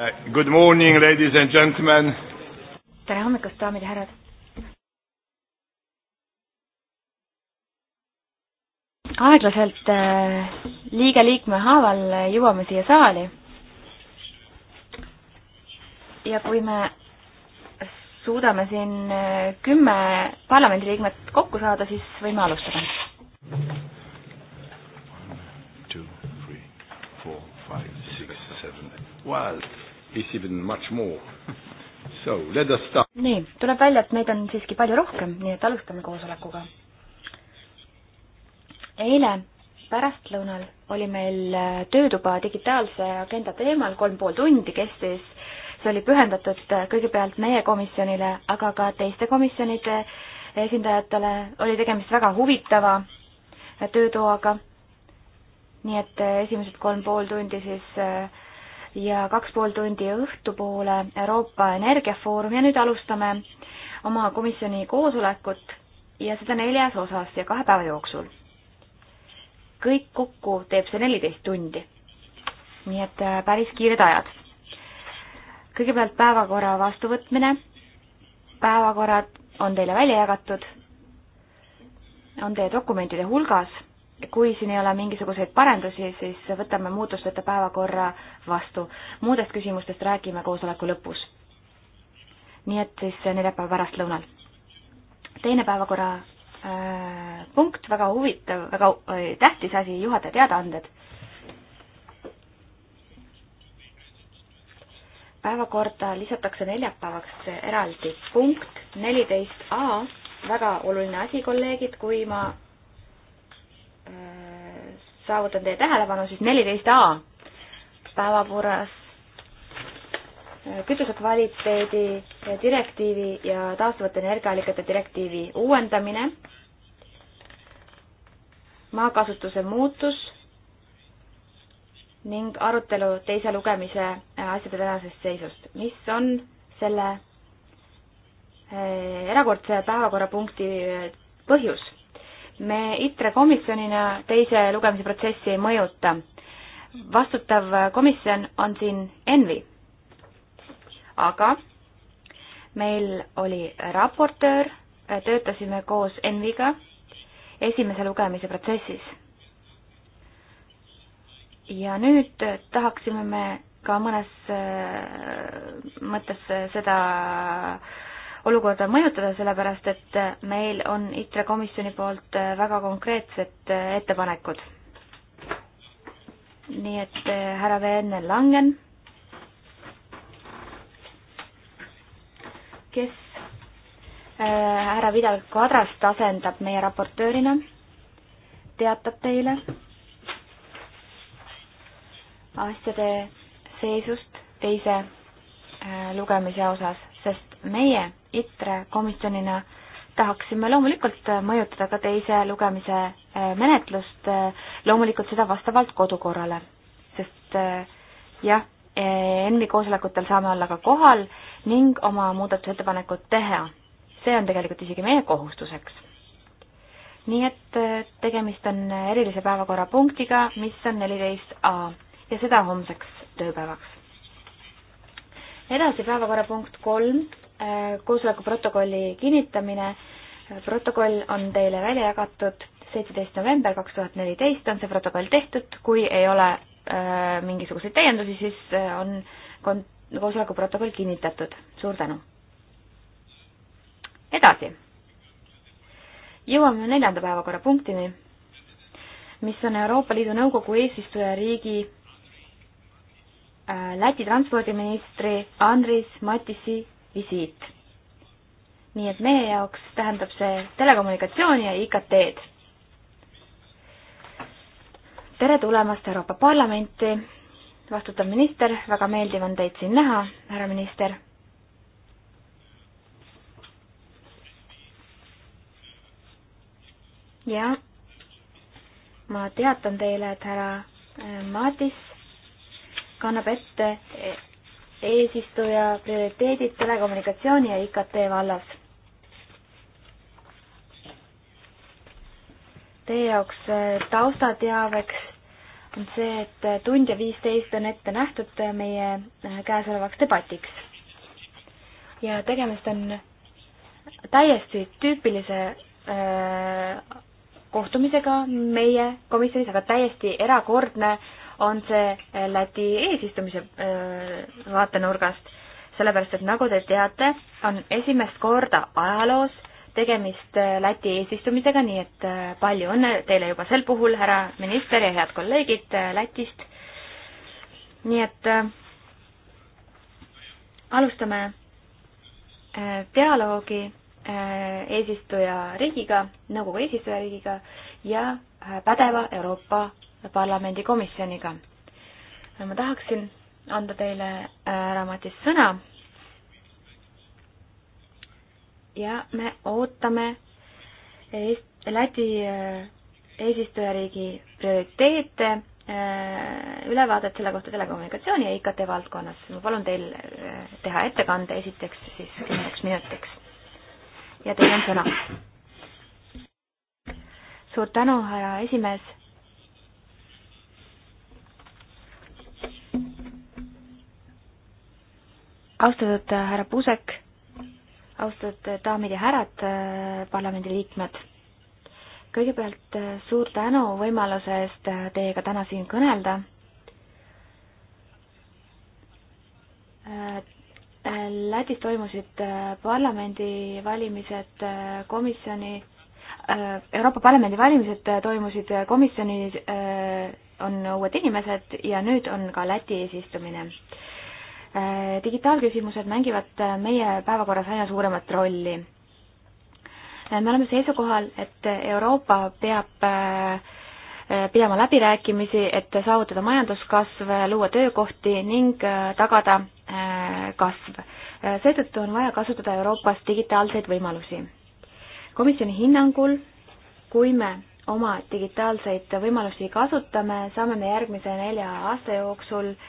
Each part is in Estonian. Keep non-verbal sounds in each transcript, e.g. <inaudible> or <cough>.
Uh, good morning, ladies and gentlemen. tere hommikust, daamid ja härrad. aeglaselt äh, liiga liikme haaval äh, jõuame siia saali. ja kui me suudame siin äh, kümme parlamendiliikmet kokku saada, siis võime alustada. One, two, three, four, five, six, seven, eight is even much more. So let us start. nii, tuleb välja, et meid on siiski palju rohkem, nii et alustame koosolekuga. eile pärastlõunal oli meil äh, töötuba digitaalse agenda teemal kolm pool tundi kestis. see oli pühendatud äh, kõigepealt meie komisjonile, aga ka teiste komisjonide esindajatele oli tegemist väga huvitava äh, töötoaga. nii et esimesed kolm pool tundi siis äh, ja kaks pool tundi õhtupoole Euroopa Energiafoorum ja nüüd alustame oma komisjoni koosolekut ja seda neljas osas ja kahe päeva jooksul. kõik kokku teeb see neliteist tundi. nii et äh, päris kiired ajad. kõigepealt päevakorra vastuvõtmine. päevakorrad on teile välja jagatud, on teie dokumentide hulgas kui siin ei ole mingisuguseid parendusi, siis võtame muutusteta päevakorra vastu. muudest küsimustest räägime koosoleku lõpus. nii et siis neljapäeva pärastlõunal. teine päevakorra äh, punkt, väga huvitav, väga äh, tähtis asi, juhataja teadaanded. päevakorda lisatakse neljapäevaks eraldi punkt neliteist A, väga oluline asi, kolleegid, kui ma saavutan teie tähelepanu, siis neliteist A päevakorras kütuse kvaliteedi direktiivi ja taastuvate energiaallikate direktiivi uuendamine, maakasutuse muutus ning arutelu teise lugemise asjade tänasest seisust, mis on selle eh, erakordse päevakorrapunkti eh, põhjus me ITRE komisjonina teise lugemise protsessi ei mõjuta. vastutav komisjon on siin ENVI. aga meil oli raportöör, töötasime koos ENVI-ga esimese lugemise protsessis. ja nüüd tahaksime me ka mõnes mõttes seda olukorda mõjutada, sellepärast et meil on ITRE komisjoni poolt väga konkreetsed ettepanekud. nii et eh, härra Veene Langen, kes eh, härra Vidal Kadrast asendab meie raportöörina, teatab teile asjade seisust teise eh, lugemise osas, sest meie ITRE komisjonina tahaksime loomulikult mõjutada ka teise lugemise äh, menetlust, äh, loomulikult seda vastavalt kodukorrale, sest äh, jah, ENMi koosolekutel saame olla ka kohal ning oma muudatusettepanekud teha. see on tegelikult isegi meie kohustuseks. nii et tegemist on erilise päevakorrapunktiga, mis on neliteist A ja seda homseks tööpäevaks. edasi päevakorrapunkt kolm koosoleku protokolli kinnitamine. protokoll on teile välja jagatud, seitseteist november kaks tuhat neliteist on see protokoll tehtud, kui ei ole äh, mingisuguseid täiendusi, siis äh, on kon-, koosoleku protokoll kinnitatud. suur tänu! edasi. jõuame neljanda päevakorrapunktini, mis on Euroopa Liidu Nõukogu eesistujariigi äh, Läti transpordiministri Andris Matisi visiit. nii et meie jaoks tähendab see telekommunikatsiooni ja IKT-d. tere tulemast Euroopa Parlamenti, vastutav minister, väga meeldiv on teid siin näha, härra minister. ja ma teatan teile, et härra äh, Madis kannab ette eesistuja prioriteedid telekommunikatsiooni ja IKT vallas. Teie jaoks äh, taustateaveks on see, et äh, tund ja viisteist on ette nähtud äh, meie käesolevaks debatiks. ja tegemist on täiesti tüüpilise öö, kohtumisega meie komisjonis, aga täiesti erakordne äh, on see Läti eesistumise äh, vaatenurgast, sellepärast et nagu te teate, on esimest korda ajaloos tegemist äh, Läti eesistumisega, nii et äh, palju õnne teile juba sel puhul, härra minister ja head kolleegid Lätist. nii et alustame dialoogi eesistujariigiga, nõukogu eesistujariigiga ja pädeva Euroopa parlamendikomisjoniga. ma tahaksin anda teile äh, härra Matis sõna. ja me ootame Eest, Läti äh, eesistujariigi prioriteete, äh, ülevaadet selle kohta telekommunikatsiooni ja IKT valdkonnas. ma palun teil teha ettekande esiteks siis kümneks minutiks. ja teil on sõna. suur tänu, härra esimees austatud äh, härra Puusek, austatud äh, daamid ja härrad, äh, parlamendiliikmed. kõigepealt suur tänu võimaluse eest teiega täna siin kõnelda. Lätis toimusid parlamendivalimised, komisjoni, Euroopa Parlamendi valimised toimusid, komisjonis on uued inimesed ja nüüd on ka Läti eesistumine Äh, digitaalküsimused mängivad äh, meie päevakorras aina suuremat rolli. Äh, me oleme seisukohal, et Euroopa peab pidama läbirääkimisi, et saavutada majanduskasv, luua töökohti ning tagada kasv. seetõttu on vaja kasutada Euroopas digitaalseid võimalusi. komisjoni hinnangul, kui me oma digitaalseid võimalusi kasutame, saame me järgmise nelja aasta jooksul äh,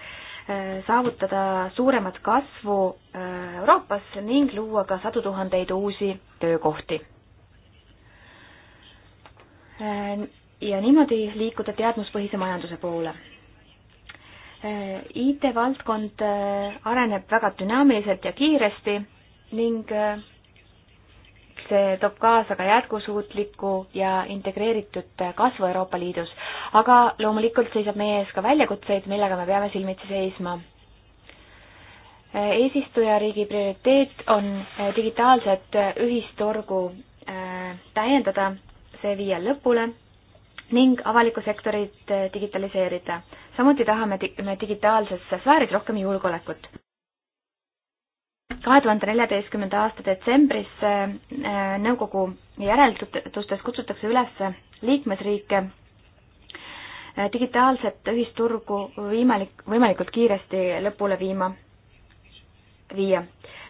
Äh, saavutada suuremat kasvu äh, Euroopas ning luua ka sadu tuhandeid uusi töökohti. Äh, ja niimoodi liikuda teadmuspõhise majanduse poole IT-valdkond areneb väga dünaamiliselt ja kiiresti ning see toob kaasa ka jätkusuutliku ja integreeritud kasvu Euroopa Liidus. aga loomulikult seisab meie ees ka väljakutseid, millega me peame silmitsi seisma. eesistujariigi prioriteet on eh, digitaalset eh, ühisturgu eh, täiendada, see viia lõpule ning avalikku sektorit digitaliseerida. samuti tahame me digitaalses sfääris rohkem julgeolekut kahe tuhande neljateistkümnenda aasta detsembris äh, nõukogu järeldustes kutsutakse üles liikmesriike äh, digitaalset ühisturgu võimalik, võimalikult kiiresti lõpule viima, viia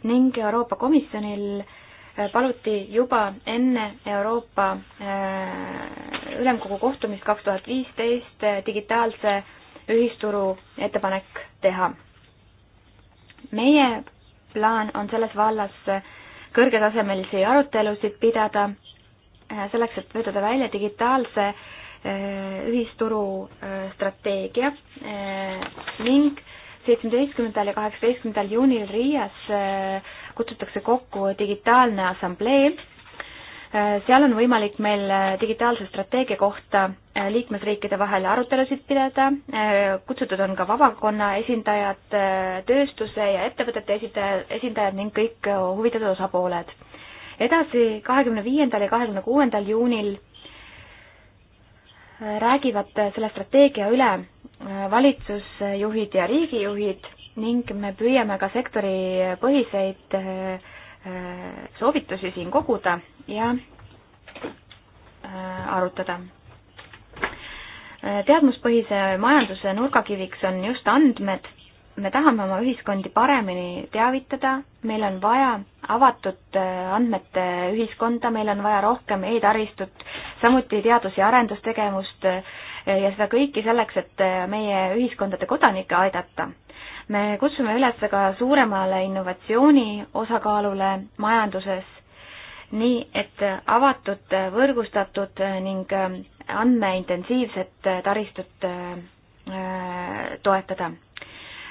ning Euroopa Komisjonil äh, paluti juba enne Euroopa Ülemkogu kohtumist kaks tuhat viisteist digitaalse ühisturu ettepanek teha. meie plaan on selles vallas kõrgetasemelisi arutelusid pidada, äh, selleks, et töötada välja digitaalse äh, ühisturu äh, strateegia ning seitsmeteistkümnendal ja kaheksateistkümnendal juunil Riias kutsutakse kokku digitaalne assamblee Äh, seal on võimalik meil äh, digitaalse strateegia kohta äh, liikmesriikide vahel arutelusid pidada, kutsutud on ka vabakonna esindajad, tööstuse ja ettevõtete esindaja, esindajad ning kõik huvitatud osapooled. edasi, kahekümne viiendal ja kahekümne kuuendal juunil räägivad selle strateegia üle valitsusjuhid ja riigijuhid ning me püüame ka sektoripõhiseid soovitusi siin koguda ja äh, arutada. Äh, teadmuspõhise majanduse nurgakiviks on just andmed. me tahame oma ühiskondi paremini teavitada, meil on vaja avatud äh, andmete ühiskonda, meil on vaja rohkem e-taristut, samuti teadus- ja arendustegevust ja seda kõike selleks, et meie ühiskondade kodanikke aidata. me kutsume üles ka suuremale innovatsiooni osakaalule majanduses nii et avatud, võrgustatud ning äh, andmeintensiivset taristut äh, toetada.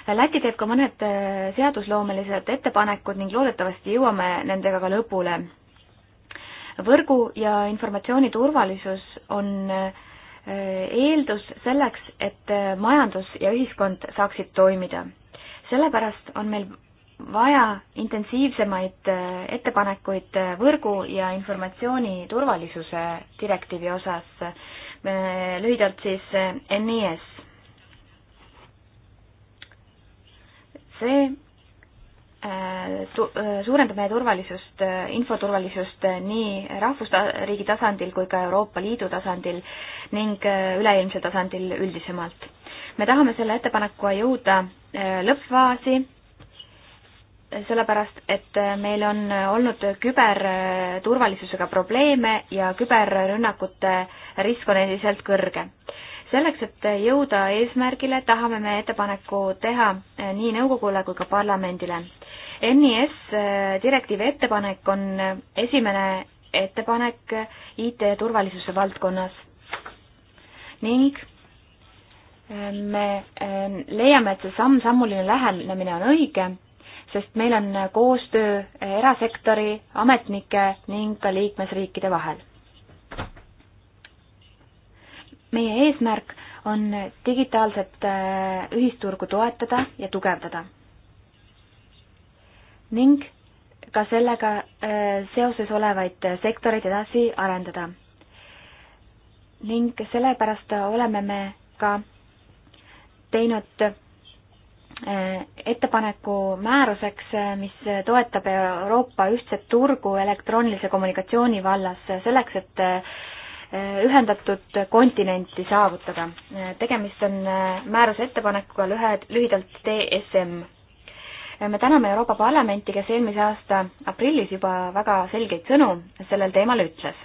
Läti teeb ka mõned äh, seadusloomelised ettepanekud ning loodetavasti jõuame nendega ka lõpule. võrgu ja informatsiooni turvalisus on eeldus selleks, et majandus ja ühiskond saaksid toimida. sellepärast on meil vaja intensiivsemaid äh, ettepanekuid äh, võrgu ja informatsiooni turvalisuse direktiivi osas, lühidalt siis NIS. Äh, see tu-, suurendab meie turvalisust, infoturvalisust nii rahvusriigi tasandil kui ka Euroopa Liidu tasandil ning üleilmsel tasandil üldisemalt. me tahame selle ettepanekuga jõuda lõppfaasi sellepärast, et meil on olnud küberturvalisusega probleeme ja küberrünnakute risk on endiselt kõrge. selleks, et jõuda eesmärgile, tahame me ettepaneku teha nii nõukogule kui ka parlamendile. NIS direktiivi ettepanek on esimene ettepanek IT-turvalisuse valdkonnas ning me eh, leiame, et see samm-sammuline lähenemine on õige sest meil on koostöö erasektori, ametnike ning ka liikmesriikide vahel. meie eesmärk on digitaalset äh, ühisturgu toetada ja tugevdada. ning ka sellega äh, seoses olevaid sektoreid edasi arendada. ning sellepärast oleme me ka teinud Äh, ettepaneku määruseks, äh, mis toetab Euroopa ühtset turgu elektroonilise kommunikatsiooni vallas äh, selleks, et ühendatud kontinenti saavutada. tegemist on määruse ettepanekuga lühe, lühidalt DSM. me täname Euroopa Parlamenti, kes eelmise aasta aprillis juba väga selgeid sõnu sellel teemal ütles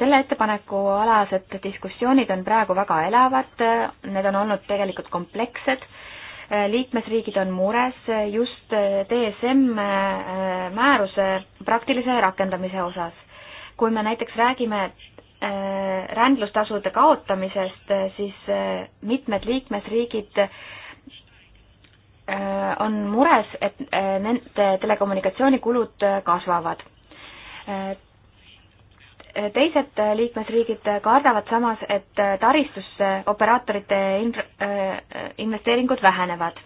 selle ettepaneku alased diskussioonid on praegu väga elavad, need on olnud tegelikult komplekssed liikmesriigid on mures just DSM määruse praktilise rakendamise osas. kui me näiteks räägime äh, rändlustasude kaotamisest, äh, siis äh, mitmed liikmesriigid on mures, et nende telekommunikatsioonikulud kasvavad teised liikmesriigid kardavad samas, et taristusse operaatorite eh, infra-, eh, investeeringud vähenevad.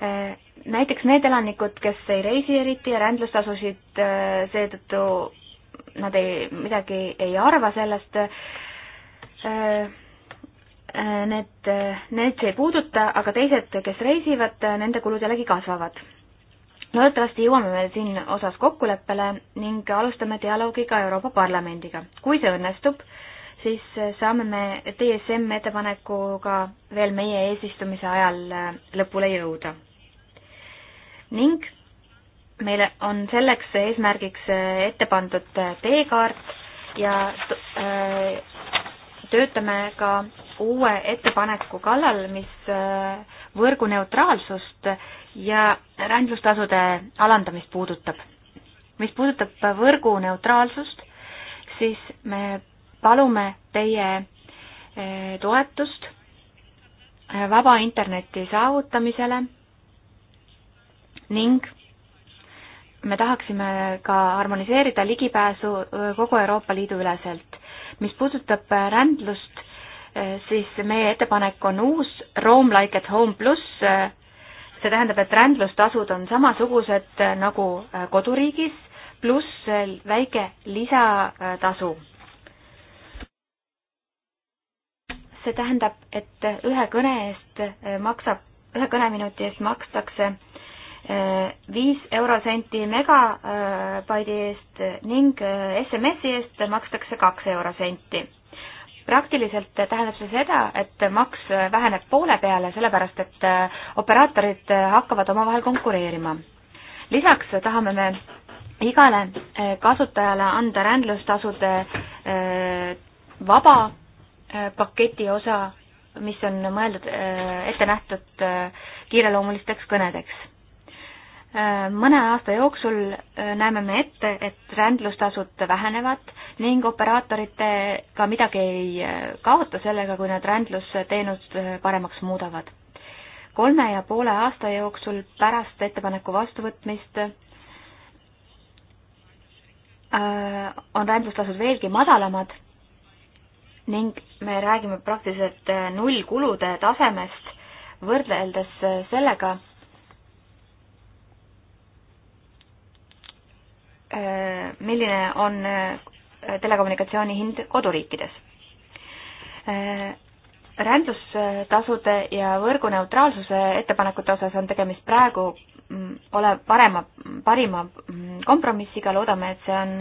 Eh, näiteks need elanikud, kes ei reisi eriti ja rändlustasusid seetõttu nad ei, midagi ei arva sellest, need, need see ei puuduta, aga teised, kes reisivad, nende kulud jällegi kasvavad loodetavasti jõuame me siin osas kokkuleppele ning alustame dialoogi ka Euroopa Parlamendiga. kui see õnnestub, siis saame me DSM ettepanekuga veel meie eesistumise ajal lõpule jõuda. ning meile on selleks eesmärgiks ette pandud teekaart ja äh, töötame ka uue ettepaneku kallal, mis äh, võrguneutraalsust ja rändlustasude alandamist puudutab. mis puudutab võrgu neutraalsust, siis me palume teie eh, toetust eh, vaba interneti saavutamisele ning me tahaksime ka harmoniseerida ligipääsu eh, kogu Euroopa Liidu üleselt. mis puudutab rändlust, siis meie ettepanek on uus Roam Like at Home pluss see tähendab, et rändlustasud on samasugused äh, nagu äh, koduriigis, pluss väike lisatasu. see tähendab, et äh, ühe kõne eest maksab, ühe kõneminuti eest makstakse viis eurosenti megabaidi eest ning SMS-i eest makstakse kaks eurosenti praktiliselt tähendab see seda, et maks väheneb poole peale, sellepärast et äh, operaatorid äh, hakkavad omavahel konkureerima. lisaks tahame me igale äh, kasutajale anda rändlustasude vaba paketi osa, mis on mõeldud, ette nähtud kiireloomulisteks kõnedeks Äh, mõne aasta jooksul äh, näeme me ette, et rändlustasud vähenevad ning operaatoritega midagi ei äh, kaota sellega, kui nad rändlusteenust paremaks muudavad. kolme ja poole aasta jooksul pärast ettepaneku vastuvõtmist on rändlustasud veelgi madalamad ning me räägime praktiliselt nullkulude tasemest võrreldes sellega, Äh, milline on äh, telekommunikatsiooni hind koduriikides. Äh, Rändlustasude ja võrguneutraalsuse ettepanekute osas on tegemist praegu mm, ole parema, parima mm, kompromissiga, loodame, et see on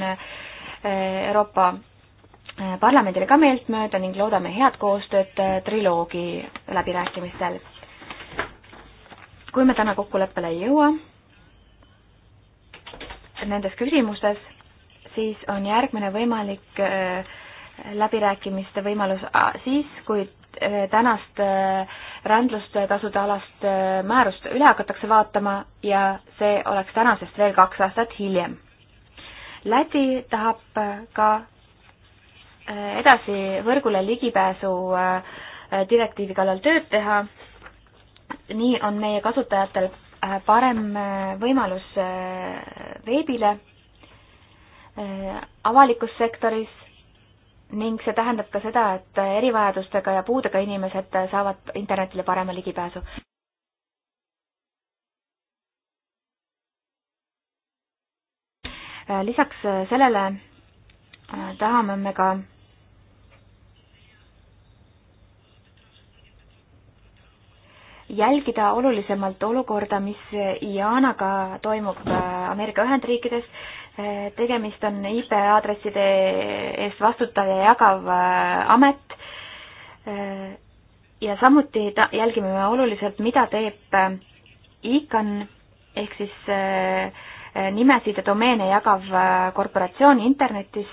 Euroopa Parlamendile ka meeltmööda ning loodame head koostööd triloogi läbirääkimistel. kui me täna kokkuleppele ei jõua, nendes küsimustes, siis on järgmine võimalik äh, läbirääkimiste võimalus äh, siis, kui äh, tänast rändlustasude alast määrust üle hakatakse vaatama ja see oleks tänasest veel kaks aastat hiljem. Läti tahab ka edasi võrgule ligipääsu direktiivi kallal tööd teha. nii on meie kasutajatel Äh, parem äh, võimalus äh, veebile avalikus sektoris ning see tähendab ka seda, et erivajadustega ja puudega inimesed saavad internetile parema ligipääsu. lisaks sellele tahame me ka jälgida olulisemalt olukorda, mis IANaga toimub äh, Ameerika Ühendriikides. Äh, tegemist on IP aadresside eest vastutav ja jagav äh, amet. ja samuti ta-, jälgime me oluliselt, mida teeb ICAN ehk siis nimesid ja domeene jagav korporatsioon internetis.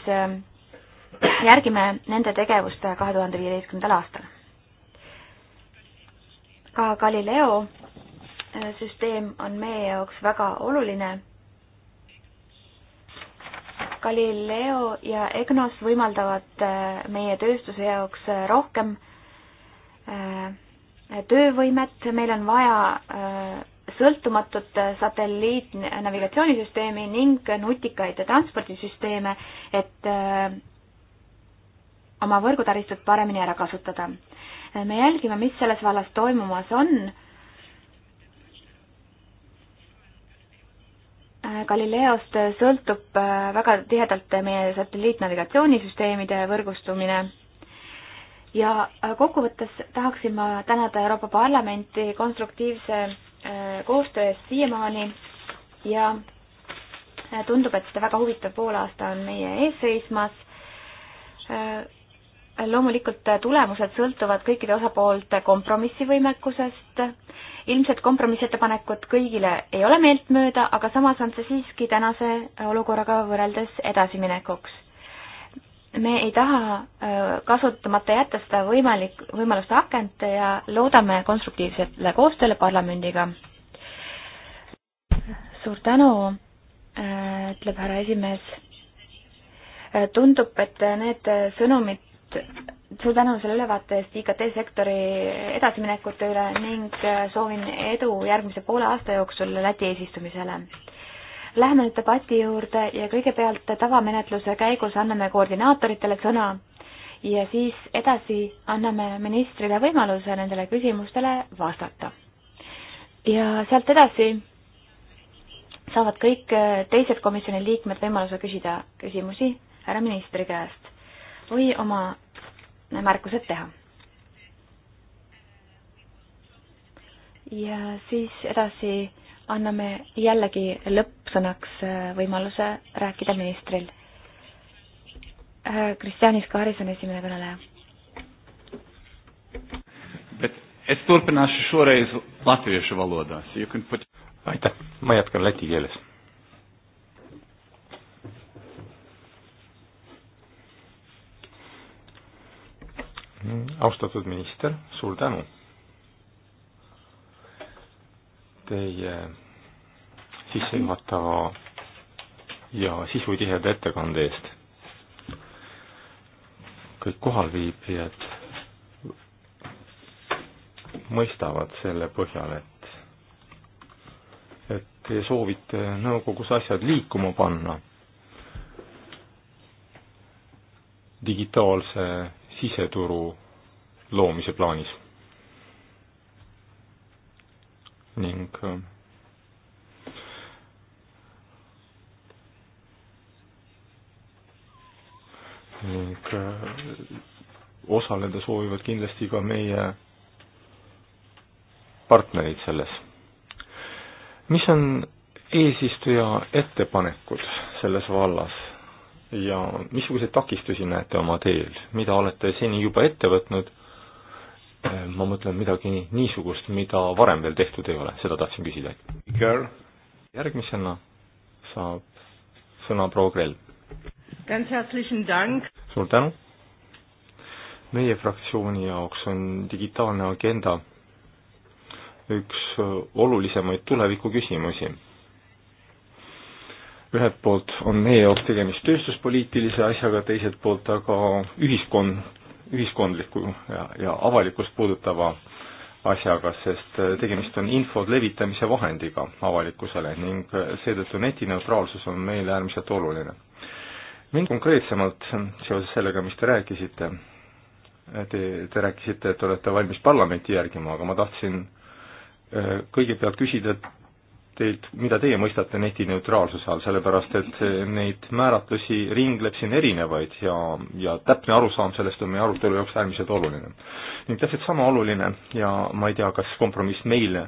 järgime nende tegevust kahe tuhande viieteistkümnendal aastal ka Galileo äh, süsteem on meie jaoks väga oluline. Galileo ja EGNOS võimaldavad äh, meie tööstuse jaoks äh, rohkem töövõimet, meil on vaja sõltumatut satelliitnavigatsioonisüsteemi ning nutikaid transpordisüsteeme, et oma võrgutaristut paremini ära kasutada me jälgime, mis selles vallas toimumas on. Galileost sõltub äh, väga tihedalt meie satelliitnavigatsioonisüsteemide võrgustumine ja äh, kokkuvõttes tahaksin ma tänada Euroopa Parlamenti konstruktiivse äh, koostöö eest siiamaani ja tundub, et väga huvitav poolaasta on meie ees seismas loomulikult äh, tulemused sõltuvad kõikide osapoolte kompromissivõimekusest. ilmselt kompromissettepanekud kõigile ei ole meeltmööda, aga samas on see siiski tänase olukorraga võrreldes edasiminekuks. me ei taha äh, kasutamata jätta seda võimalik, võimalust akent ja loodame konstruktiivsele koostööle parlamendiga. suur tänu, äh, ütleb härra esimees tundub, et need sõnumid suur tänu selle ülevaate eest IKT-sektori edasiminekute üle ning soovin edu järgmise poole aasta jooksul Läti eesistumisele. Läheme nüüd debati juurde ja kõigepealt tavamenetluse käigus anname koordinaatoritele sõna ja siis edasi anname ministrile võimaluse nendele küsimustele vastata. ja sealt edasi saavad kõik teised komisjoni liikmed võimaluse küsida küsimusi härra ministri käest või oma märkused teha. ja siis edasi anname jällegi lõppsõnaks äh, võimaluse rääkida ministril. Kristjanis äh, Kaaris on esimene kõneleja. aitäh, ma jätkan läti keeles austatud minister, suur tänu teie sissejuhatava ja sisutiheda ettekande eest. kõik kohalviibijad mõistavad selle põhjal, et, et te soovite nõukogus asjad liikuma panna digitaalse siseturu loomise plaanis. ning ning äh, osaleda soovivad kindlasti ka meie partnerid selles. mis on eesistuja ettepanekud selles vallas ja missuguseid takistusi näete oma teel, mida olete seni juba ette võtnud, äh, ma mõtlen midagi niisugust, mida varem veel tehtud ei ole, seda tahtsin küsida. järgmisena saab sõna proua Krell. suur tänu! meie fraktsiooni jaoks on digitaalne agenda üks äh, olulisemaid tulevikuküsimusi ühelt poolt on meie jaoks tegemist tööstuspoliitilise asjaga, teiselt poolt aga ühiskond, ühiskondliku ja, ja avalikkust puudutava asjaga, sest tegemist on info levitamise vahendiga avalikkusele ning seetõttu netineutraalsus on meile äärmiselt oluline. mind konkreetsemalt seoses sellega, mis te rääkisite, te, te rääkisite, et olete valmis parlamenti järgima, aga ma tahtsin äh, kõigepealt küsida teilt, mida teie mõistate netineutraalsuse all, sellepärast et eh, neid määratlusi ringleb siin erinevaid ja, ja täpne arusaam sellest on meie arutelu jaoks äärmiselt oluline. ning täpselt sama oluline ja ma ei tea, kas kompromiss meile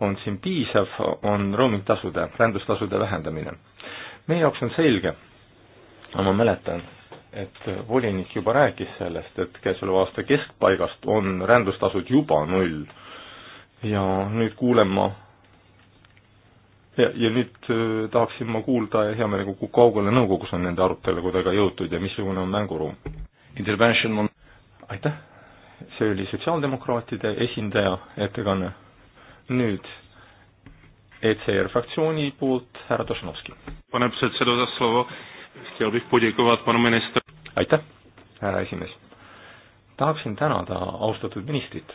on siin piisav, on roaming tasude, rändustasude vähendamine. meie jaoks on selge, ma mäletan, et volinik juba rääkis sellest, et käesoleva aasta keskpaigast on rändustasud juba null ja nüüd kuulen ma ja, ja nüüd äh, tahaksin ma kuulda hea meelega, kui kaugele nõukogus on nende aruteludega jõutud ja missugune on mänguruum? Intervention on aitäh, see oli sotsiaaldemokraatide esindaja ettekanne, nüüd ECR fraktsiooni poolt härra Tošenovski. paneb seda tasslava, aitäh, härra esimees. tahaksin tänada austatud ministrit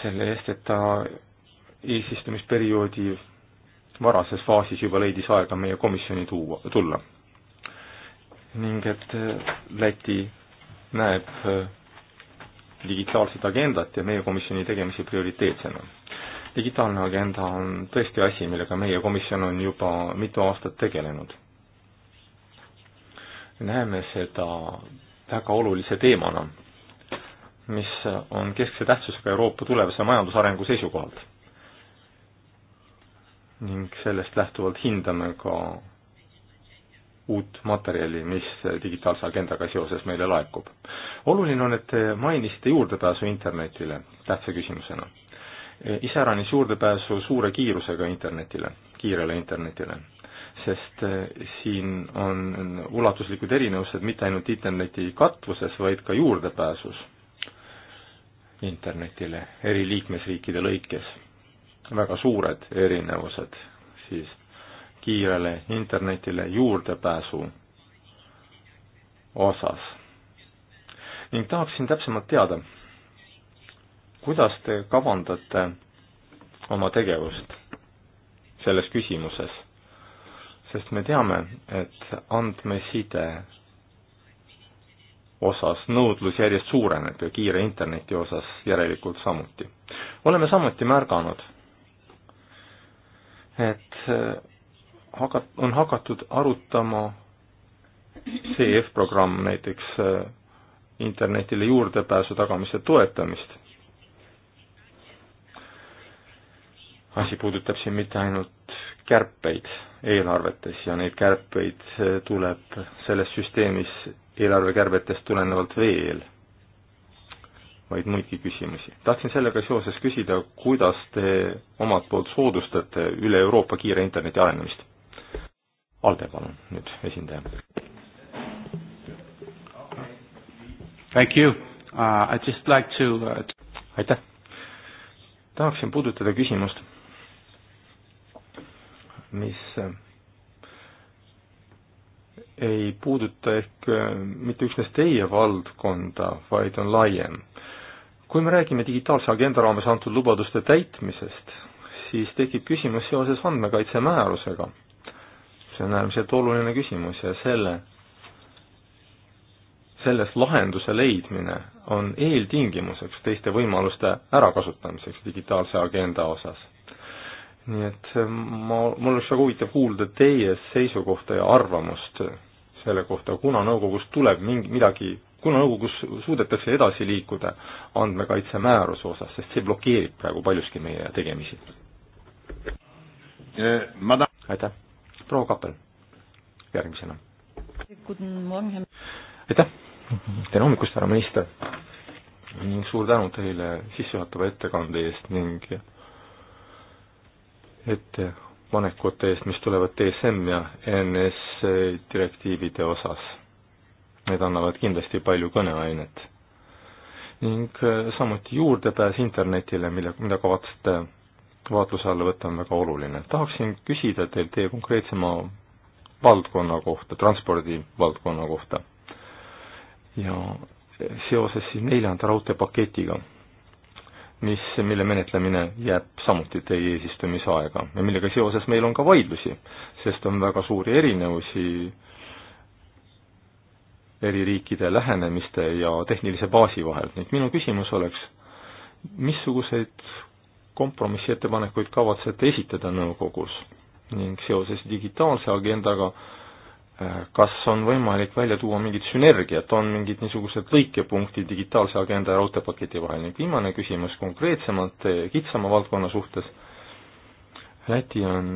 selle eest, et ta eesistumisperioodi varases faasis juba leidis aega meie komisjoni tuua, tulla. ning et äh, Läti näeb äh, digitaalset agendat ja meie komisjoni tegemisi prioriteetsena. digitaalne agenda on tõesti asi, millega meie komisjon on juba mitu aastat tegelenud. näeme seda väga olulise teemana mis on keskse tähtsusega Euroopa tulevase majandusarengu seisukohalt. ning sellest lähtuvalt hindame ka uut materjali, mis digitaalse agendaga seoses meile laekub. oluline on, et te mainisite juurdepääsu internetile tähtsa küsimusena. iseäranis juurdepääsu suure kiirusega internetile, kiirele internetile, sest siin on ulatuslikud erinevused mitte ainult interneti katvuses, vaid ka juurdepääsus internetile eri liikmesriikide lõikes väga suured erinevused siis kiirele internetile juurdepääsu osas. ning tahaksin täpsemalt teada, kuidas te kavandate oma tegevust selles küsimuses, sest me teame, et andmeside osas nõudlus järjest suureneb ja kiire interneti osas järelikult samuti. oleme samuti märganud, et eh, hakat-, on hakatud arutama CF-programm näiteks eh, internetile juurdepääsu tagamise toetamist. asi puudutab siin mitte ainult kärpeid eelarvetes ja neid kärpeid eh, tuleb selles süsteemis eelarvekärbetest tulenevalt veel vaid muidki küsimusi. tahtsin sellega seoses küsida, kuidas te omalt poolt soodustate üle Euroopa kiire interneti arenemist? Alde, palun, nüüd esindaja. Thank you uh,, I just like to uh... aitäh! tahaksin puudutada küsimust, mis ei puuduta ehk äh, mitte üksnes teie valdkonda, vaid on laiem. kui me räägime digitaalse agenda raames antud lubaduste täitmisest, siis tekib küsimus seoses andmekaitse määrusega. see on äärmiselt oluline küsimus ja selle, selles lahenduse leidmine on eeltingimuseks teiste võimaluste ärakasutamiseks digitaalse agenda osas nii et äh, ma, mul oleks väga huvitav kuulda teie seisukohta ja arvamust selle kohta, kuna nõukogust tuleb mingi, midagi, kuna nõukogus suudetakse edasi liikuda andmekaitse määruse osas, sest see blokeerib praegu paljuski meie tegemisi. Eh, Ma ta-... aitäh, proua Kappel, järgmisena. aitäh, tere hommikust, härra minister, ning suur tänu teile sissejuhatava ettekande eest ning ette panekute eest, mis tulevad DSM ja NS direktiivide osas. Need annavad kindlasti palju kõneainet. ning äh, samuti juurdepääs internetile, mille, mida kavatsete vaatluse alla võtta, on väga oluline. tahaksin küsida teilt teie konkreetsema valdkonna kohta, transpordi valdkonna kohta ja seoses siis neljanda raudteepaketiga mis, mille menetlemine jääb samuti teie eesistumise aega ja millega seoses meil on ka vaidlusi, sest on väga suuri erinevusi eri riikide lähenemiste ja tehnilise baasi vahel, nii et minu küsimus oleks, missuguseid kompromissettepanekuid kavatsete esitada nõukogus ning seoses digitaalse agendaga äh, Äh, kas on võimalik välja tuua mingit sünergiat, on mingid niisugused lõikepunktid digitaalse agenda ja raudteepaketi vahel ning viimane küsimus konkreetsemalt äh, kitsama valdkonna suhtes. Läti on,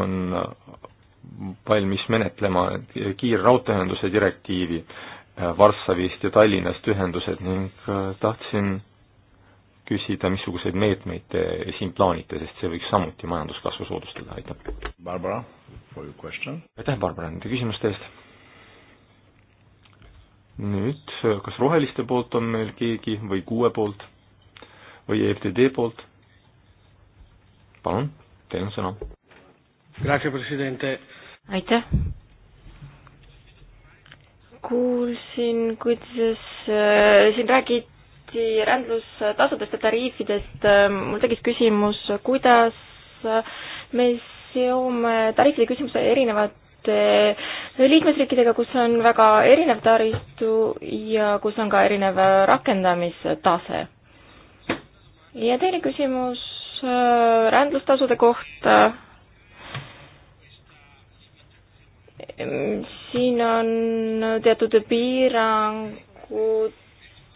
on äh, valmis menetlema kiirraudteeühenduse direktiivi Varssavist ja Tallinnast ühendused ning tahtsin küsida, missuguseid meetmeid te siin plaanite, sest see võiks samuti majanduskasvu soodustada, aitäh. Barbara, for your question. aitäh, Barbara, nende küsimuste eest. nüüd, kas Roheliste poolt on meil keegi või Kuue poolt või EFTD poolt? palun, teil on sõna. aitäh kuulsin, kuidas äh, siin räägiti räägiti rändlustasudest ja tariifidest. Ähm, mul tekkis küsimus, kuidas me seome tariifide küsimuse erinevate liikmesriikidega, kus on väga erinev taristu ja kus on ka erinev rakendamistase. ja teine küsimus äh, rändlustasude kohta siin on teatud piirangud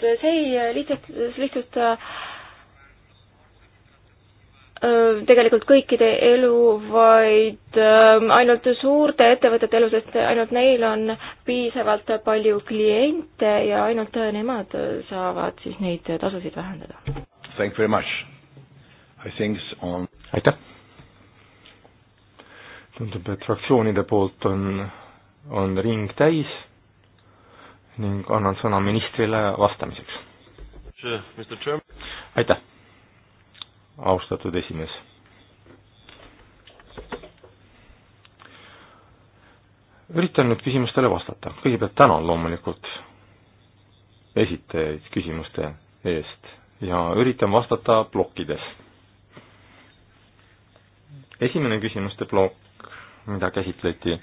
see ei lihtsalt, lihtsalt äh, tegelikult kõikide elu, vaid ähm, ainult suurte ettevõtete elu, sest ainult neil on piisavalt palju kliente ja ainult nemad saavad siis neid tasusid vähendada. On... aitäh! tundub, et fraktsioonide poolt on, on ring täis ning annan sõna ministrile vastamiseks. aitäh, austatud esimees. üritan nüüd küsimustele vastata, kõigepealt tänan loomulikult esitajaid küsimuste eest ja üritan vastata plokkides. esimene küsimuste plokk, mida käsitleti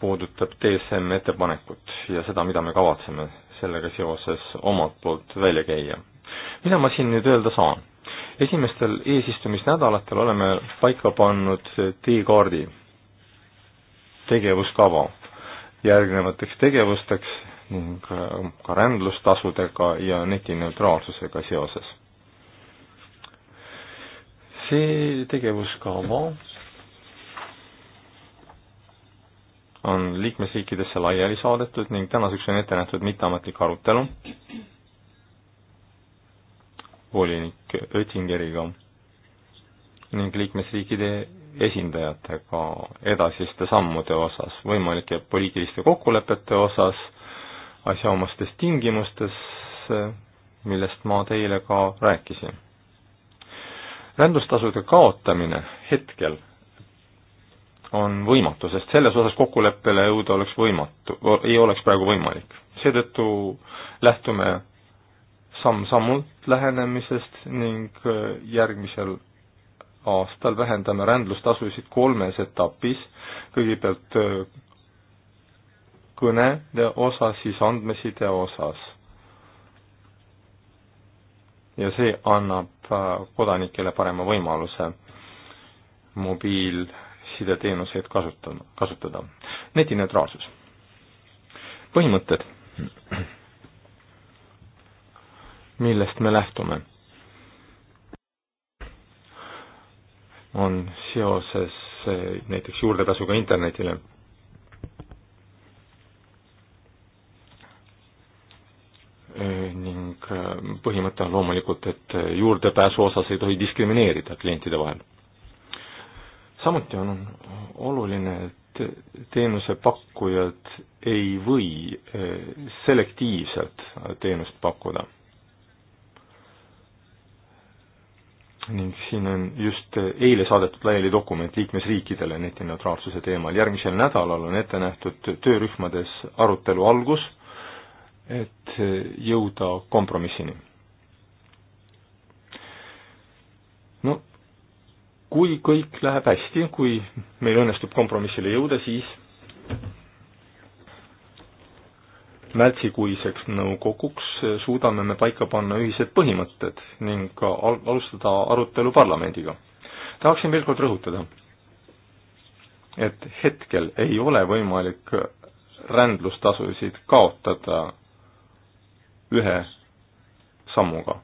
puudutab DSM ettepanekut ja seda, mida me kavatseme sellega seoses omalt poolt välja käia. mida ma siin nüüd öelda saan? esimestel eesistumisnädalatel oleme paika pannud teekaardi, tegevuskava järgnevateks tegevusteks ning ka rändlustasudega ja netineutraalsusega seoses. see tegevuskava on liikmesriikidesse laiali saadetud ning tänaseks on ette nähtud mitteametlik arutelu volinik Oettingeriga ning liikmesriikide esindajatega edasiste sammude osas, võimalike poliitiliste kokkulepete osas, asjaomastes tingimustes, millest ma teile ka rääkisin. rändustasude kaotamine hetkel on võimatu, sest selles osas kokkuleppele jõuda oleks võimatu, ei oleks praegu võimalik. seetõttu lähtume samm-sammult lähenemisest ning äh, järgmisel aastal vähendame rändlustasusid kolmes etapis, kõigepealt äh, kõnede osas, siis andmeside osas. ja see annab äh, kodanikele parema võimaluse mobiil- sideteenuseid kasutama, kasutada. netineutraalsus. põhimõtted, millest me lähtume, on seoses eh, näiteks juurdepääsuga internetile eh, ning eh, põhimõte on loomulikult, et juurdepääsu osas ei tohi diskrimineerida klientide vahel samuti on oluline, et teenusepakkujad ei või eh, selektiivselt teenust pakkuda. ning siin on just eile saadetud laiali dokument liikmesriikidele netineutraalsuse teemal. järgmisel nädalal on ette nähtud töörühmades arutelu algus, et jõuda kompromissini kui kõik läheb hästi, kui meil õnnestub kompromissile jõuda, siis märtsikuiseks nõukoguks suudame me paika panna ühised põhimõtted ning ka al-, alustada arutelu parlamendiga. tahaksin veel kord rõhutada, et hetkel ei ole võimalik rändlustasusid kaotada ühe sammuga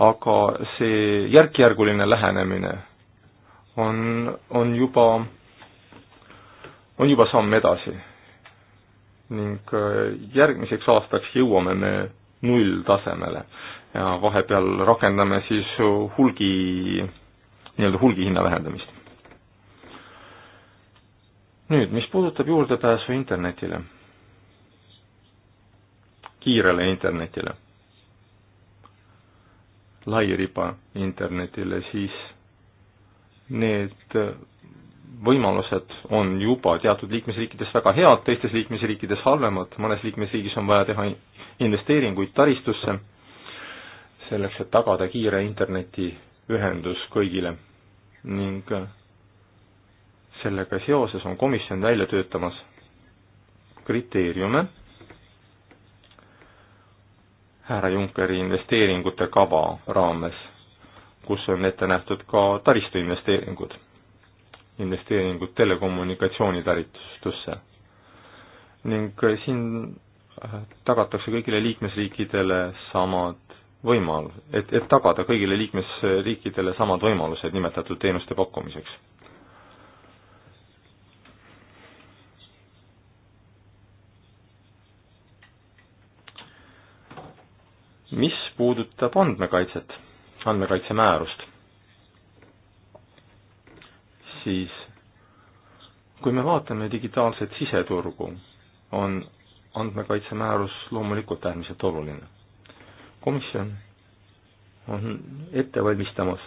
aga see järk-järguline lähenemine on, on juba, on juba samm edasi. ning äh, järgmiseks aastaks jõuame me nulltasemele ja vahepeal rakendame siis hulgi, nii-öelda hulgihinna vähendamist. nüüd, mis puudutab juurdepääsu internetile, kiirele internetile lairiba internetile, siis need võimalused on juba teatud liikmesriikides väga head, teistes liikmesriikides halvemad, mõnes liikmesriigis on vaja teha investeeringuid taristusse, selleks et tagada kiire internetiühendus kõigile ning sellega seoses on komisjon välja töötamas kriteeriume härra Junckeri investeeringute kava raames, kus on ette nähtud ka taristuinvesteeringud, investeeringud telekommunikatsioonitaristusse. ning äh, siin äh, tagatakse kõigile liikmesriikidele samad võimal-, et, et tagada kõigile liikmesriikidele samad võimalused nimetatud teenuste pakkumiseks mis puudutab andmekaitset, andmekaitse määrust, siis kui me vaatame digitaalset siseturgu, on andmekaitse määrus loomulikult äärmiselt oluline. komisjon on ette valmistamas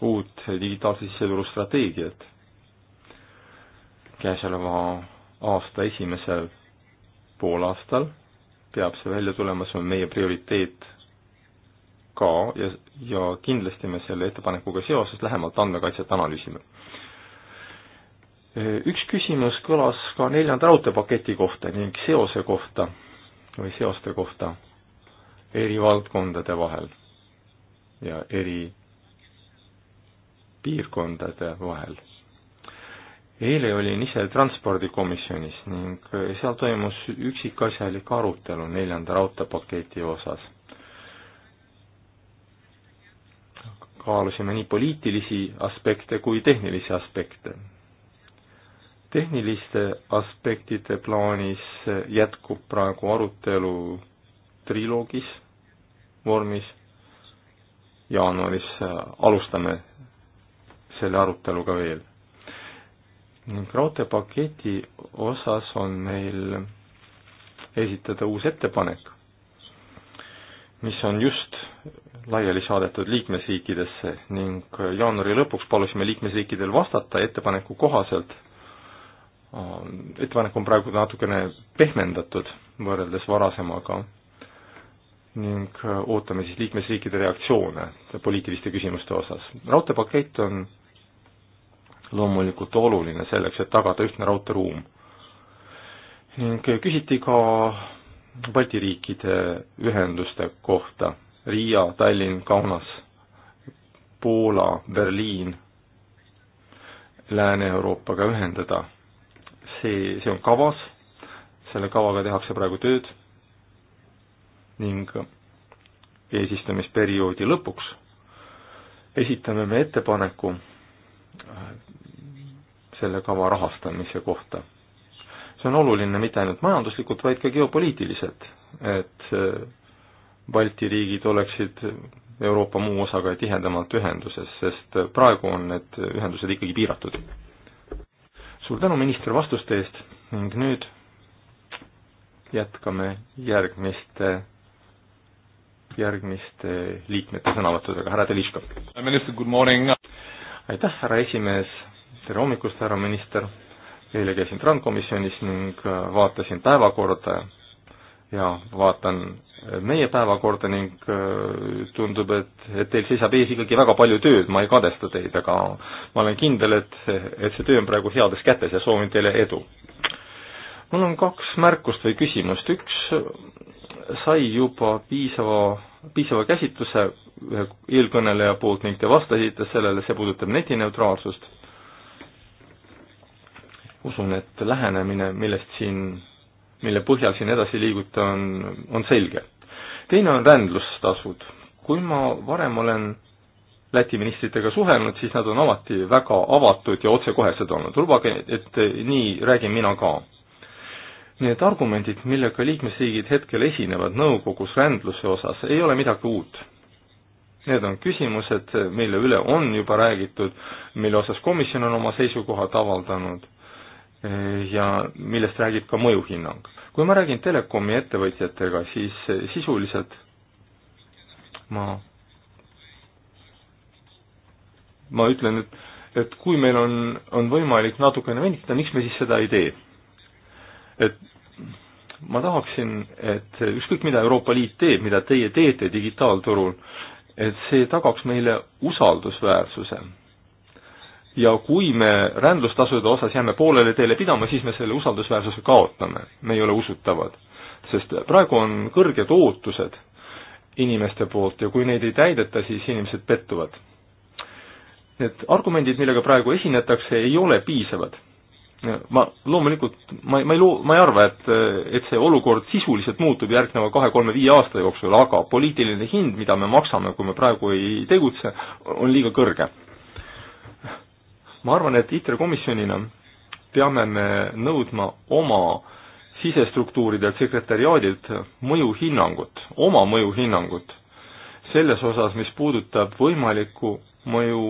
uut digitaalse siseturu strateegiat käesoleva aasta esimesel poolaastal peab see välja tulema, see on meie prioriteet ka ja, ja kindlasti me selle ettepanekuga seoses lähemalt andmekaitset analüüsime. Üks küsimus kõlas ka neljanda raudteepaketi kohta ning seose kohta või seoste kohta eri valdkondade vahel ja eri piirkondade vahel eile olin ise transpordikomisjonis ning eh, seal toimus üksikasjalik arutelu neljanda raudteepaketi osas. kaalusime nii poliitilisi aspekte kui tehnilisi aspekte. tehniliste aspektide plaanis jätkub praegu arutelu triloogis vormis. jaanuaris eh, alustame selle aruteluga veel raudteepaketi osas on meil esitada uus ettepanek, mis on just laiali saadetud liikmesriikidesse ning jaanuari lõpuks palusime liikmesriikidel vastata ettepaneku kohaselt. ettepanek on praegu natukene pehmendatud võrreldes varasemaga ning ootame siis liikmesriikide reaktsioone poliitiliste küsimuste osas. raudteepakett on loomulikult oluline selleks, et tagada ühtne raudteeruum. ning küsiti ka Balti riikide ühenduste kohta, Riia, Tallinn, Kaunas, Poola, Berliin, Lääne-Euroopaga ühendada. see, see on kavas, selle kavaga tehakse praegu tööd ning eesistumisperioodi lõpuks esitame me ettepaneku selle kava rahastamise kohta. see on oluline mitte ainult majanduslikult, vaid ka geopoliitiliselt, et äh, Balti riigid oleksid Euroopa muu osaga tihedamalt ühenduses, sest äh, praegu on need ühendused ikkagi piiratud. suur tänu, minister, vastuste eest ning nüüd jätkame järgmiste, järgmiste liikmete sõnavõttudega, härra Teliško. aitäh, härra esimees, tere hommikust, härra minister! eile käisin Trandkomisjonis ning äh, vaatasin päevakorda ja vaatan äh, meie päevakorda ning äh, tundub, et, et teil seisab ees ikkagi väga palju tööd, ma ei kadesta teid, aga ma olen kindel, et, et see töö on praegu heades kätes ja soovin teile edu. mul on kaks märkust või küsimust, üks sai juba piisava, piisava käsitluse ühe eelkõneleja poolt ning te vastasite sellele, see puudutab netineutraalsust usun, et lähenemine, millest siin, mille põhjal siin edasi liiguta, on, on selge. teine on rändlustasud. kui ma varem olen Läti ministritega suhelnud, siis nad on alati väga avatud ja otsekohesed olnud. lubage, et nii räägin mina ka. Need argumendid, millega liikmesriigid hetkel esinevad nõukogus rändluse osas, ei ole midagi uut. Need on küsimused, mille üle on juba räägitud, mille osas komisjon on oma seisukohad avaldanud Eh, ja millest räägib ka mõjuhinnang. kui ma räägin telekomi ettevõtjatega, siis eh, sisuliselt ma, ma ütlen, et, et kui meil on, on võimalik natukene venitada, miks me siis seda ei tee? et ma tahaksin, et ükskõik, mida Euroopa Liit teeb, mida teie teete digitaalturul, et see tagaks meile usaldusväärsuse ja kui me rändlustasude osas jääme poolele teele pidama, siis me selle usaldusväärsuse kaotame, me ei ole usutavad. sest praegu on kõrged ootused inimeste poolt ja kui neid ei täideta, siis inimesed pettuvad. Need argumendid, millega praegu esinetakse, ei ole piisavad. ma loomulikult, ma, ma ei loo-, ma ei arva, et, et see olukord sisuliselt muutub järgneva kahe-kolme-viie aasta jooksul, aga poliitiline hind, mida me maksame, kui me praegu ei tegutse, on liiga kõrge ma arvan, et ITRE komisjonina peame me nõudma oma sisestruktuuridelt, sekretäriaadilt mõjuhinnangut, oma mõjuhinnangut selles osas, mis puudutab võimalikku mõju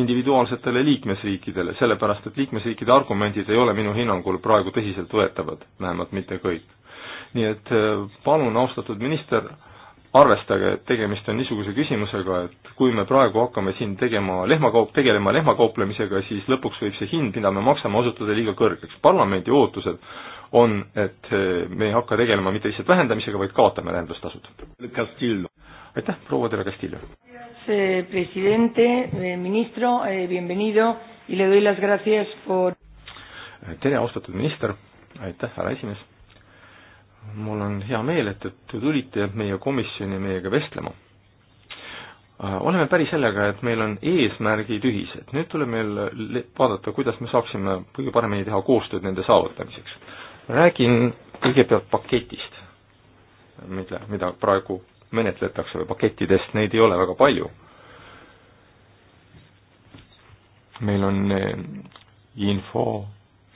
individuaalsetele liikmesriikidele, sellepärast et liikmesriikide argumendid ei ole minu hinnangul praegu tõsiseltvõetavad, vähemalt mitte kõik. nii et eh, palun, austatud minister, arvestage, et tegemist on niisuguse küsimusega, et kui me praegu hakkame siin tegema lehmakaup, tegelema lehmakauplemisega, siis lõpuks võib see hind, mida me maksame, osutuda liiga kõrgeks. parlamendi ootused on, et eh, me ei hakka tegelema mitte lihtsalt vähendamisega, vaid kaotame rändlustasud. aitäh, proua Tere Castillo! Eh, eh, tere, austatud minister, aitäh, härra esimees! mul on hea meel, et, et te tulite meie komisjoni meiega vestlema Äh, oleme päri sellega, et meil on eesmärgid ühised, nüüd tuleb meil vaadata, kuidas me saaksime kõige paremini teha koostööd nende saavutamiseks. räägin kõigepealt paketist, mida, mida praegu menetletakse või pakettidest, neid ei ole väga palju. meil on eh, info,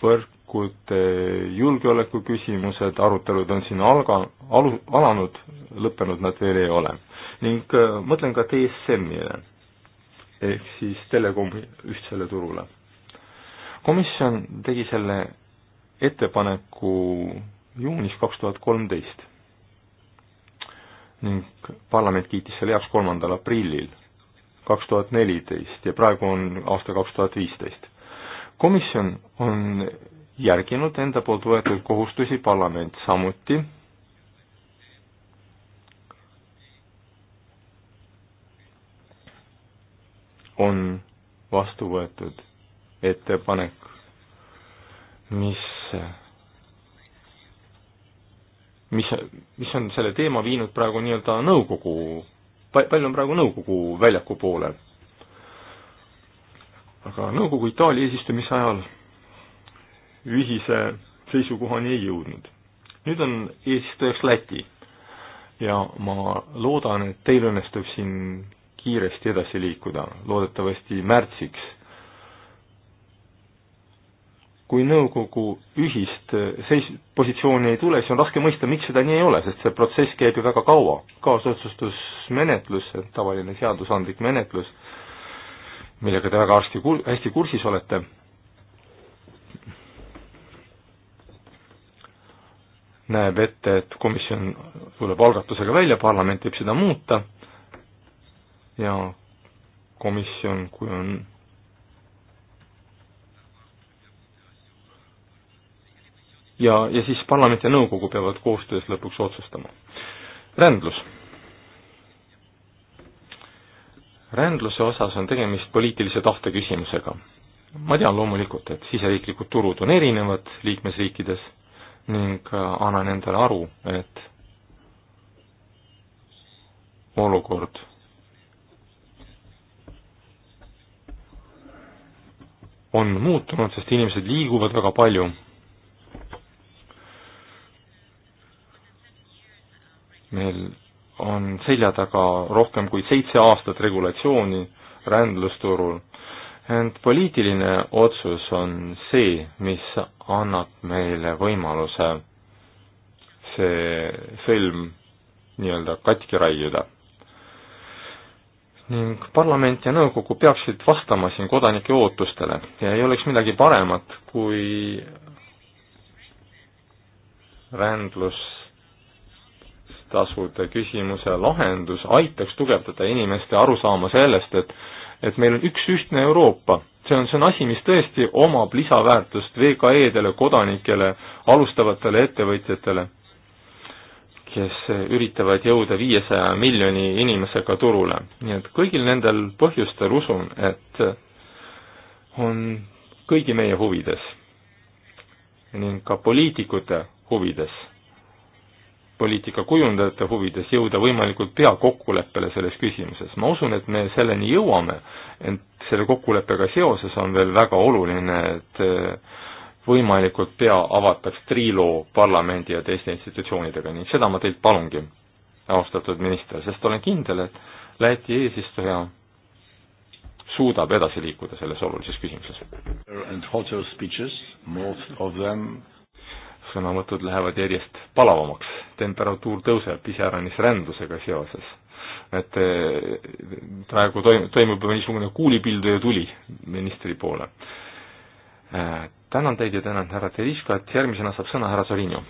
võrk, rünnakute, eh, julgeoleku küsimused, arutelud on siin alga, alu, alanud, lõppenud nad veel ei ole. ning eh, mõtlen ka TSM-ile ehk siis telekomi ühtsele turule. komisjon tegi selle ettepaneku juunis kaks tuhat kolmteist ning parlament kiitis selle heaks kolmandal aprillil kaks tuhat neliteist ja praegu on aasta kaks tuhat viisteist. komisjon on järginud enda poolt võetud kohustusi, parlament samuti. on vastu võetud ettepanek, mis, mis, mis on selle teema viinud praegu nii-öelda nõukogu, palju on praegu nõukogu väljaku poole. aga nõukogu Itaalia eesistumise ajal ühise seisukohani ei jõudnud. nüüd on eesistujaks Läti ja ma loodan, et teil õnnestub siin kiiresti edasi liikuda, loodetavasti märtsiks. kui nõukogu ühist seis-, positsiooni ei tule, siis on raske mõista, miks seda nii ei ole, sest see protsess käib ju väga kaua. kaasotsustusmenetlus, tavaline seadusandlik menetlus, millega te väga arsti, hästi kursis olete näeb ette, et komisjon tuleb algatusega välja, parlament võib seda muuta ja komisjon, kui on ja, ja siis parlament ja nõukogu peavad koostöös lõpuks otsustama. rändlus. rändluse osas on tegemist poliitilise tahte küsimusega. ma tean loomulikult, et siseriiklikud turud on erinevad liikmesriikides ning äh, annan endale aru, et olukord on muutunud, sest inimesed liiguvad väga palju. meil on selja taga rohkem kui seitse aastat regulatsiooni rändlusturul ent poliitiline otsus on see, mis annab meile võimaluse see sõlm nii-öelda katki raiuda. ning parlament ja nõukogu peaksid vastama siin kodanike ootustele ja ei oleks midagi paremat, kui rändlustasude küsimuse lahendus aitaks tugevdada inimeste arusaama sellest, et et meil on üks ühtne Euroopa. see on, see on asi, mis tõesti omab lisaväärtust VKE-dele, kodanikele, alustavatele ettevõtjatele, kes üritavad jõuda viiesaja miljoni inimesega turule. nii et kõigil nendel põhjustel usun, et on kõigi meie huvides ning ka poliitikute huvides poliitika kujundajate huvides jõuda võimalikult pea kokkuleppele selles küsimuses. ma usun, et me selleni jõuame, ent selle kokkuleppega seoses on veel väga oluline, et eh, võimalikult pea avataks triloog parlamendi ja teiste institutsioonidega ning seda ma teilt palungi, austatud minister, sest olen kindel, et Läti eesistuja suudab edasi liikuda selles olulises küsimuses sõnavõtud lähevad järjest palavamaks, temperatuur tõuseb iseäranis rändlusega seoses. et eh, praegu toim-, toimub niisugune kuulipilduja tuli ministri poole. Eh, tänan teid ja tänan härra Terishkat, järgmisena saab sõna härra Sorinio.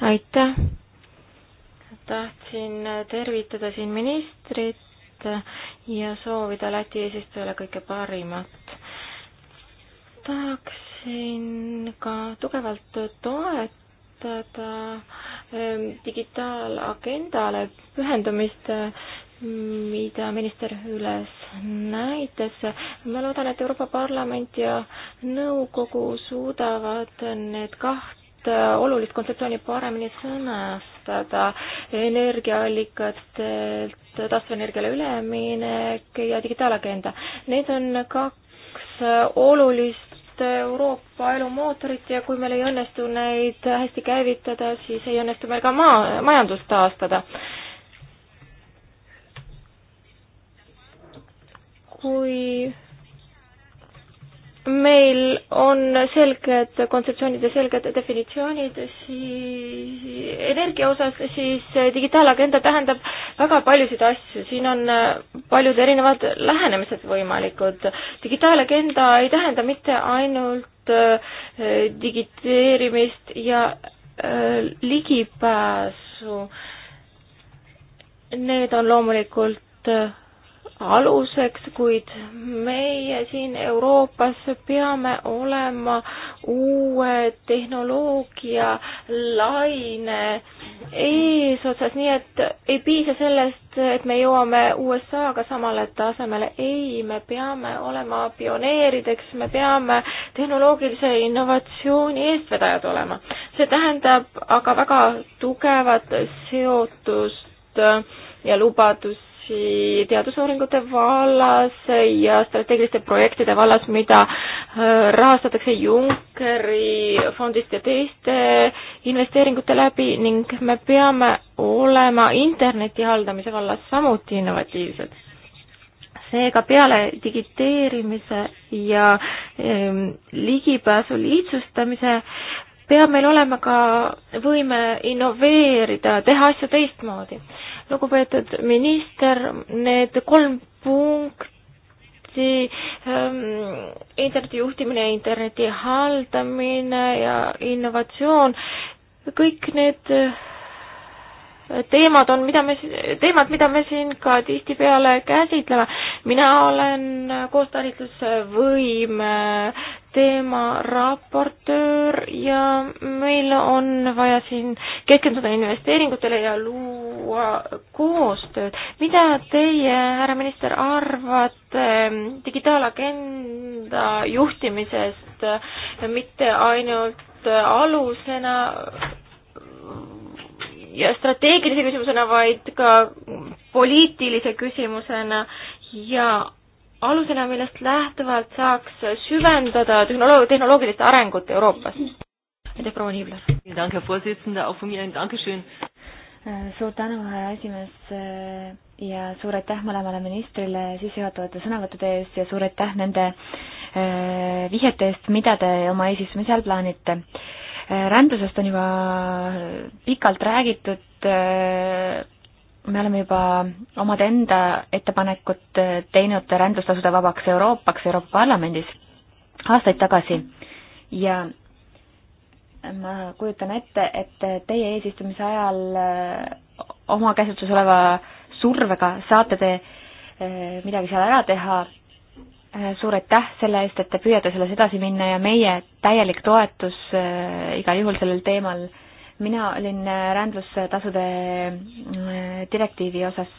aitäh, tahtsin tervitada siin ministrit eest ja soovida Läti eesistujale kõike parimat. tahaksin ka tugevalt toetada ähm, digitaalagendale pühendumist, mida minister üles näitas. ma loodan, et Euroopa Parlament ja nõukogu suudavad need kaht sellist äh, olulist kontseptsiooni paremini sõnastada. energiaallikatelt taastuvenergiale üleminek ja digitaalagenda. Need on kaks äh, olulist äh, Euroopa elu mootorit ja kui meil ei õnnestu neid hästi käivitada, siis ei õnnestu meil ka maa, majandust taastada. kui meil on selged kontseptsioonid ja selged definitsioonid siis energia osas, siis digitaalagenda tähendab väga paljusid asju, siin on paljud erinevad lähenemised võimalikud. digitaalagenda ei tähenda mitte ainult äh, digiteerimist ja äh, ligipääsu, need on loomulikult äh, aluseks, kuid meie siin Euroopas peame olema uue tehnoloogia laine eesotsas, nii et ei piisa sellest, et me jõuame USA-ga samale tasemele, ei, me peame olema pioneerideks, me peame tehnoloogilise innovatsiooni eestvedajad olema. see tähendab aga väga tugevat seotust ja lubadust teadmisi teadusuuringute vallas ja strateegiliste projektide vallas, mida äh, rahastatakse Junckeri fondist ja teiste investeeringute läbi ning me peame olema interneti haldamise vallas samuti innovatiivsed. seega peale digiteerimise ja ähm, ligipääsu lihtsustamise peab meil olema ka võime innoveerida, teha asju teistmoodi lugupeetud minister, need kolm punkti interneti ähm,, interneti juhtimine, interneti haldamine ja innovatsioon, kõik need äh, teemad on, mida me, teemad, mida me siin ka tihtipeale käsitleme. mina olen koostalitlusvõime teema raportöör ja meil on vaja siin keskenduda investeeringutele ja luua koostööd. mida teie, härra minister, arvate ehm, digitaalagenda juhtimisest mitte ainult alusena, ja strateegilise küsimusena, vaid ka poliitilise küsimusena ja alusena, millest lähtuvalt saaks süvendada tehnoloog-, tehnoloogilist arengut Euroopas. aitäh, proua Niibler! suur tänu, härra esimees ja suur aitäh mõlemale ministrile sissejuhatavate sõnavõttude eest ja suur aitäh nende eh, vihjete eest, mida te oma eesistumise ajal plaanite rändusest on juba pikalt räägitud, me oleme juba omad enda ettepanekud teinud rändustasude vabaks Euroopaks Euroopa Parlamendis aastaid tagasi ja ma kujutan ette, et teie eesistumise ajal äh, oma käsutuses oleva survega saate te äh, midagi seal ära teha Äh, suur aitäh selle eest, et te püüate selles edasi minna ja meie täielik toetus äh, igal juhul sellel teemal. mina olin äh, rändlustasude direktiivi osas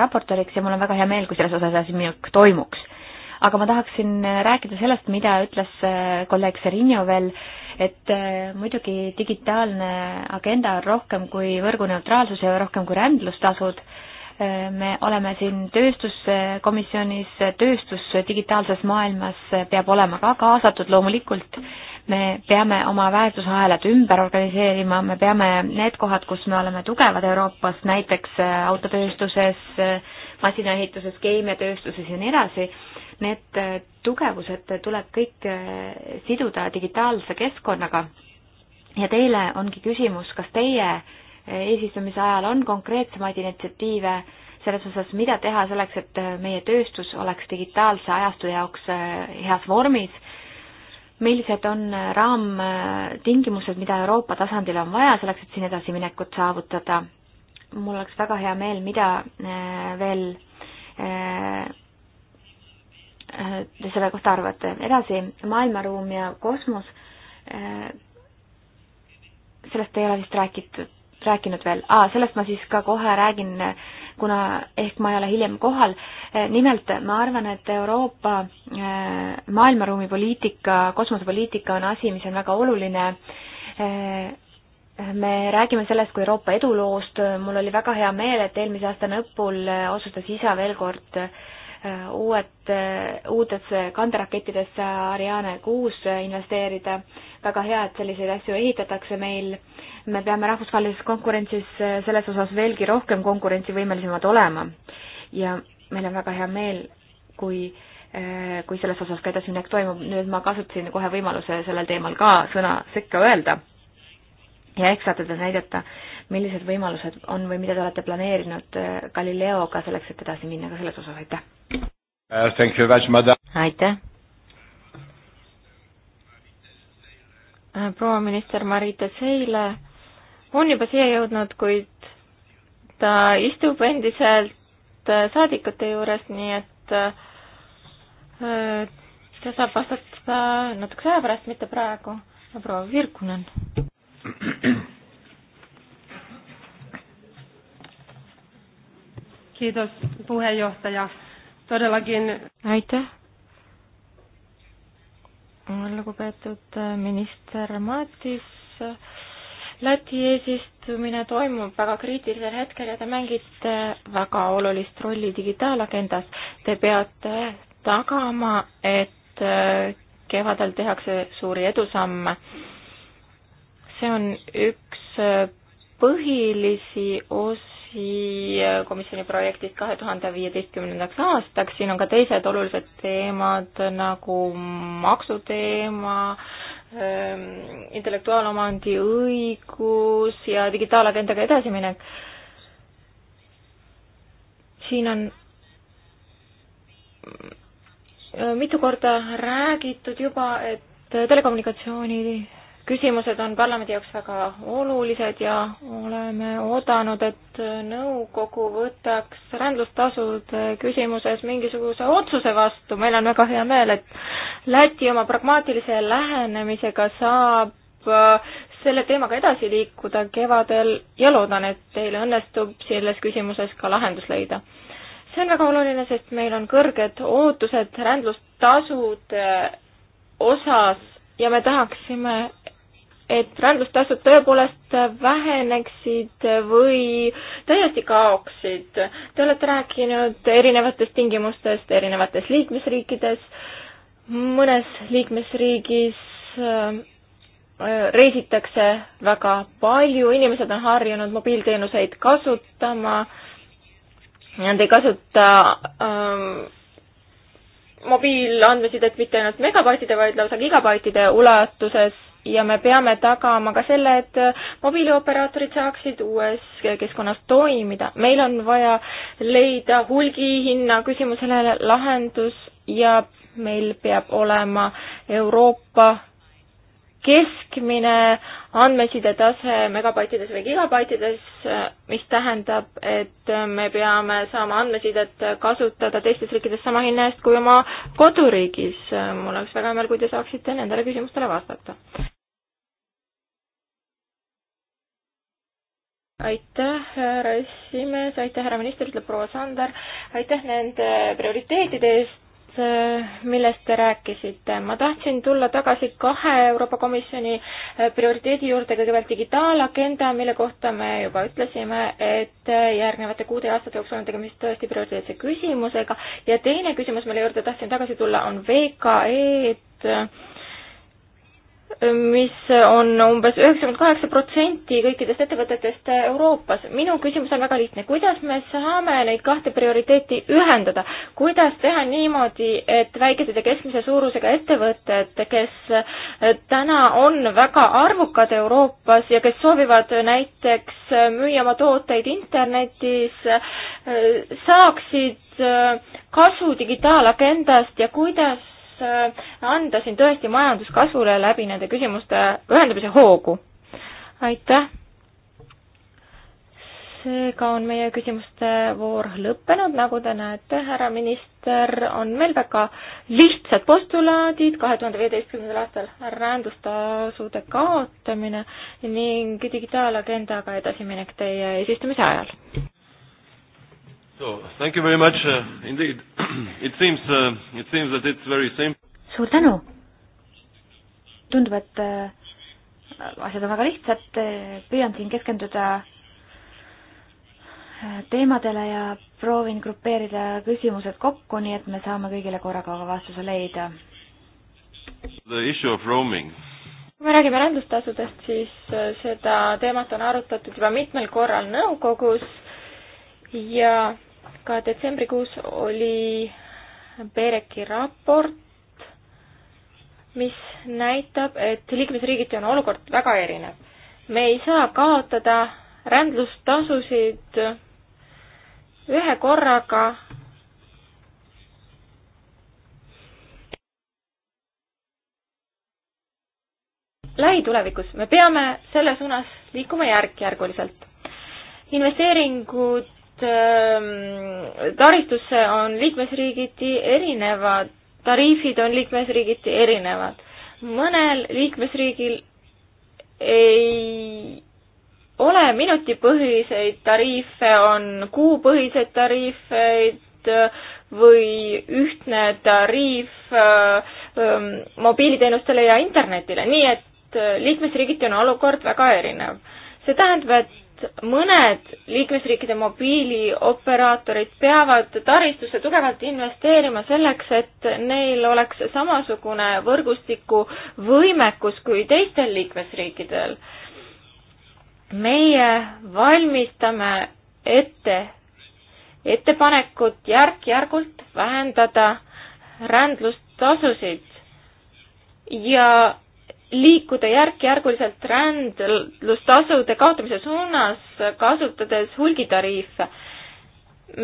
raportööriks ja mul on väga hea meel, kui selles osas edasiminek toimuks. aga ma tahaksin rääkida sellest, mida ütles kolleeg Serinio veel, et muidugi digitaalne agenda on rohkem kui võrguneutraalsus ja rohkem kui rändlustasud me oleme siin tööstuskomisjonis, tööstus digitaalses maailmas peab olema ka kaasatud loomulikult, me peame oma väärtusahelad ümber organiseerima, me peame need kohad, kus me oleme tugevad Euroopas, näiteks autotööstuses, masinaehituses, keemiatööstuses ja nii edasi, need tugevused tuleb kõik siduda digitaalse keskkonnaga. ja teile ongi küsimus, kas teie eesistumise ajal on konkreetsemaid initsiatiive selles osas, mida teha selleks, et äh, meie tööstus oleks digitaalse ajastu jaoks äh, heas vormis, millised on äh, raamtingimused, mida Euroopa tasandil on vaja selleks, et siin edasiminekut saavutada. mul oleks väga hea meel, mida veel te selle kohta arvate. edasi, maailmaruum ja kosmos sellest ei ole vist räägitud rääkinud veel ah,, sellest ma siis ka kohe räägin, kuna ehk ma ei ole hiljem kohal. E, nimelt ma arvan, et Euroopa e, maailmaruumi poliitika, kosmosepoliitika on asi, mis on väga oluline. E, me räägime sellest kui Euroopa eduloost, mul oli väga hea meel, et eelmise aasta lõpul otsustas isa veel kord äh, uued, uutesse kanderakettidesse Ariane kuus investeerida. väga hea, et selliseid asju ehitatakse meil. me peame rahvusvahelises konkurentsis selles osas veelgi rohkem konkurentsivõimelisemad olema. ja meil on väga hea meel, kui eh, kui selles osas ka edasiminek toimub, nüüd ma kasutasin kohe võimaluse sellel teemal ka sõna sekka öelda ja eks saate te näidata äh, millised võimalused on või mida te olete planeerinud äh, Galileoga selleks, et edasi minna ka selles osas, aitäh uh,! aitäh! Äh, proua minister Marita Seile on juba siia jõudnud, kuid ta istub endiselt äh, saadikute juures, nii et öö, ta saab vastata natukese aja pärast, mitte praegu. proua Virkunen. <clears throat> Kiitos puheenjohtaja. Todellakin. Aitäh. lugupeetud äh, minister Matis. Läti eesistumine toimub väga kriitilisel hetkel ja te mängite väga olulist rolli digitaalagendas. Te peate tagama, et äh, kevadel tehakse suuri edusamme. see on üks äh, põhilisi osi komisjoni projektist kahe tuhande viieteistkümnendaks aastaks, siin on ka teised olulised teemad nagu maksuteema, ähm, intellektuaalomandi õigus ja digitaalagendaga edasiminek. siin on äh, mitu korda räägitud juba, et telekommunikatsiooni küsimused on parlamendi jaoks väga olulised ja oleme oodanud, et nõukogu võtaks rändlustasude küsimuses mingisuguse otsuse vastu. meil on väga hea meel, et Läti oma pragmaatilise lähenemisega saab äh, selle teemaga edasi liikuda kevadel ja loodan, et teil õnnestub selles küsimuses ka lahendus leida. see on väga oluline, sest meil on kõrged ootused rändlustasude äh, osas ja me tahaksime et randlustasud tõepoolest väheneksid või täiesti kaoksid. Te olete rääkinud erinevatest tingimustest erinevates liikmesriikides. mõnes liikmesriigis äh, reisitakse väga palju, inimesed on harjunud mobiilteenuseid kasutama, nad ei kasuta ähm, mobiilandmesidet mitte ainult megabaitide, vaid lausa gigabaitide ulatuses ja me peame tagama ka selle, et mobiilioperaatorid saaksid uues keskkonnas toimida. meil on vaja leida hulgihinna küsimusele lahendus ja meil peab olema Euroopa keskmine andmeside tase megabaitides või gigabaitides, mis tähendab, et me peame saama andmesidet kasutada teistes riikides sama hinna eest kui oma koduriigis. mul oleks väga hea meel, kui te saaksite nendele küsimustele vastata. aitäh, härra esimees, aitäh, härra minister, ütleb proua Sander, aitäh nende prioriteetide eest, äh, millest te rääkisite. ma tahtsin tulla tagasi kahe Euroopa Komisjoni äh, prioriteedi juurde, kõigepealt digitaalagenda, mille kohta me juba ütlesime, et äh, järgnevate kuude ja aastate jooksul on tegemist tõesti prioriteetse küsimusega ja teine küsimus, mille juurde tahtsin tagasi tulla, on VKE-d mis on umbes üheksakümmend kaheksa protsenti kõikidest ettevõtetest Euroopas. minu küsimus on väga lihtne, kuidas me saame neid kahte prioriteeti ühendada, kuidas teha niimoodi, et väikesed ja keskmise suurusega ettevõtted, kes täna on väga arvukad Euroopas ja kes soovivad näiteks müüa oma tooteid internetis, saaksid kasu digitaalagendast ja kuidas Äh, anda siin tõesti majanduskasvule läbi nende küsimuste ühendamise hoogu. aitäh! seega on meie küsimuste voor lõppenud, nagu te näete, härra minister, on meil väga lihtsad postulaadid kahe tuhande viieteistkümnendal aastal rändustasude kaotamine ning digitaalagendaga edasiminek teie eesistumise ajal. So, thank you very much uh, indeed. <clears throat> It seems uh,, it seems that it's very simple. suur tänu. tundub, et äh, asjad on väga lihtsad, püüan siin keskenduda äh, teemadele ja proovin grupeerida küsimused kokku, nii et me saame kõigile korraga vastuse leida. kui me räägime rändustasudest, siis äh, seda teemat on arutatud juba mitmel korral nõukogus ja ka detsembrikuus oli Bereki raport, mis näitab, et liikmesriigiti on olukord väga erinev. me ei saa kaotada rändlustasusid ühe korraga lähitulevikus, me peame selle suunas liikuma järk-järguliselt. investeeringud Ähm, taristusse on liikmesriigiti erinevad, tariifid on liikmesriigiti erinevad. mõnel liikmesriigil ei ole minutipõhiseid tariife, on kuupõhiseid tariifeid või ühtne tariif ähm, mobiiliteenustele ja internetile, nii et äh, liikmesriigiti on olukord väga erinev. see tähendab, et mõned liikmesriikide mobiilioperaatorid peavad taristusse tugevalt investeerima selleks, et neil oleks samasugune võrgustiku võimekus kui teistel liikmesriikidel. meie valmistame ette ettepanekut järk-järgult vähendada rändlustasusid ja liikuda järk-järguliselt rändlustasude kaotamise suunas, kasutades hulgitariife.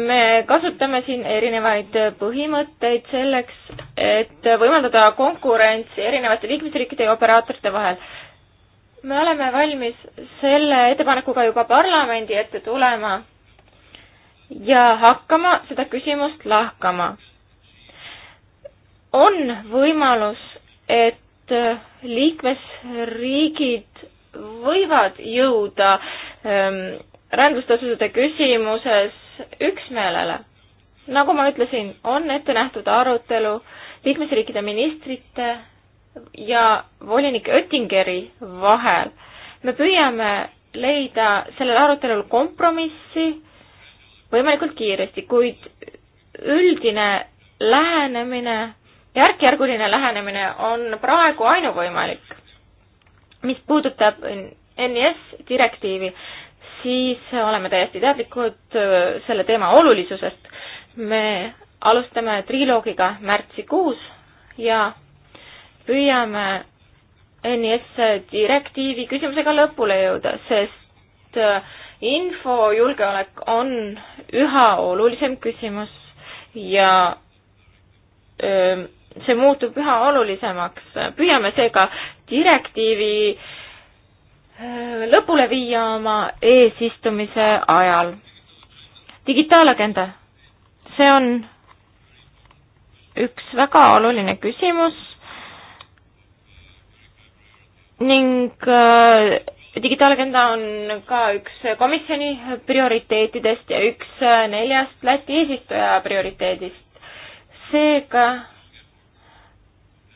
me kasutame siin erinevaid põhimõtteid selleks, et võimaldada konkurentsi erinevate liikmesriikide ja operaatorite vahel. me oleme valmis selle ettepanekuga juba parlamendi ette tulema ja hakkama seda küsimust lahkama. on võimalus, et et äh, liikmesriigid võivad jõuda ähm, rändustasude küsimuses üksmeelele. nagu ma ütlesin, on ette nähtud arutelu liikmesriikide ministrite ja volinik Oettingeri vahel. me püüame leida sellel arutelul kompromissi võimalikult kiiresti, kuid üldine lähenemine järk-järguline lähenemine on praegu ainuvõimalik. mis puudutab NIS e direktiivi, siis oleme täiesti teadlikud äh, selle teema olulisusest. me alustame triloogiga märtsikuus ja püüame NIS e direktiivi küsimusega lõpule jõuda, sest äh, infojulgeolek on üha olulisem küsimus ja öö, ähm, see muutub üha olulisemaks. püüame seega direktiivi äh, lõpule viia oma eesistumise ajal. digitaalagenda, see on üks väga oluline küsimus ning äh, digitaalagenda on ka üks komisjoni prioriteetidest ja üks äh, neljast Läti eesistuja prioriteedist. seega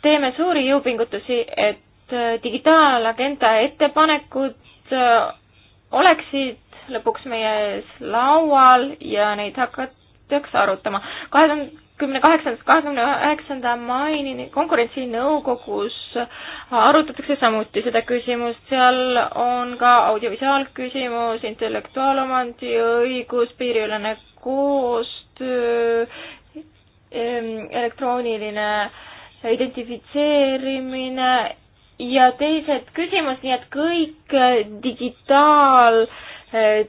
teeme suuri jõupingutusi, et äh, digitaalagenda ettepanekud äh, oleksid lõpuks meie ees laual ja neid hakatakse arutama. kahe tuhande kümne kaheksandast kahekümne üheksanda maini konkurentsinõukogus arutatakse samuti seda küsimust, seal on ka audiovisuaalküsimus, intellektuaalomandi õigus, piiriülene koostöö, elektrooniline äh, identifitseerimine ja teised küsimused, nii et kõik äh, digitaalteenustega äh,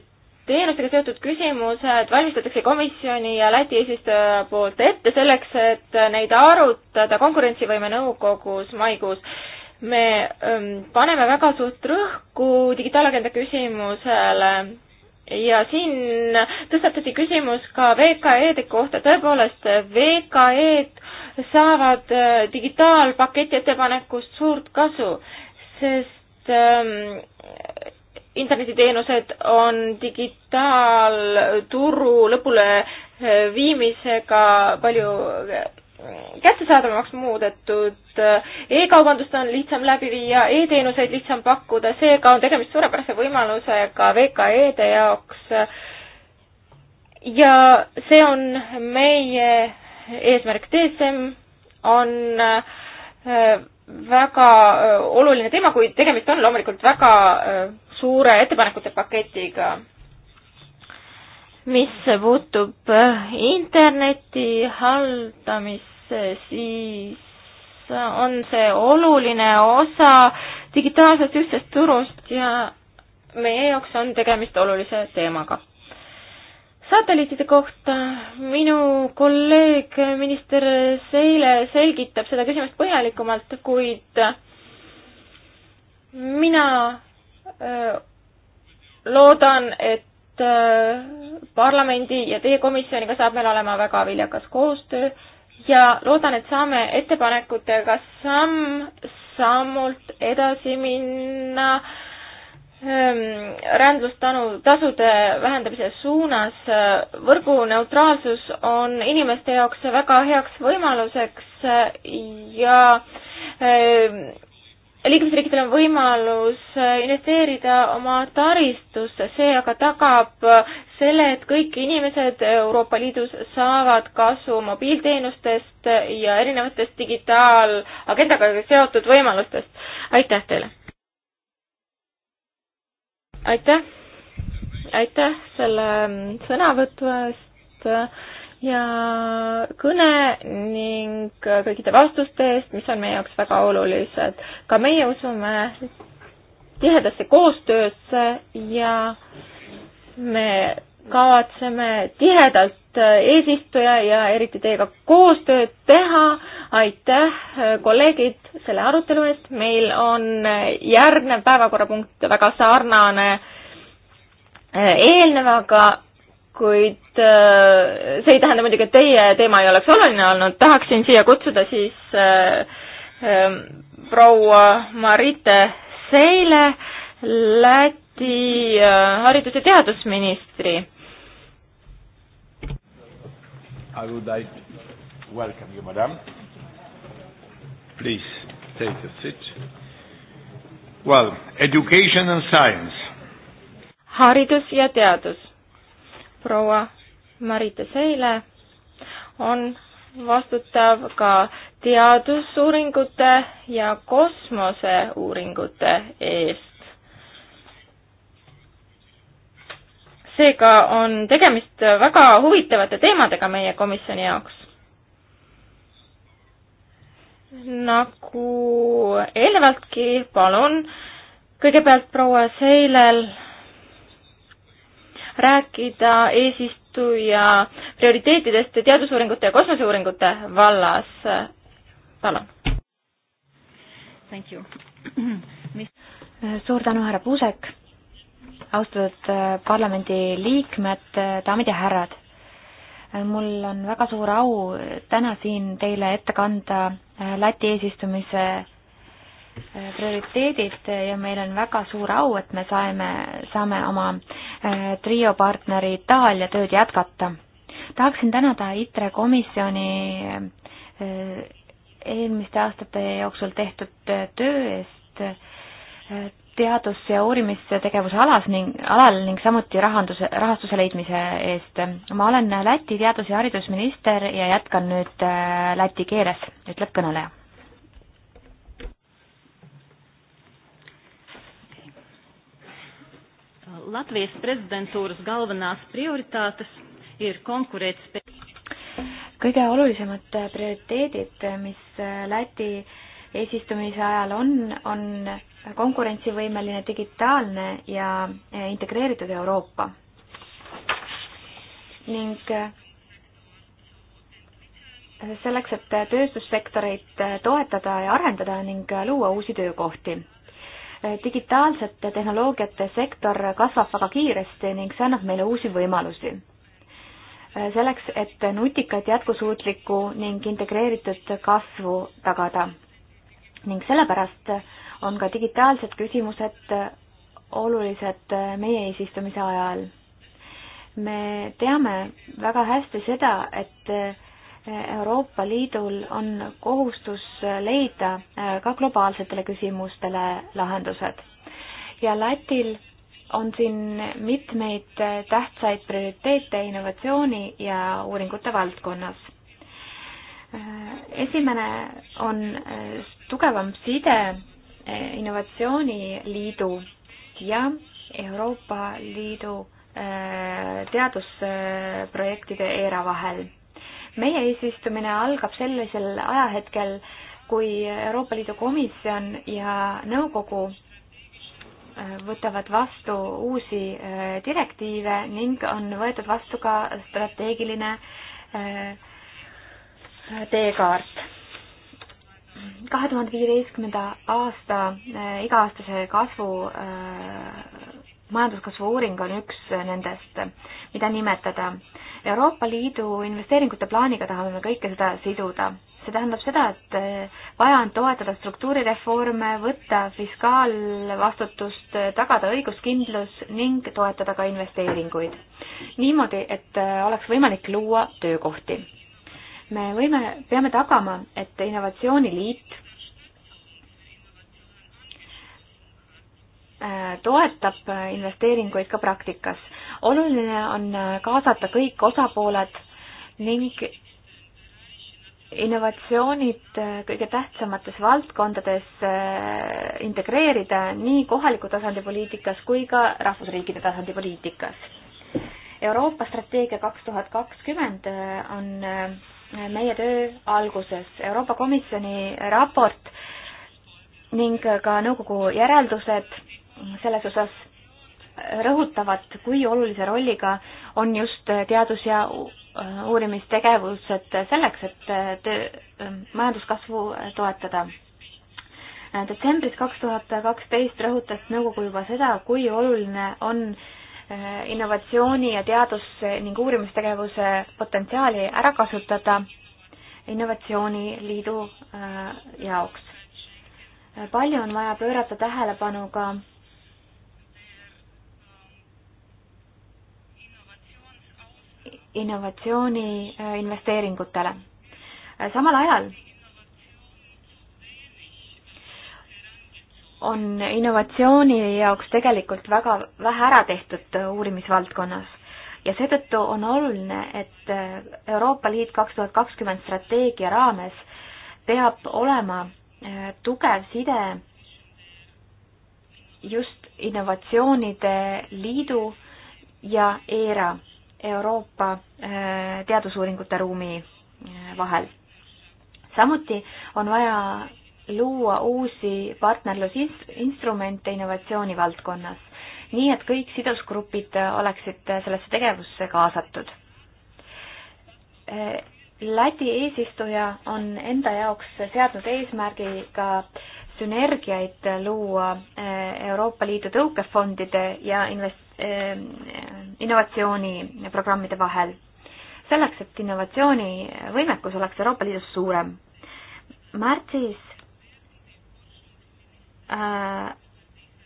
seotud küsimused valmistatakse komisjoni ja Läti eesistuja poolt ette selleks, et neid arutada konkurentsivõime nõukogus maikuus. me ähm, paneme väga suurt rõhku digitaalagenda küsimusele ja siin tõstatati küsimus ka VKE-de kohta, tõepoolest VKE-d saavad äh, digitaalpaketi ettepanekust suurt kasu, sest ähm, internetiteenused on digitaalturu lõpule äh, viimisega palju kättesaadavamaks muudetud e, e-kaubandust on lihtsam läbi viia e, e-teenuseid lihtsam pakkuda, seega on tegemist suurepärase võimalusega VKE-de jaoks. ja see on meie eesmärk, DSM on äh, väga äh, oluline teema, kuid tegemist on loomulikult väga äh, suure ettepanekute paketiga mis puutub äh, interneti haldamisse, siis äh, on see oluline osa digitaalsest ühtsest turust ja meie jaoks on tegemist olulise teemaga. satelliitide kohta minu kolleeg minister Seile selgitab seda küsimust põhjalikumalt, kuid mina öö, äh, loodan, et Äh, parlamendi ja teie komisjoniga saab meil olema väga viljakas koostöö ja loodan, et saame ettepanekutega samm-sammult edasi minna ähm, rändlustanu, tasude vähendamise suunas. võrguneutraalsus on inimeste jaoks väga heaks võimaluseks ja ähm, liikmesriikidel on võimalus äh, investeerida oma taristusse, see aga tagab äh, selle, et kõik inimesed Euroopa Liidus saavad kasu mobiilteenustest ja erinevatest digitaalagendaga seotud võimalustest. aitäh teile! aitäh, aitäh selle mm, sõnavõtu eest ja kõne ning kõikide vastuste eest, mis on meie jaoks väga olulised. ka meie usume tihedasse koostöösse ja me kavatseme tihedalt eesistuja ja eriti teiega koostööd teha. aitäh, kolleegid, selle arutelu eest. meil on järgnev päevakorrapunkt väga sarnane eelnevaga kuid äh, see ei tähenda muidugi, et teie teema ei oleks oluline olnud, tahaksin siia kutsuda siis äh, äh, proua Marite Seile, Läti haridus- ja teadusministri. I would like to welcome you, madam. Please take a seat. Well, education and science. haridus ja teadus proua Marite Seile on vastutav ka teadusuuringute ja kosmoseuuringute eest. seega on tegemist väga huvitavate teemadega meie komisjoni jaoks. nagu eelnevaltki, palun kõigepealt proua Seilel rääkida eesistuja prioriteetidest teadusuuringute ja kosmoseuuringute vallas. palun. suur tänu, härra Puusek. austatud äh, parlamendi liikmed, äh, daamid ja härrad. Äh, mul on väga suur au täna siin teile ette kanda Läti eesistumise Äh, prioriteedid ja meil on väga suur au, et me saime, saame oma äh, trio partneri Itaalia tööd jätkata. tahaksin tänada ITRE komisjoni äh, eelmiste aastate jooksul tehtud töö eest teadus- ja uurimistegevuse alas ning, alal ning samuti rahanduse, rahastuse leidmise eest. ma olen Läti teadus- ja haridusminister ja jätkan nüüd läti keeles, ütleb kõneleja Latvijas prezidentūras galvenās prioritātes ir konkurētspēja. kõige olulisemad äh, prioriteedid, äh, mis äh, Läti eesistumise ajal on, on konkurentsivõimeline, digitaalne ja integreeritud Euroopa. ning selleks, et tööstussektoreid toetada ja arendada ning luua uusi töökohti digitaalsete tehnoloogiate sektor kasvab väga kiiresti ning see annab meile uusi võimalusi. selleks, et nutikaid, jätkusuutlikku ning integreeritud kasvu tagada. ning sellepärast on ka digitaalsed küsimused olulised meie eesistumise ajal. me teame väga hästi seda, et Euroopa Liidul on kohustus leida äh, ka globaalsetele küsimustele lahendused. ja Lätil on siin mitmeid äh, tähtsaid prioriteete innovatsiooni ja uuringute valdkonnas. Äh, esimene on tugevam side Innovatsiooniliidu ja Euroopa Liidu teadusprojektide era vahel meie eesistumine algab sellisel ajahetkel, kui Euroopa Liidu Komisjon ja nõukogu äh, võtavad vastu uusi äh, direktiive ning on võetud vastu ka strateegiline äh, teekaart. kahe tuhande viieteistkümnenda aasta iga-aastase kasvu, majanduskasvu uuring on üks nendest, mida nimetada Euroopa Liidu investeeringute plaaniga tahame me kõike seda siduda. see tähendab seda, et eh, vaja on toetada struktuurireforme, võtta fiskaalvastutust, tagada õiguskindlus ning toetada ka investeeringuid. niimoodi, et eh, oleks võimalik luua töökohti. me võime, peame tagama, et innovatsiooniliit eh, toetab investeeringuid ka praktikas oluline on kaasata kõik osapooled ning innovatsioonid kõige tähtsamates valdkondades äh, integreerida nii kohaliku tasandi poliitikas kui ka rahvusriikide tasandi poliitikas. Euroopa strateegia kaks tuhat kakskümmend äh, on äh, meie töö alguses. Euroopa Komisjoni raport ning ka nõukogu järeldused selles osas rõhutavad, kui olulise rolliga on just teadus- ja uurimistegevused selleks, et töö, ähm, majanduskasvu toetada. detsembris kaks tuhat kaksteist rõhutas nõukogu juba seda, kui oluline on äh, innovatsiooni ja teadus- ning uurimistegevuse potentsiaali ära kasutada innovatsiooniliidu äh, jaoks. palju on vaja pöörata tähelepanu ka innovatsiooni äh, investeeringutele. Äh, samal ajal on innovatsiooni jaoks tegelikult väga vähe ära tehtud äh, uurimisvaldkonnas ja seetõttu on oluline, et Euroopa Liit kaks tuhat kakskümmend strateegia raames peab olema tugev side just innovatsioonide liidu ja ERA Euroopa äh, teadusuuringute ruumi äh, vahel. samuti on vaja luua uusi partnerlusinstrumente innovatsiooni valdkonnas, nii et kõik sidusgrupid oleksid sellesse tegevusse kaasatud. Äh, Läti eesistuja on enda jaoks seadnud eesmärgi ka sünergiaid luua eh, Euroopa Liidu tõukefondide ja invest-, eh, innovatsiooniprogrammide vahel. selleks, et innovatsioonivõimekus oleks Euroopa Liidus suurem. märtsis äh,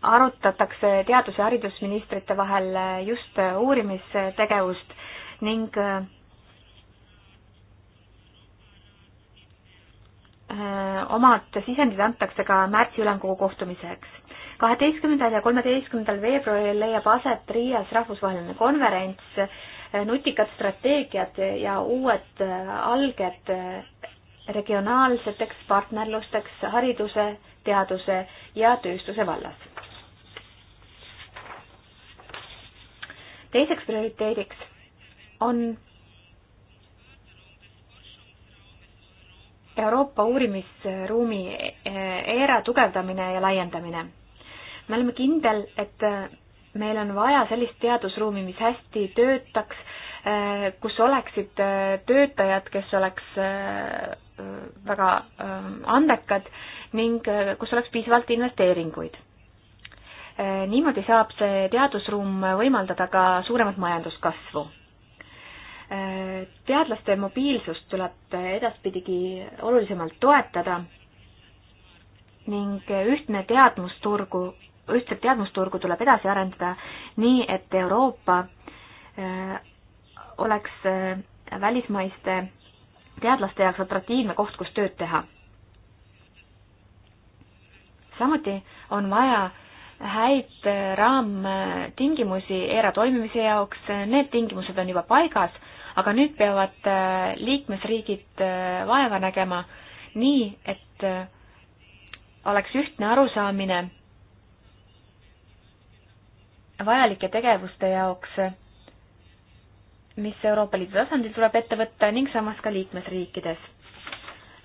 arutatakse teadus- ja haridusministrite vahel just uurimistegevust ning äh, Äh, omad sisendid antakse ka märtsi ülemkogu kohtumiseks. kaheteistkümnendal ja kolmeteistkümnendal veebruaril leiab aset Riias rahvusvaheline konverents äh, Nutikad strateegiad ja uued äh, alged regionaalseteks partnerlusteks hariduse, teaduse ja tööstuse vallas. teiseks prioriteediks on Euroopa uurimisruumi eh, era tugevdamine ja laiendamine. me oleme kindel, et eh, meil on vaja sellist teadusruumi, mis hästi töötaks, eh, kus oleksid töötajad, kes oleks väga andekad ning kus oleks piisavalt investeeringuid. niimoodi saab see teadusruum võimaldada ka suuremat majanduskasvu teadlaste mobiilsust tuleb edaspidigi olulisemalt toetada ning ühtne teadmusturgu, ühtset teadmusturgu tuleb edasi arendada nii, et Euroopa äh, oleks äh, välismaiste teadlaste jaoks atraktiivne koht, kus tööd teha. samuti on vaja häid äh, raamtingimusi ERA toimimise jaoks, need tingimused on juba paigas aga nüüd peavad äh, liikmesriigid äh, vaeva nägema nii, et äh, oleks ühtne arusaamine vajalike tegevuste jaoks, mis Euroopa Liidu tasandil tuleb ette võtta ning samas ka liikmesriikides.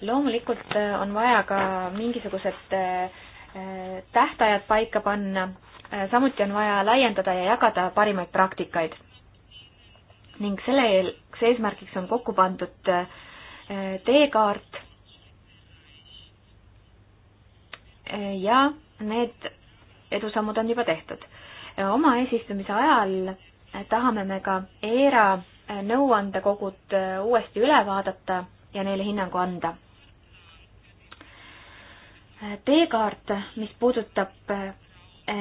loomulikult on vaja ka mingisugused tähtajad paika panna, samuti on vaja laiendada ja jagada parimaid praktikaid ning selleks eesmärgiks on kokku pandud äh, teekaart äh, ja need edusammud on juba tehtud. Äh, oma eesistumise ajal tahame me ka ERA nõuandekogud uuesti üle vaadata ja neile hinnangu anda. teekaart, mis puudutab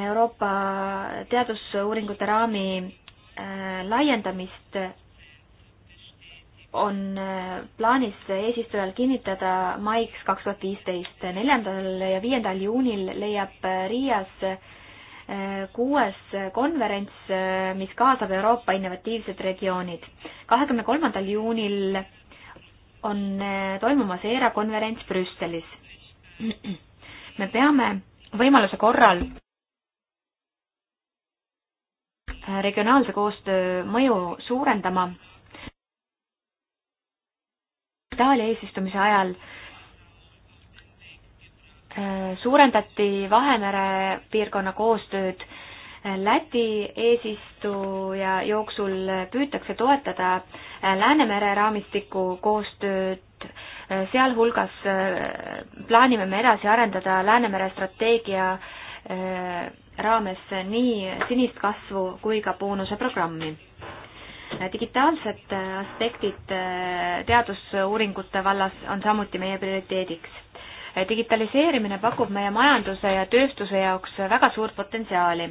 Euroopa teadusuuringute raami Äh, laiendamist on äh, plaanis eesistujal kinnitada maiks kaks tuhat viisteist. neljandal ja viiendal juunil leiab äh, Riias kuues konverents, mis kaasab Euroopa innovatiivsed regioonid. kahekümne kolmandal juunil on toimumas ERA konverents Brüsselis. <clears throat> me peame võimaluse korral regionaalse koostöö mõju suurendama. Itaalia eesistumise ajal äh, suurendati Vahemere piirkonna koostööd. Läti eesistuja jooksul püütakse toetada äh, Läänemere raamistiku koostööd, äh, sealhulgas plaanime me edasi arendada Läänemere strateegia raames nii sinist kasvu kui ka boonuse programmi. digitaalsed aspektid äh, teadusuuringute vallas on samuti meie prioriteediks. digitaliseerimine pakub meie majanduse ja tööstuse jaoks väga suurt potentsiaali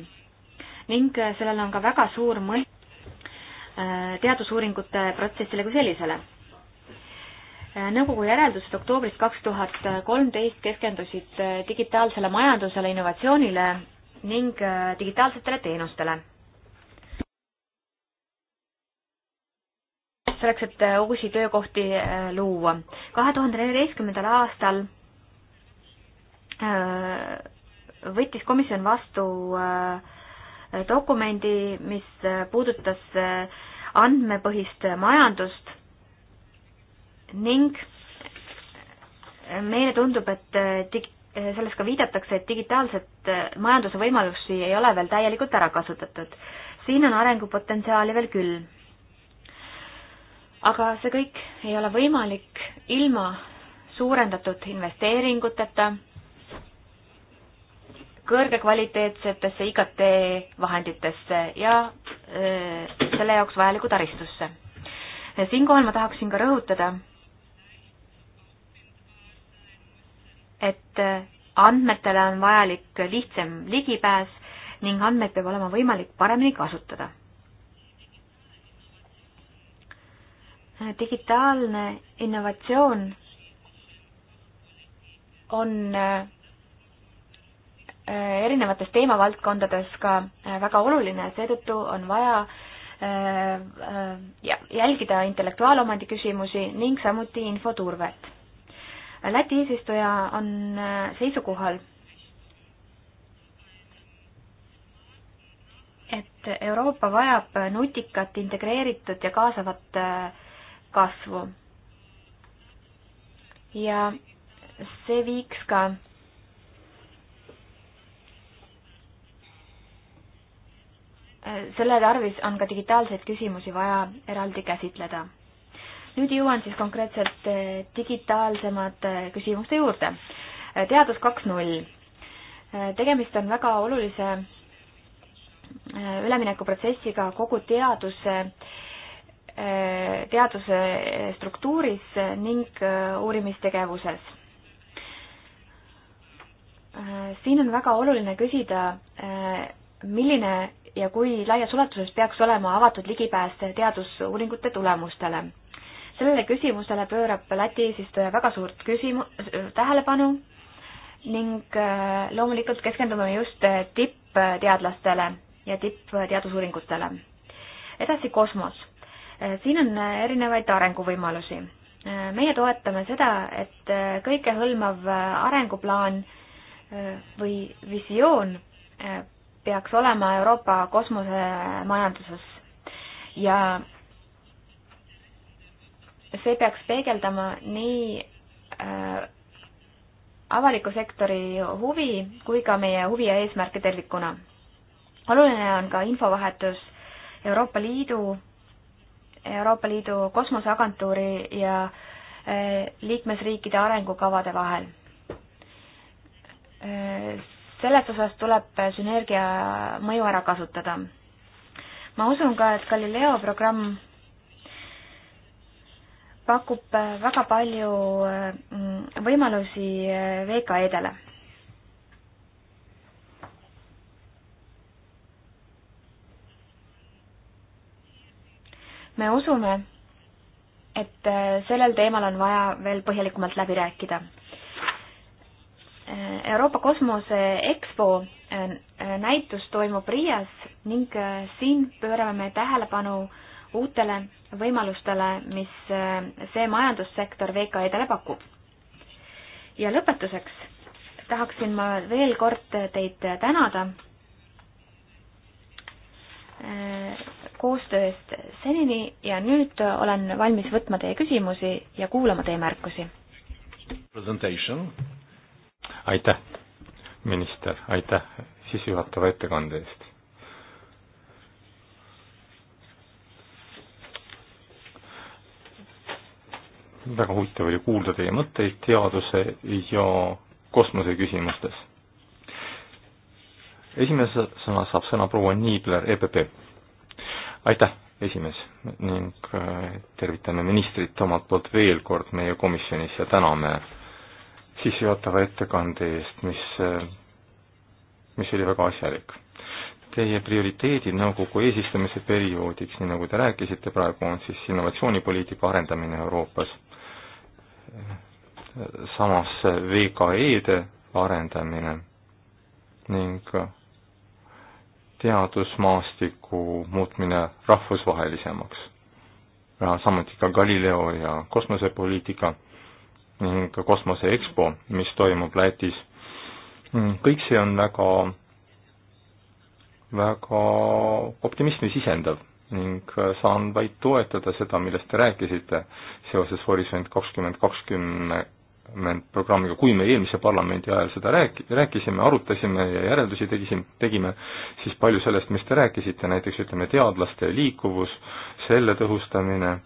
ning sellel on ka väga suur mõju äh, teadusuuringute protsessile kui sellisele äh, nõukogu järeldused oktoobrist kaks tuhat kolmteist keskendusid digitaalsele majandusele, innovatsioonile ning äh, digitaalsetele teenustele. selleks, et äh, uusi töökohti äh, luua. kahe tuhande neljateistkümnendal aastal võttis komisjon vastu dokumendi, mis puudutas andmepõhist majandust ning meile tundub, et dig-, Eh, selles ka viidatakse, et digitaalset eh, majanduse võimalusi ei ole veel täielikult ära kasutatud. siin on arengupotentsiaali veel küll. aga see kõik ei ole võimalik ilma suurendatud investeeringuteta, kõrgekvaliteetsetesse IKT vahenditesse ja öö, eh, selle jaoks vajaliku taristusse. siinkohal ma tahaksin ka rõhutada, et andmetele on vajalik lihtsam ligipääs ning andmeid peab olema võimalik paremini kasutada. digitaalne innovatsioon on äh, erinevates teemavaldkondades ka äh, väga oluline, seetõttu on vaja äh, jälgida intellektuaalomandi küsimusi ning samuti infoturvet. Läti eesistuja on äh, seisukohal, et Euroopa vajab nutikat, integreeritud ja kaasavat äh, kasvu. ja see viiks ka selle tarvis on ka digitaalseid küsimusi vaja eraldi käsitleda nüüd jõuan siis konkreetselt eh, digitaalsemate eh, küsimuste juurde. Eh, teadus kaks null. tegemist on väga olulise üleminekuprotsessiga kogu teaduse, teaduse struktuuris ning uurimistegevuses. siin on väga oluline küsida, milline ja kui laias ulatuses peaks olema avatud ligipääs teadusuuringute tulemustele sellele küsimusele pöörab Läti eesistuja väga suurt küsimu-, tähelepanu ning äh, loomulikult keskendume just äh, tippteadlastele ja tippteadusuuringutele. edasi kosmos. Äh, siin on erinevaid arenguvõimalusi. meie toetame seda, et kõikehõlmav arenguplaan või visioon peaks olema Euroopa kosmosemajanduses ja see peaks peegeldama nii äh, avaliku sektori huvi kui ka meie huvi ja eesmärke tervikuna. oluline on ka infovahetus Euroopa Liidu, Euroopa Liidu Kosmoseagentuuri ja äh, liikmesriikide arengukavade vahel. Äh, selles osas tuleb sünergia mõju ära kasutada. ma usun ka, et Galileo programm pakub äh, väga palju äh, mm, võimalusi äh, VKE-dele. me usume, et sellel teemal on vaja veel põhjalikumalt läbi rääkida. Euroopa Kosmose EXPO näitus toimub Riias ning siin pöörame me tähelepanu äh, uutele võimalustele, mis eh, see majandussektor VKE-dele pakub. ja lõpetuseks tahaksin ma veel kord teid tänada eh, koostöö eest senini ja nüüd olen valmis võtma teie küsimusi ja kuulama teie märkusi. aitäh, minister, aitäh sissejuhatava ettekande eest. väga huvitav oli kuulda teie mõtteid teaduse ja kosmose küsimustes. esimese sõna saab sõna proua Niibler, EPP. aitäh, esimees, ning äh, tervitame ministrit omalt poolt veel kord meie komisjonis ja täname sissejuhatava ettekande eest, mis, äh, mis oli väga asjalik teie prioriteedid nõukogu eesistumise perioodiks, nii nagu te rääkisite praegu, on siis innovatsioonipoliitika arendamine Euroopas samas VKE-de arendamine ning teadusmaastiku muutmine rahvusvahelisemaks. samuti ka Galileo ja kosmosepoliitika ning ka kosmose EXPO, mis toimub Lätis. kõik see on väga, väga optimismi sisendav ning äh, saan vaid toetada seda, millest te rääkisite seoses Horisont kakskümmend kakskümmend programmiga, kui me eelmise parlamendi ajal seda rääk-, rääkisime, arutasime ja järeldusi tegisime, tegime, siis palju sellest, mis te rääkisite, näiteks ütleme, teadlaste liikuvus, selle tõhustamine,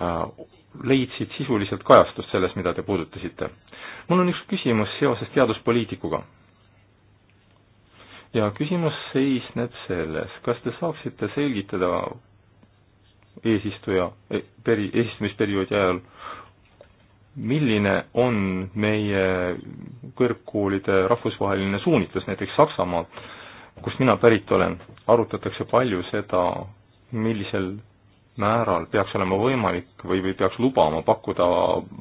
äh, leidsid sisuliselt kajastust selles, mida te puudutasite. mul on üks küsimus seoses teaduspoliitikuga ja küsimus seisneb selles, kas te saaksite selgitada eesistuja e, peri-, eesistumisperioodi ajal, milline on meie kõrgkoolide rahvusvaheline suunitlus, näiteks Saksamaal, kust mina pärit olen, arutatakse palju seda, millisel määral peaks olema võimalik või, või peaks lubama pakkuda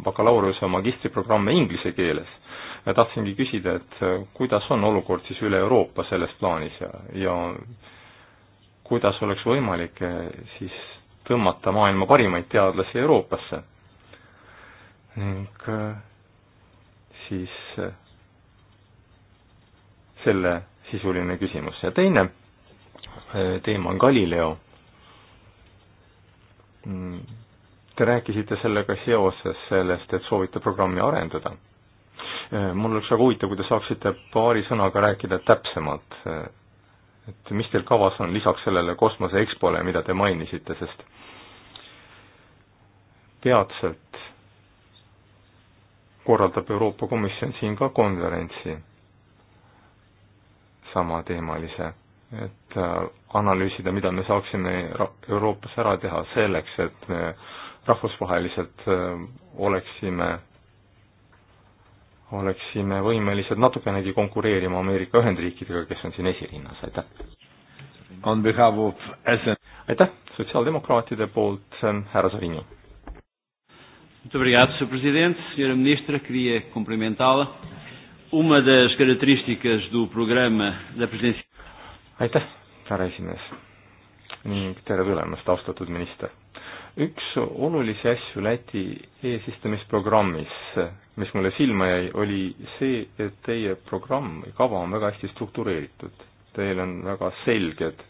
bakalaureuse ja magistriprogramme inglise keeles ja tahtsingi küsida, et äh, kuidas on olukord siis üle Euroopa selles plaanis ja, ja kuidas oleks võimalik äh, siis tõmmata maailma parimaid teadlasi Euroopasse ning äh, siis selle sisuline küsimus ja teine teema on Galileo. Mm, te rääkisite sellega seoses sellest, et soovite programmi arendada Eh, mul oleks väga huvitav, kui te saaksite paari sõnaga rääkida täpsemalt, eh, et mis teil kavas on lisaks sellele kosmose EXPO-le, mida te mainisite, sest peatselt korraldab Euroopa Komisjon siin ka konverentsi samateemalise, et äh, analüüsida, mida me saaksime Euroopas ära teha selleks, et me rahvusvaheliselt äh, oleksime oleksime võimelised natukenegi konkureerima Ameerika Ühendriikidega, kes on siin esirinnas, aitäh! aitäh, sotsiaaldemokraatide poolt härra Sorinio. Muito obrigado, Sr. Presidente. Sra. Ministra, queria cumprimentá-la. Uma das características do programa da presidência. Aitäh, härra esimees ning tere tulemast, austatud minister üks olulisi asju Läti eesistumisprogrammis, mis mulle silma jäi, oli see, et teie programm või kava on väga hästi struktureeritud. Teil on väga selged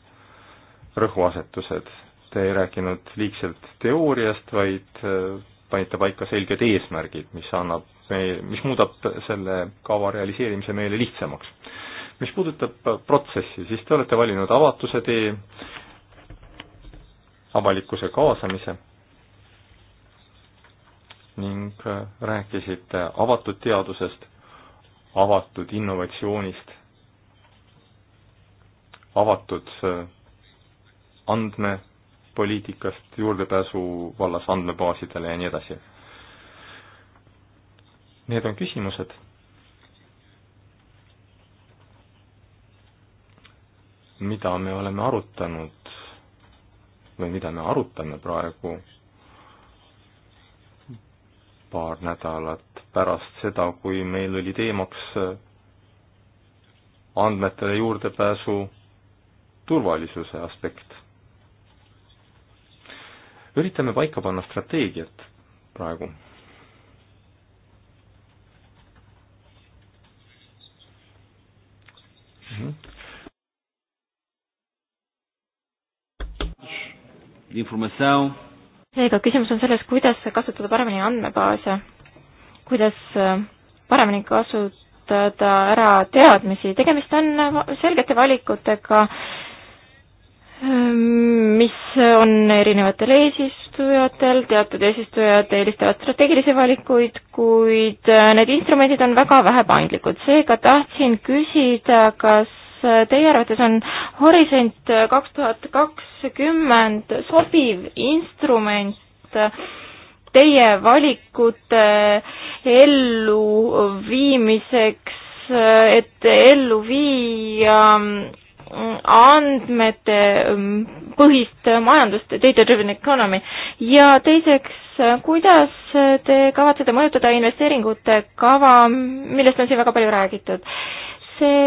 rõhuasetused, te ei rääkinud liigselt teooriast, vaid äh, panite paika selged eesmärgid, mis annab, mis muudab selle kava realiseerimise meile lihtsamaks. mis puudutab protsessi, siis te olete valinud avatuse tee, avalikkuse kaasamise ning äh, rääkisite avatud teadusest, avatud innovatsioonist, avatud äh, andmepoliitikast, juurdepääsu vallas andmebaasidele ja nii edasi. Need on küsimused mida me oleme arutanud või mida me arutame praegu paar nädalat pärast seda, kui meil oli teemaks andmetele juurdepääsu turvalisuse aspekt. üritame paika panna strateegiat praegu seega küsimus on selles, kuidas kasutada paremini andmebaase, kuidas äh, paremini kasutada ära teadmisi, tegemist on äh, selgete valikutega, äh, mis on erinevatel eesistujatel, teatud eesistujad eelistavad strateegilisi valikuid, kuid need instrumendid on väga vähe paindlikud, seega tahtsin küsida, kas teie arvates on Horisont kaks tuhat kakskümmend sobiv instrument teie valikute elluviimiseks, et ellu viia mm, andmete mm, põhist majandust, data-driven economy, ja teiseks, kuidas te kavatsete mõjutada investeeringute kava, millest on siin väga palju räägitud? see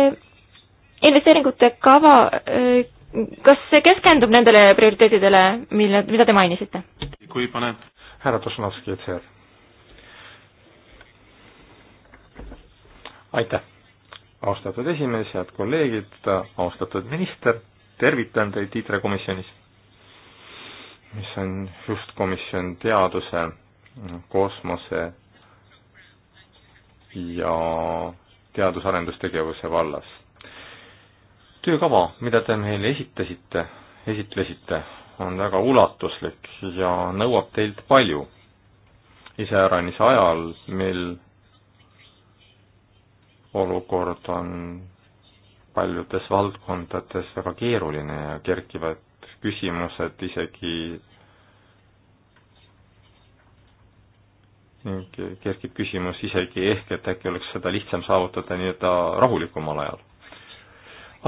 investeeringute kava, äh, kas see keskendub nendele prioriteetidele, mille, mida te mainisite? kui pane härra Tosunovski, et see aitäh, austatud esimees, head kolleegid, austatud minister, tervitan teid ITRE komisjonis, mis on just komisjon teaduse, kosmose ja teadus-arendustegevuse vallas töökava, mida te meile esitasite, esitlesite, on väga ulatuslik ja nõuab teilt palju. iseäranis ajal, mil olukord on paljudes valdkondades väga keeruline ja kerkivad küsimused isegi ning kerkib küsimus isegi ehk, et äkki oleks seda lihtsam saavutada nii-öelda rahulikumal ajal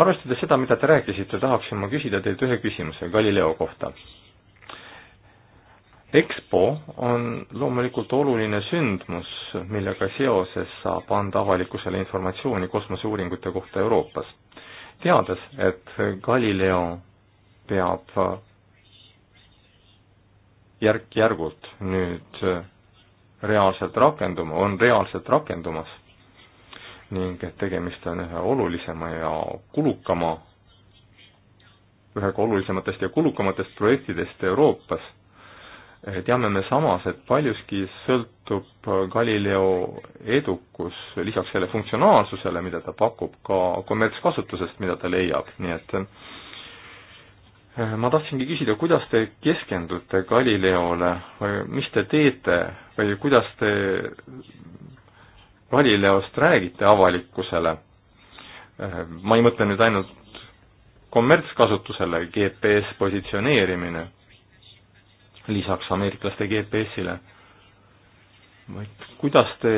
arvestades seda, mida te rääkisite, tahaksin ma küsida teilt ühe küsimuse Galileo kohta. EXPO on loomulikult oluline sündmus, millega seoses saab anda avalikkusele informatsiooni kosmoseuuringute kohta Euroopas. teades, et Galileo peab järk-järgult nüüd reaalselt rakenduma, on reaalselt rakendumas ning et tegemist on ühe olulisema ja kulukama, ühega olulisematest ja kulukamatest projektidest Euroopas. Eh, teame me samas, et paljuski sõltub eh, Galileo edukus lisaks selle funktsionaalsusele, mida ta pakub, ka kommertskasutusest, mida ta leiab, nii et eh, ma tahtsingi küsida, kuidas te keskendute Galileole või mis te teete või kuidas te Galileost räägite avalikkusele, äh, ma ei mõtle nüüd ainult kommertskasutusele, GPS positsioneerimine lisaks ameeriklaste GPS-ile, vaid kuidas te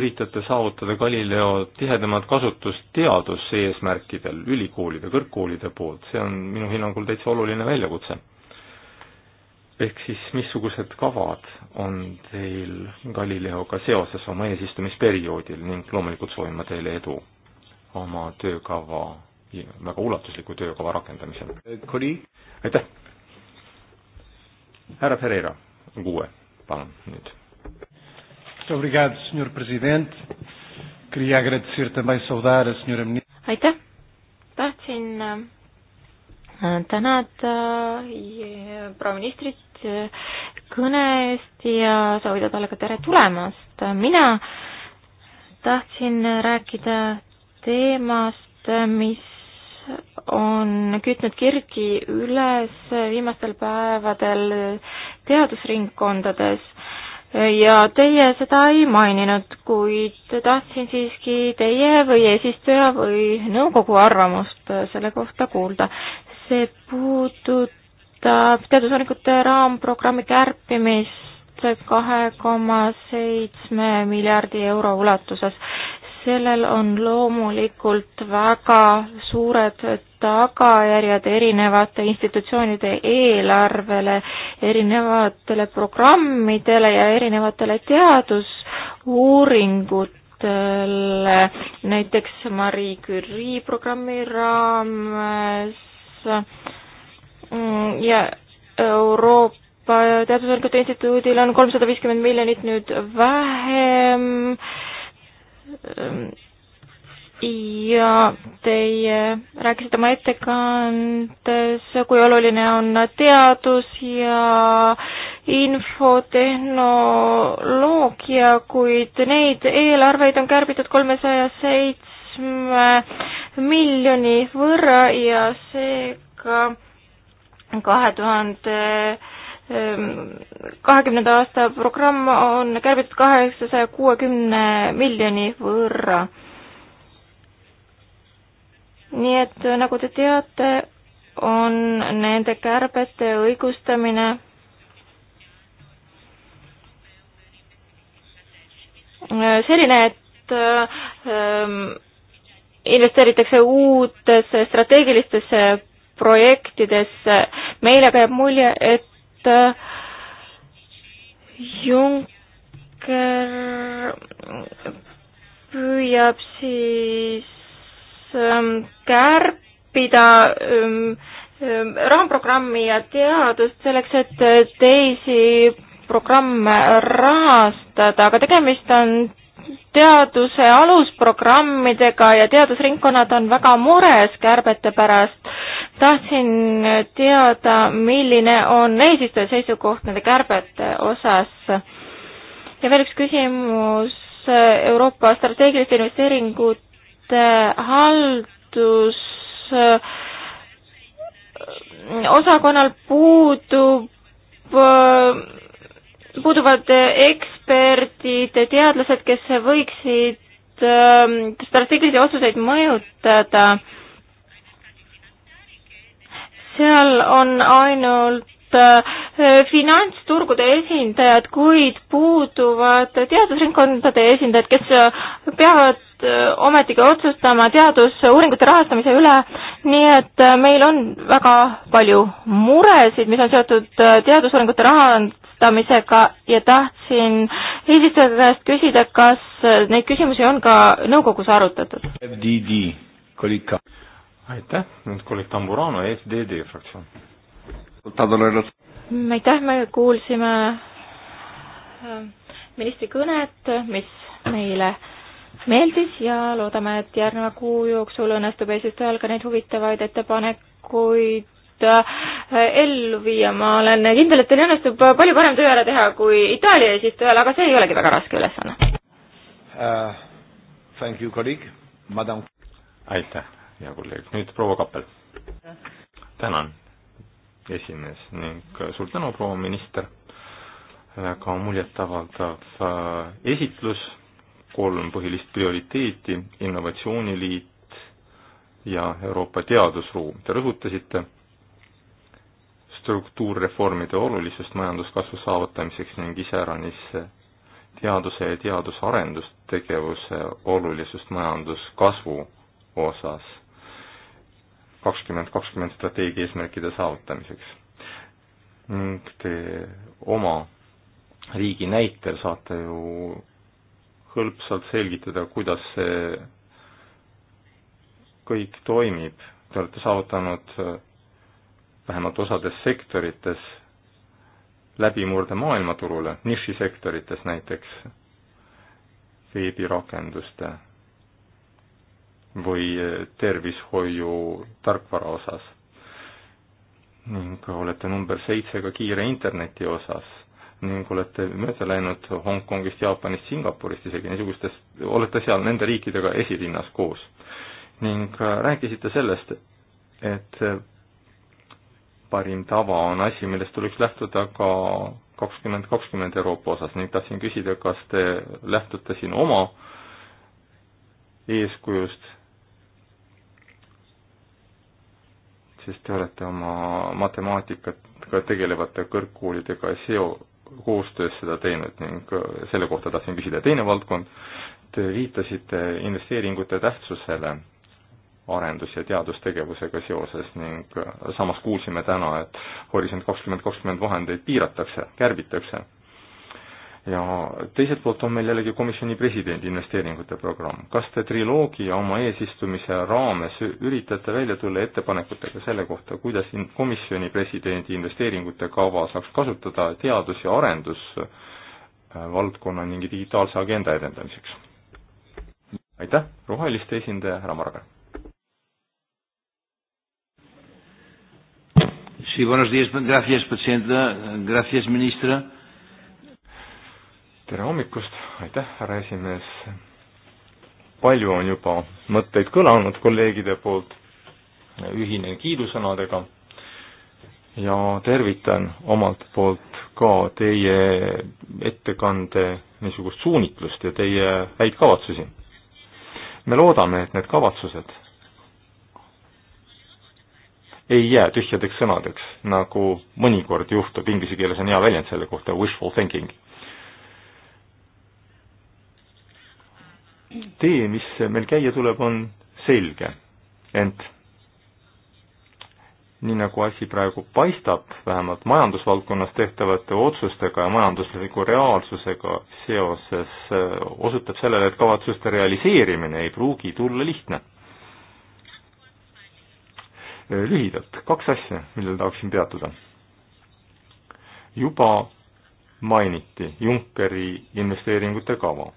üritate saavutada Galileo tihedamat kasutust teaduseesmärkidel ülikoolide, kõrgkoolide poolt, see on minu hinnangul täitsa oluline väljakutse ehk siis missugused kavad on teil Galileoga seoses oma eesistumisperioodil ning loomulikult soovin ma teile edu oma töökava, väga ulatusliku töökava rakendamisel. aitäh! härra Ferreira, kuue, palun nüüd. aitäh, tahtsin tänada äh, proua ministrit äh, kõne eest ja soovida talle ka tere tulemast. mina tahtsin rääkida teemast, mis on kütnud kirgi üles viimastel päevadel teadusringkondades ja teie seda ei maininud, kuid tahtsin siiski teie või eesistuja või nõukogu arvamust selle kohta kuulda see puudutab teadusuuringute raamprogrammi kärpimist kahe koma seitsme miljardi euro ulatuses. sellel on loomulikult väga suured tagajärjed erinevate institutsioonide eelarvele, erinevatele programmidele ja erinevatele teadusuuringutele näiteks Marie Curie programmi raames Mm, ja Euroopa Teadusuuringute Instituudil on kolmsada viiskümmend miljonit nüüd vähem ja teie rääkisite oma ettekandes, kui oluline on teadus ja infotehnoloogia, kuid neid eelarveid on kärbitud kolmesaja seitsme seitsme miljoni võrra ja seega kahe tuhande ehm, kahekümnenda aasta programm on kärbitud kaheksasaja kuuekümne miljoni võrra. nii et nagu te teate, on nende kärbete õigustamine selline, et ehm, investeeritakse uutesse strateegilistesse projektidesse. meile käib mulje, et äh, Juncker püüab siis ähm, kärpida ähm, ähm, raamprogrammi ja teadust selleks, et teisi programme rahastada, aga tegemist on teaduse alusprogrammidega ja teadusringkonnad on väga mures kärbete pärast. tahtsin teada, milline on eesistuja seisukoht nende kärbete osas. ja veel üks küsimus Euroopa strateegiliste investeeringute haldus äh, osakonnal puudub äh, puuduvad eksperdid, teadlased, kes võiksid ähm, strateegilisi otsuseid mõjutada. seal on ainult Äh, finantsturgude esindajad, kuid puuduvad teadusringkondade esindajad, kes äh, peavad äh, ometigi otsustama teadusuuringute rahastamise üle, nii et meil on väga palju muresid, mis on seotud teadusuuringute rahastamisega ja tahtsin eesistuja käest küsida, kas neid küsimusi on ka nõukogus arutatud? FDD, kolleeg. aitäh, nüüd kolleeg Tamburano, FDD e fraktsioon aitäh, me kuulsime äh, ministri kõnet, mis meile meeldis ja loodame, et järgneva kuu jooksul õnnestub eesistujal ka neid huvitavaid ettepanekuid äh, ellu viia, ma olen kindel, et teil õnnestub palju parem töö ära teha kui Itaalia eesistujal, aga see ei olegi väga raske ülesanne uh,. Thank you, kolleeg, madam. aitäh, hea kolleeg, nüüd proua Kappel. tänan esimees ning äh, suur tänu, proua minister, väga muljetavaldav äh, esitlus, kolm põhilist prioriteeti, innovatsiooniliit ja Euroopa teadusruum. Te rõhutasite struktuurreformide olulisust majanduskasvu saavutamiseks ning iseäranis teaduse ja teadusarendustegevuse olulisust majanduskasvu osas kakskümmend kakskümmend strateegia eesmärkide saavutamiseks. ning te oma riigi näitel saate ju hõlpsalt selgitada, kuidas see kõik toimib. Te olete saavutanud äh, vähemalt osades sektorites läbimurde maailmaturule, nišisektorites näiteks, veebirakenduste äh, või eh, tervishoiu tarkvara osas. ning olete number seitse ka kiire interneti osas ning olete mööda läinud Hongkongist, Jaapanist, Singapurist isegi niisugustes, olete seal nende riikidega esirinnas koos. ning eh, rääkisite sellest, et eh, parim tava on asi, millest tuleks lähtuda ka kakskümmend kakskümmend Euroopa osas ning tahtsin küsida, kas te lähtute siin oma eeskujust sest te olete oma matemaatikaga tegelevate kõrgkoolidega seo-, koostöös seda teinud ning äh, selle kohta tahtsin küsida. teine valdkond, te viitasite investeeringute tähtsusele arendus- ja teadustegevusega seoses ning äh, samas kuulsime täna, et Horisont kakskümmend kakskümmend vahendeid piiratakse, kärbitakse ja teiselt poolt on meil jällegi komisjoni presidendi investeeringute programm. kas te triloogia oma eesistumise raames üritate välja tulla ettepanekutega selle kohta, kuidas komisjoni presidendi investeeringute kava saaks kasutada teadus- ja arendusvaldkonna ning digitaalse agenda edendamiseks? aitäh, roheliste esindaja härra Margar. Sí, buenos días, gracias, presidenta, gracias, ministra tere hommikust, aitäh, härra esimees. palju on juba mõtteid kõlanud kolleegide poolt, ühinen kiidusõnadega ja tervitan omalt poolt ka teie ettekande niisugust suunitlust ja teie häid kavatsusi. me loodame, et need kavatsused ei jää tühjadeks sõnadeks, nagu mõnikord juhtub, inglise keeles on hea väljend selle kohta, wishful thinking tee, mis meil käia tuleb, on selge, ent nii nagu asi praegu paistab, vähemalt majandusvaldkonnas tehtavate otsustega ja majandusliku reaalsusega seoses, äh, osutab sellele, et kavatsuste realiseerimine ei pruugi tulla lihtne. Äh, lühidalt kaks asja, millele tahaksin peatuda. juba mainiti Junckeri investeeringute kava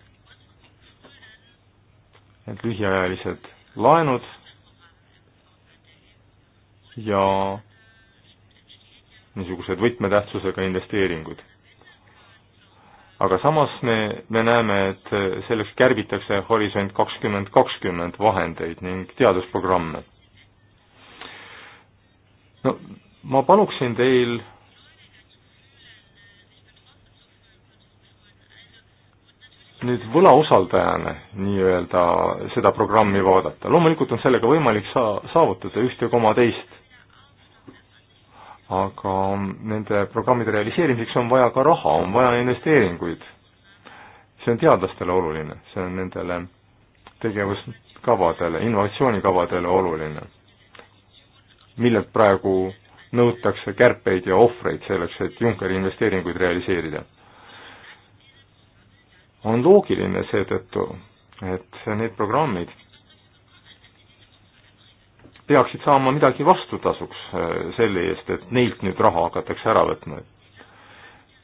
need lühiajalised laenud ja niisugused võtmetähtsusega investeeringud. aga samas me, me näeme, et selleks kärbitakse Horisont kakskümmend kakskümmend vahendeid ning teadusprogramme. no ma paluksin teil nüüd võlausaldajana nii-öelda seda programmi vaadata, loomulikult on sellega võimalik saa-, saavutada ühte koma teist, aga nende programmide realiseerimiseks on vaja ka raha, on vaja investeeringuid. see on teadlastele oluline, see on nendele tegevuskavadele, innovatsioonikavadele oluline, millelt praegu nõutakse kärpeid ja ohvreid selleks, et Junckeri investeeringuid realiseerida on loogiline seetõttu, et need programmid peaksid saama midagi vastutasuks äh, selle eest, et neilt nüüd raha hakatakse ära võtma.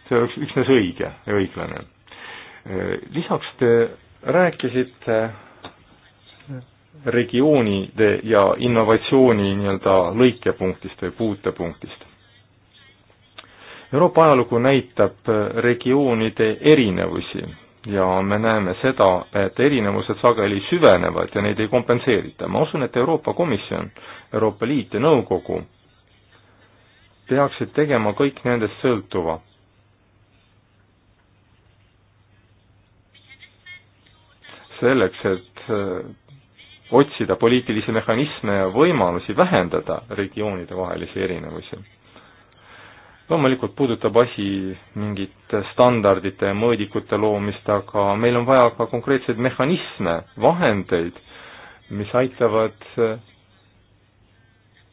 see oleks üksnes õige ja õiglane. Äh, lisaks te rääkisite regioonide ja innovatsiooni nii-öelda lõikepunktist või puutepunktist. Euroopa ajalugu näitab äh, regioonide erinevusi ja me näeme seda, et erinevused sageli süvenevad ja neid ei kompenseerita. ma usun, et Euroopa Komisjon, Euroopa Liit ja Nõukogu peaksid tegema kõik nendest sõltuva. selleks, et eh, otsida poliitilisi mehhanisme ja võimalusi vähendada regioonide vahelisi erinevusi loomulikult puudutab asi mingite standardite ja mõõdikute loomist, aga meil on vaja ka konkreetseid mehhanisme, vahendeid, mis aitavad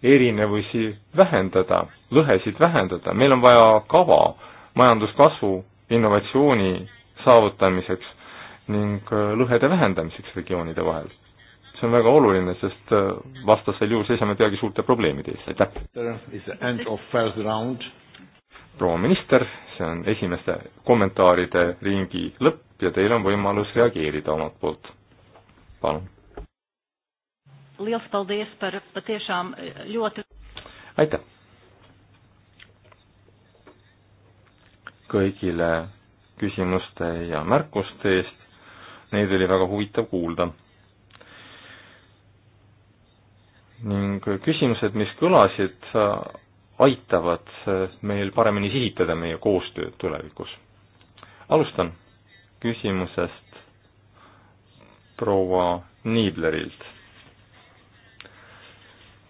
erinevusi vähendada, lõhesid vähendada, meil on vaja kava majanduskasvu, innovatsiooni saavutamiseks ning lõhede vähendamiseks regioonide vahel. see on väga oluline, sest vastasel juhul seisame peagi suurte probleemide ees, aitäh! proua minister, see on esimeste kommentaaride ringi lõpp ja teil on võimalus reageerida omalt poolt. palun. E, aitäh. kõigile küsimuste ja märkuste eest, neid oli väga huvitav kuulda. ning küsimused, mis kõlasid, aitavad eh, meil paremini sihitada meie koostööd tulevikus. alustan küsimusest proua Niiblerilt.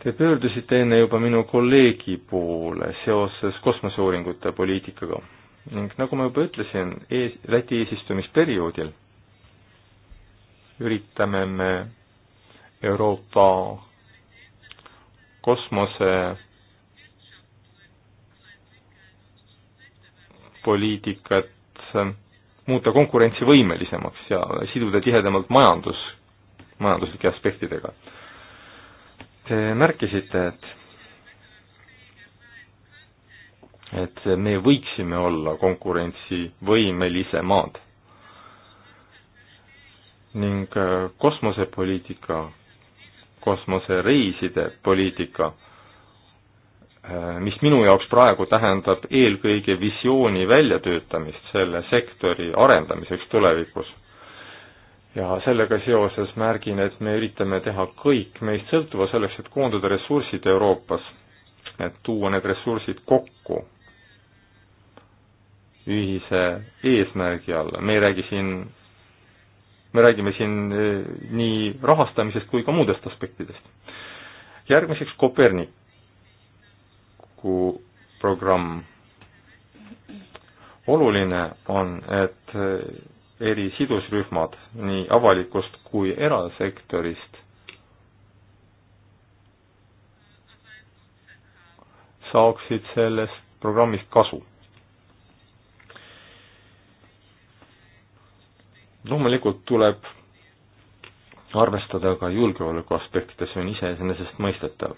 Te pöördusite enne juba minu kolleegi poole seoses kosmoseuuringute poliitikaga ning nagu ma juba ütlesin, ees, Läti eesistumisperioodil üritame me Euroopa kosmose poliitikat äh, muuta konkurentsivõimelisemaks ja siduda tihedamalt majandus, majanduslike aspektidega. Te märkisite, et et me võiksime olla konkurentsivõimelisemad ning äh, kosmosepoliitika, kosmosereiside poliitika Äh, mis minu jaoks praegu tähendab eelkõige visiooni väljatöötamist selle sektori arendamiseks tulevikus. ja sellega seoses märgin, et me üritame teha kõik meist sõltuva selleks, et koondada ressursid Euroopas, et tuua need ressursid kokku ühise eesmärgi alla, me ei räägi siin, me räägime siin äh, nii rahastamisest kui ka muudest aspektidest. järgmiseks Kopernik tulevikuprogramm. oluline on, et eri sidusrühmad nii avalikust kui erasektorist saaksid sellest programmist kasu. loomulikult tuleb arvestada ka julgeoleku aspekte, see on iseenesestmõistetav.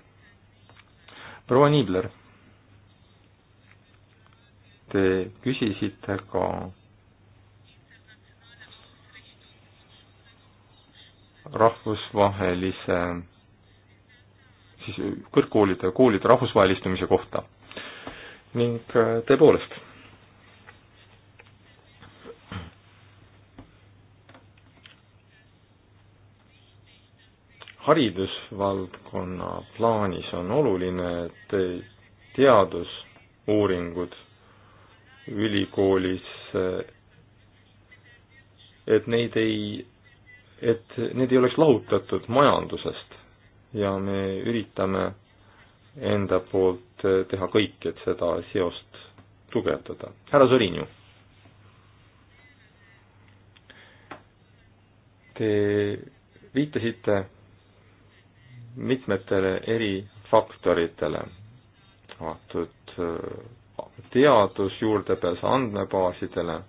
proua Niibler te küsisite ka rahvusvahelise, siis kõrgkoolide, koolide rahvusvahelistumise kohta. ning äh, tõepoolest, haridusvaldkonna plaanis on oluline, et teadusuuringud ülikoolis, et neid ei, et need ei oleks lahutatud majandusest ja me üritame enda poolt teha kõik, et seda seost tugevdada. härra Sorinju. Te viitasite mitmetele eri faktoritele antud teadus, juurdepääs andmebaasidele.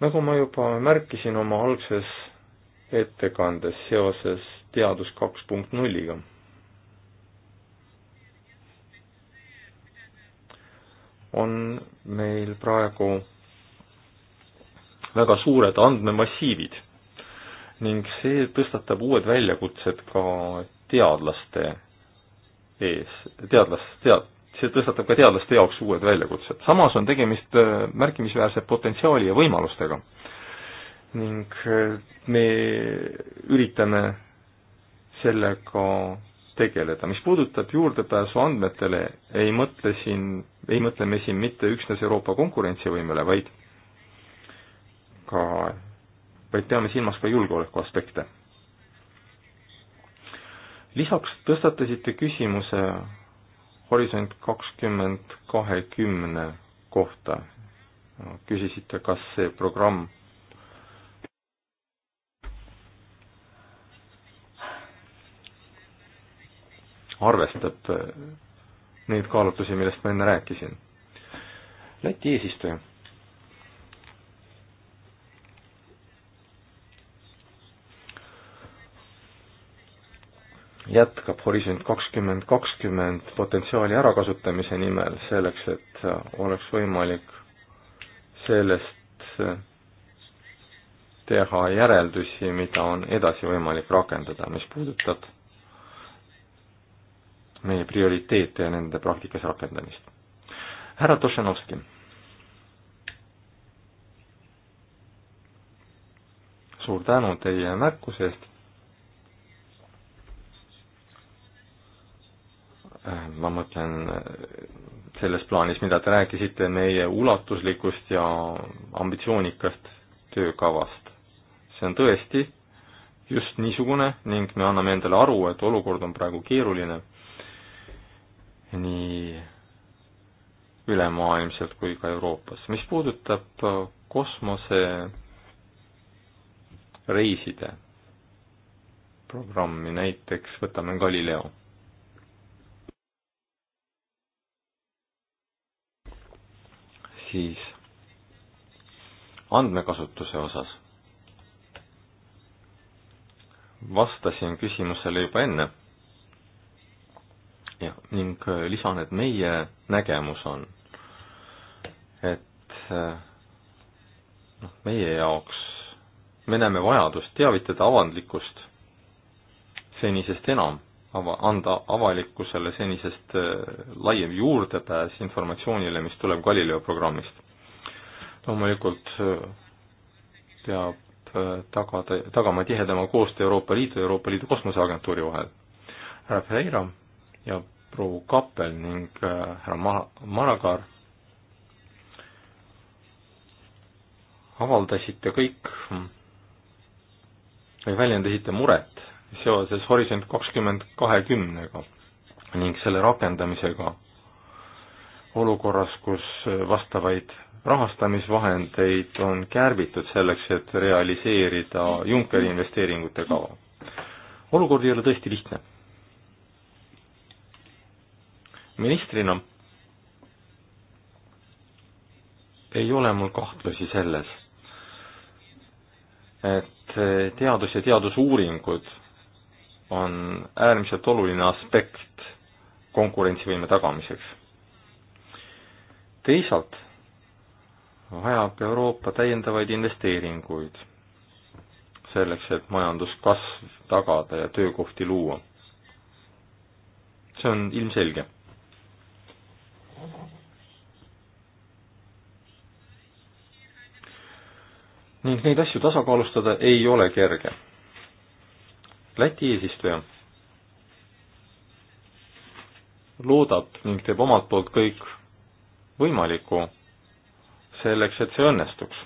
nagu ma juba märkisin oma algses ettekandes seoses teadus kaks punkt nulliga. on meil praegu väga suured andmemassiivid ning see tõstatab uued väljakutsed ka teadlaste ees, teadlast, tead-, see tõstatab ka teadlaste jaoks uued väljakutsed. samas on tegemist äh, märkimisväärse potentsiaali ja võimalustega. ning äh, me üritame sellega tegeleda. mis puudutab juurdepääsu andmetele, ei mõtle siin, ei mõtle me siin mitte üksnes Euroopa konkurentsivõimele, vaid ka, vaid peame silmas ka julgeoleku aspekte lisaks tõstatasite küsimuse Horisont kakskümmend kahekümne kohta. küsisite, kas see programm arvestab neid kaalutlusi, millest ma enne rääkisin. Läti eesistuja jätkab Horisont kakskümmend kakskümmend potentsiaali ärakasutamise nimel, selleks et äh, oleks võimalik sellest äh, teha järeldusi, mida on edasi võimalik rakendada, mis puudutab meie prioriteete ja nende praktikas rakendamist. härra Tošenovski. suur tänu teie märkuse eest ma mõtlen äh, selles plaanis, mida te rääkisite meie ulatuslikust ja ambitsioonikast töökavast. see on tõesti just niisugune ning me anname endale aru, et olukord on praegu keeruline nii ülemaailmselt kui ka Euroopas. mis puudutab äh, kosmosereiside programmi, näiteks võtame Galileo siis andmekasutuse osas vastasin küsimusele juba enne ja, ning äh, lisan, et meie nägemus on, et äh, noh, meie jaoks me näeme vajadust teavitada avandlikkust senisest enam ava-, anda avalikkusele senisest äh, laiem juurdepääs informatsioonile, mis tuleb Galileo programmist. loomulikult äh, peab äh, tagada, tagama tihedama koostöö Euroopa Liidu ja Euroopa Liidu Kosmoseagentuuri vahel. härra Ferreira ja proua Kappel ning härra Ma-, Maragar avaldasite kõik või väljendasite muret seoses Horisont kakskümmend kahekümnega ning selle rakendamisega olukorras, kus vastavaid rahastamisvahendeid on kärbitud selleks, et realiseerida Junckeri investeeringute kava. olukord ei ole tõesti lihtne. ministrina ei ole mul kahtlusi selles, et teadus ja teadusuuringud on äärmiselt oluline aspekt konkurentsivõime tagamiseks. teisalt vajab Euroopa täiendavaid investeeringuid selleks, et majanduskasv tagada ja töökohti luua. see on ilmselge. ning neid asju tasakaalustada ei ole kerge Läti eesistuja loodab ning teeb omalt poolt kõik võimaliku selleks, et see õnnestuks.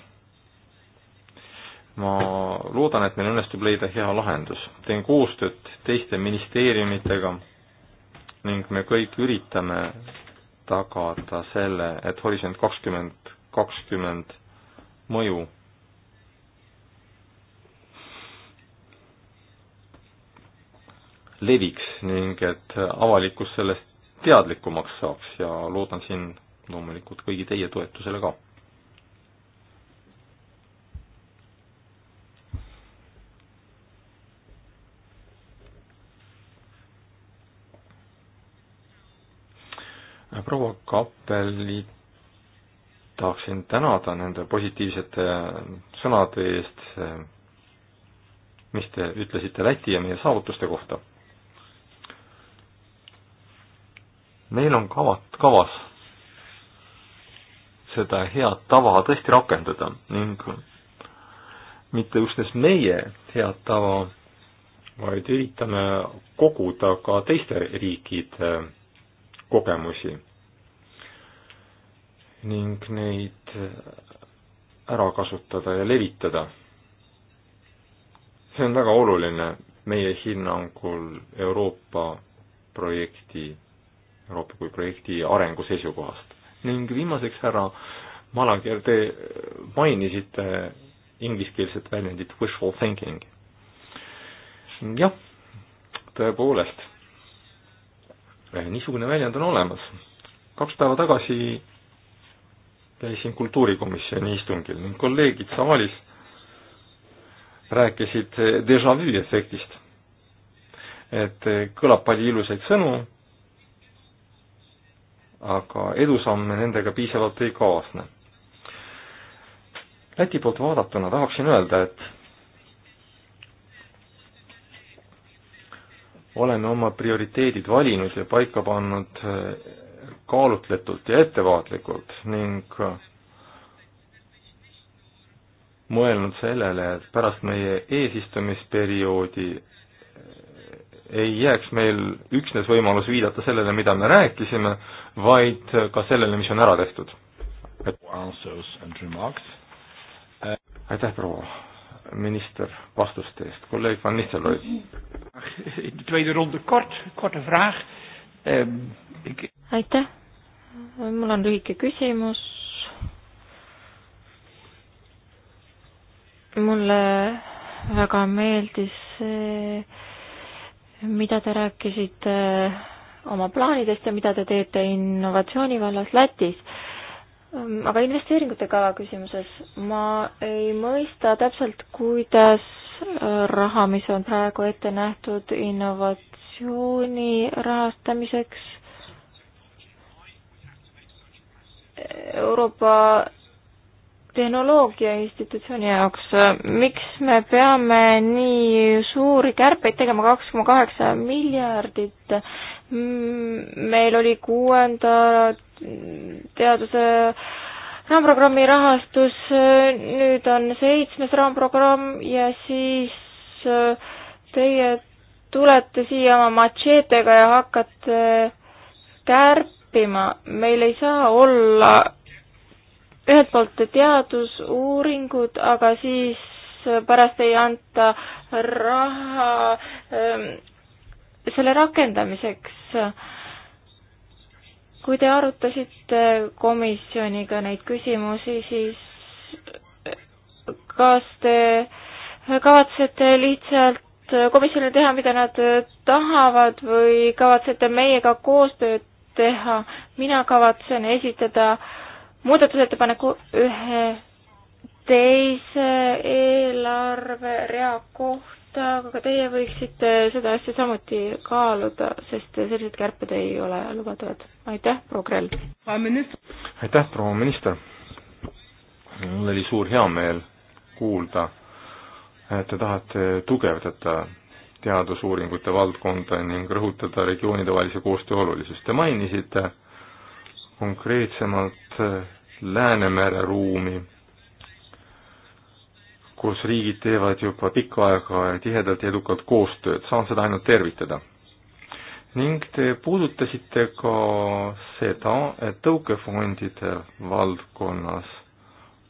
ma loodan, et meil õnnestub leida hea lahendus. teen koostööd teiste ministeeriumitega ning me kõik üritame tagada selle, et Horisont kakskümmend kakskümmend mõju leviks ning et avalikkus sellest teadlikumaks saaks ja loodan siin loomulikult kõigi teie toetusele ka. proua Kappelit tahaksin tänada nende positiivsete sõnade eest, mis te ütlesite Läti ja meie saavutuste kohta meil on kavad, kavas seda head tava tõesti rakendada ning mitte üksnes meie head tava, vaid üritame koguda ka teiste riikide kogemusi ning neid ära kasutada ja levitada. see on väga oluline meie hinnangul Euroopa projekti Euroopa kui projekti arengu seisukohast. ning viimaseks, härra Malager, te mainisite ingliskeelset väljendit wishful thinking. jah, tõepoolest, eh, niisugune väljend on olemas. kaks päeva tagasi käisin kultuurikomisjoni istungil ning kolleegid saalis rääkisid déjà vu efektist. et eh, kõlab palju ilusaid sõnu, aga edusamme nendega piisavalt ei kaasne. Läti poolt vaadatuna tahaksin öelda, et oleme oma prioriteedid valinud ja paika pannud eh, kaalutletult ja ettevaatlikult ning eh, mõelnud sellele, et pärast meie eesistumisperioodi eh, ei jääks meil üksnes võimalus viidata sellele, mida me rääkisime, vaid ka sellele, mis on ära tehtud. aitäh, proua minister, vastuste eest, kolleeg Van Nistelrooy. Ehm, aitäh, mul on lühike küsimus. mulle väga meeldis see, mida te rääkisite äh, oma plaanidest ja mida te teete innovatsiooni vallas Lätis. aga investeeringute kava küsimuses ma ei mõista täpselt, kuidas raha, mis on praegu ette nähtud innovatsiooni rahastamiseks, Euroopa tehnoloogia institutsiooni jaoks, miks me peame nii suuri kärpeid tegema, kaks koma kaheksa miljardit, meil oli kuuenda teaduse raamprogrammi rahastus, nüüd on seitsmes raamprogramm ja siis äh, teie tulete siia oma matšeetega ja hakkate kärpima, meil ei saa olla ühelt poolt teadusuuringud, aga siis pärast ei anta raha ähm, selle rakendamiseks. kui te arutasite komisjoniga neid küsimusi, siis kas te kavatsete lihtsalt komisjonile teha, mida nad tahavad või kavatsete meiega koostööd teha? mina kavatsen esitada äh, muudatusettepaneku ühe teise eelarverea kohta, aga teie võiksite seda asja samuti kaaluda, sest sellised kärped ei ole lubatavad. aitäh, proua Krell! aitäh, proua minister! mul oli suur heameel kuulda, et te tahate tugevdada teadusuuringute valdkonda ning rõhutada regioonidevahelise koostöö olulisust. Te mainisite konkreetsemalt Läänemere ruumi, kus riigid teevad juba pikka aega tihedalt ja edukalt koostööd, saan seda ainult tervitada. ning te puudutasite ka seda, et tõukefondide valdkonnas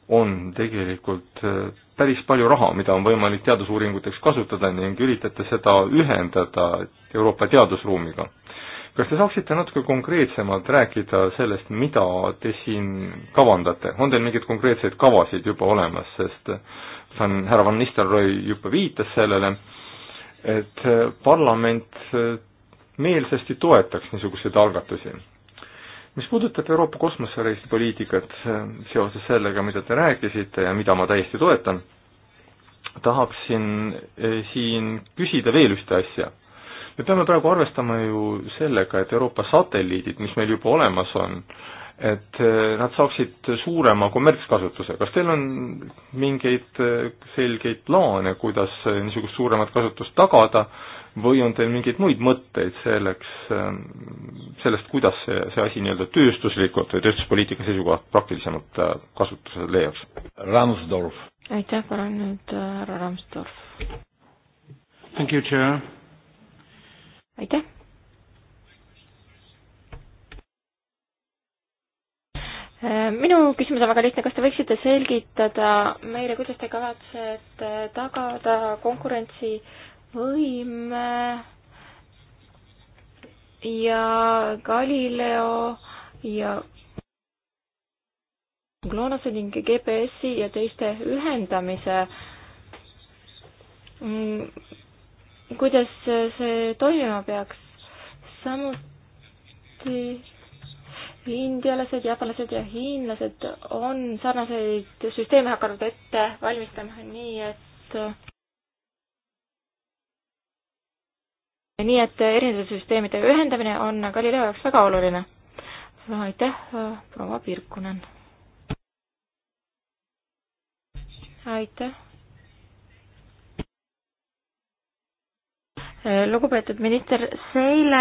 on tegelikult päris palju raha, mida on võimalik teadusuuringuteks kasutada ning üritate seda ühendada Euroopa teadusruumiga kas te saaksite natuke konkreetsemalt rääkida sellest, mida te siin kavandate, on teil mingeid konkreetseid kavasid juba olemas, sest saan, härra Van Nistelrooy juba viitas sellele, et parlament eh, meelsasti toetaks niisuguseid algatusi. mis puudutab Euroopa kosmosereisipoliitikat eh, seoses sellega, mida te rääkisite ja mida ma täiesti toetan, tahaksin eh, siin küsida veel ühte asja me peame praegu arvestama ju sellega, et Euroopa satelliidid, mis meil juba olemas on, et eh, nad saaksid suurema kommertskasutuse, kas teil on mingeid eh, selgeid plaane, kuidas eh, niisugust suuremat kasutust tagada või on teil mingeid muid mõtteid selleks, sellest, kuidas see, see asi nii-öelda tööstuslikult või tööstuspoliitika seisukohalt praktilisemalt kasutuse leiaks? Ramsdorf. aitäh, palun nüüd härra Ramsdorf. Thank you, chair aitäh! Äh, minu küsimus on väga lihtne, kas te võiksite selgitada meile, kuidas te kavatsete tagada konkurentsivõime ja Galileo ja GLONASS-i ning GPS-i ja teiste ühendamise mm, kuidas see toimima peaks. samuti indialased, jaapanlased ja hiinlased on sarnaseid süsteeme hakanud ette valmistama, nii et nii et erinevate süsteemide ühendamine on Galileo jaoks väga oluline. aitäh, proua Pirkunen. aitäh Eh, lugupeetud minister, seile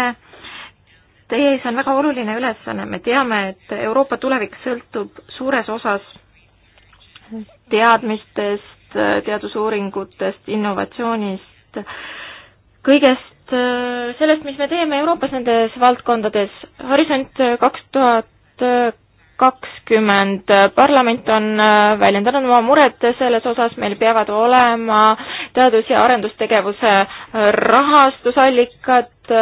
teie ees on väga oluline ülesanne, me teame, et Euroopa tulevik sõltub suures osas teadmistest, teadusuuringutest, innovatsioonist, kõigest eh, sellest, mis me teeme Euroopas nendes valdkondades. Horisont kaks tuhat kakskümmend. parlament on äh, väljendanud oma muret selles osas, meil peavad olema teadus- ja arendustegevuse äh, rahastusallikad,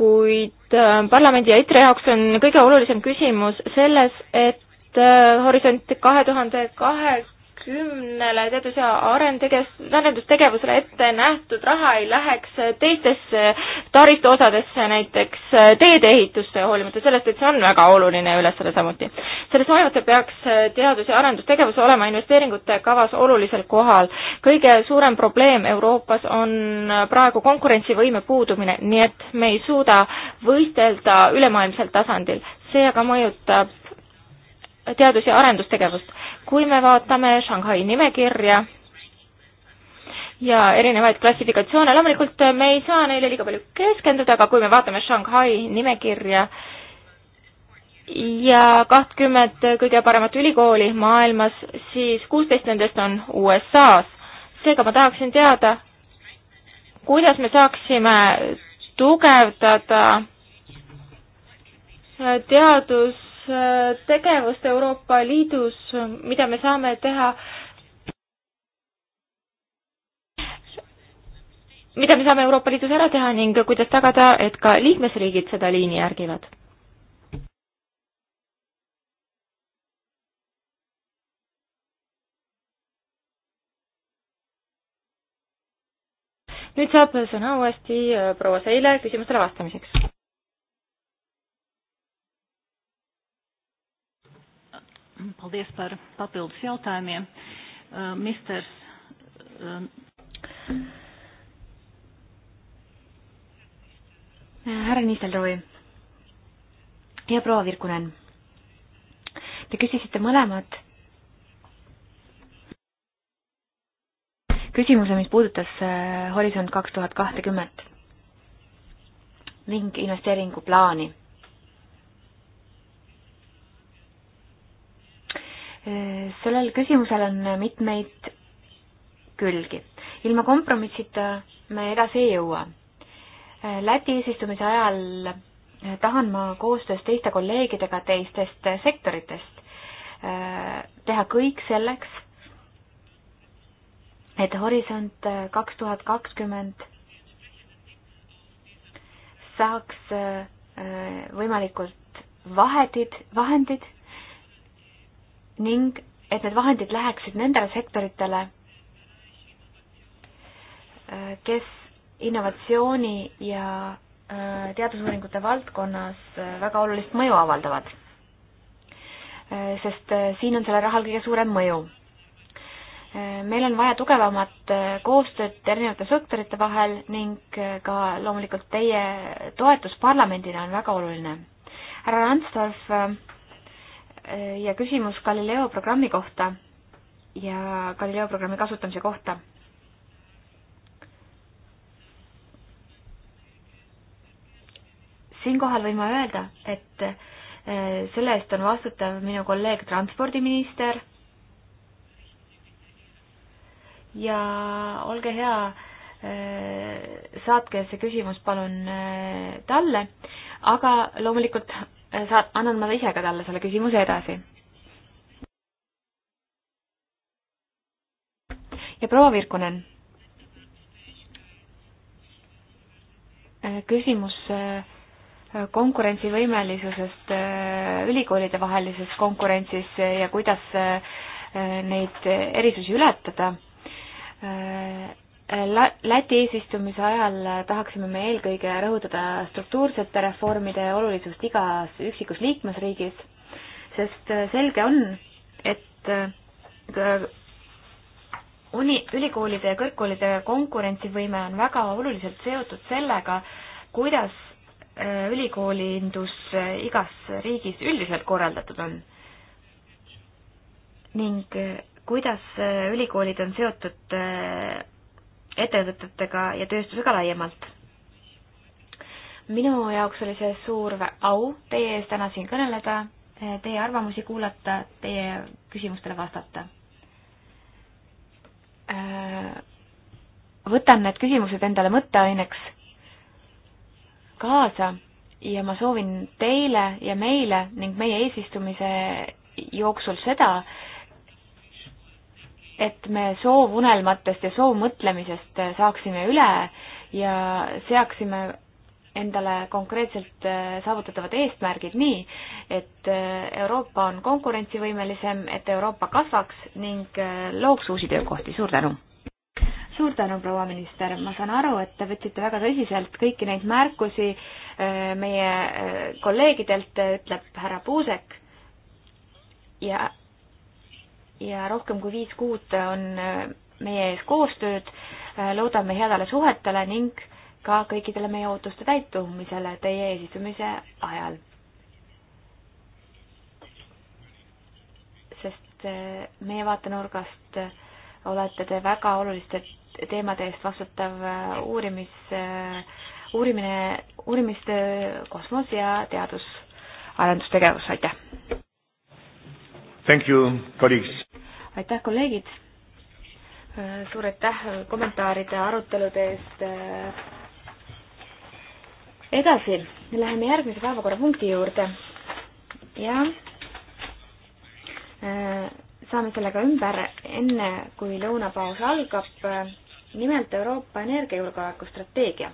kuid äh, parlamendi ja ITRE jaoks on kõige olulisem küsimus selles, et Horisont kahe tuhande kahe kümnele teadus- ja arendustegevus, arendustegevusele ette nähtud raha ei läheks teistesse taristuosadesse, näiteks teedeehitusse, hoolimata sellest, et see on väga oluline ülesanne samuti. sellest hoolimata peaks teadus- ja arendustegevus olema investeeringute kavas olulisel kohal. kõige suurem probleem Euroopas on praegu konkurentsivõime puudumine, nii et me ei suuda võistelda ülemaailmsel tasandil. see aga mõjutab teadus- ja arendustegevust. kui me vaatame Shanghai nimekirja ja erinevaid klassifikatsioone, loomulikult me ei saa neile liiga palju keskenduda, aga kui me vaatame Shanghai nimekirja ja kahtkümmet kõige paremat ülikooli maailmas, siis kuusteist nendest on USA-s. seega ma tahaksin teada, kuidas me saaksime tugevdada teadus Äh, tegevust Euroopa Liidus, mida me saame teha, mida me saame Euroopa Liidus ära teha ning kuidas tagada, et ka liikmesriigid seda liini järgivad? nüüd saab sõna uuesti äh, proua Seile küsimustele vastamiseks. Mm, paldies par papildus jautājumiem. Uh, misters. Uh, härra Niistelroovi ja proua Virkunen. Te küsisite mõlemad küsimuse, mis puudutas äh, Horisont kaks tuhat kahtekümmet ning investeeringuplaani sellel küsimusel on mitmeid külgi. ilma kompromissita me edasi ei jõua. Läti eesistumise ajal tahan ma koostöös teiste kolleegidega teistest sektoritest äh, teha kõik selleks, et Horisont kaks tuhat kakskümmend saaks äh, võimalikult vahetid, vahendid ning et need vahendid läheksid nendele sektoritele, äh, kes innovatsiooni ja äh, teadusuuringute valdkonnas äh, väga olulist mõju avaldavad. sest siin on sellel rahal kõige suurem mõju. meil on vaja tugevamat koostööd erinevate sektorite vahel ning ka loomulikult teie toetus parlamendina on väga oluline. härra Randstorf ja küsimus Galileo programmi kohta ja Galileo programmi kasutamise kohta. siinkohal võin ma öelda, et äh, selle eest on vastutav minu kolleeg transpordiminister. ja olge hea, äh, saatke see küsimus palun äh, talle, aga loomulikult saa-, annan ma ise ka talle selle küsimuse edasi. ja proua Virkunen. küsimus äh, konkurentsivõimelisusest, äh, ülikoolide vahelises konkurentsis ja kuidas äh, neid erisusi ületada Läti eesistumise ajal tahaksime me eelkõige rõhutada struktuursete reformide olulisust igas üksikus liikmesriigis, sest selge on, et äh, uni-, ülikoolide ja kõrgkoolide konkurentsivõime on väga oluliselt seotud sellega, kuidas äh, ülikoolindus äh, igas riigis üldiselt korraldatud on. ning kuidas ülikoolid on seotud ettevõtetega ja tööstusega laiemalt. minu jaoks oli see suur au teie ees täna siin kõneleda, teie arvamusi kuulata, teie küsimustele vastata. Äh, võtan need küsimused endale mõtteaineks kaasa ja ma soovin teile ja meile ning meie eesistumise jooksul seda, et me soovunelmatest ja soovmõtlemisest saaksime üle ja seaksime endale konkreetselt äh, saavutatavad eesmärgid nii, et äh, Euroopa on konkurentsivõimelisem, et Euroopa kasvaks ning äh, looks uusi töökohti, suur tänu! suur tänu, proua minister, ma saan aru, et te võtsite väga tõsiselt kõiki neid märkusi meie kolleegidelt, ütleb härra Puusek ja ja rohkem kui viis kuud on äh, meie ees koostööd, äh, loodame headele suhetele ning ka kõikidele meie ootuste täitumisele teie eesistumise ajal. sest äh, meie vaatenurgast olete te väga oluliste teemade eest vastutav uurimis, uurimine, uurimistöö, kosmos ja teadus arendustegevus, aitäh! Thank you, colleagues aitäh, kolleegid! suur aitäh kommentaaride ja arutelude eest. edasi läheme järgmise päevakorrapunkti juurde ja äh, saame sellega ümber enne, kui lõunapaus algab. nimelt Euroopa energiajulgeoleku strateegia.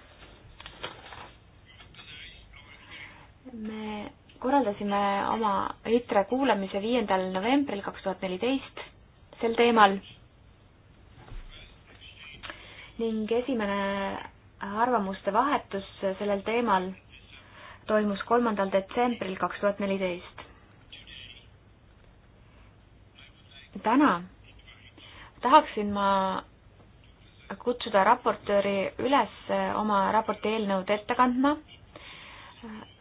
me korraldasime oma ITRE kuulamise viiendal novembril kaks tuhat neliteist sel teemal. ning esimene arvamuste vahetus sellel teemal toimus kolmandal detsembril kaks tuhat neliteist. täna tahaksin ma kutsuda raportööri üles oma raporti eelnõud ette kandma.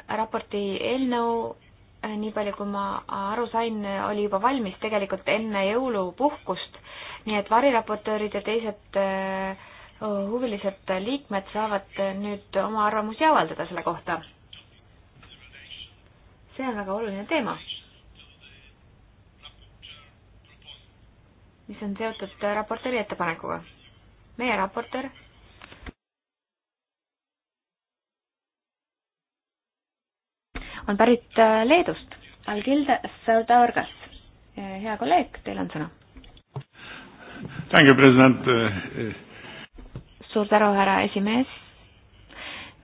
raporti eelnõu nii palju kui ma aru sain, oli juba valmis tegelikult enne jõulupuhkust, nii et variraportöörid ja teised äh, huvilised liikmed saavad nüüd oma arvamusi avaldada selle kohta. see on väga oluline teema, mis on seotud raportööri ettepanekuga. meie raportöör on pärit äh, Leedust. Algilde Saudargas, äh, hea kolleeg, teil on sõna. tänke, president. Äh, suur tänu, härra esimees.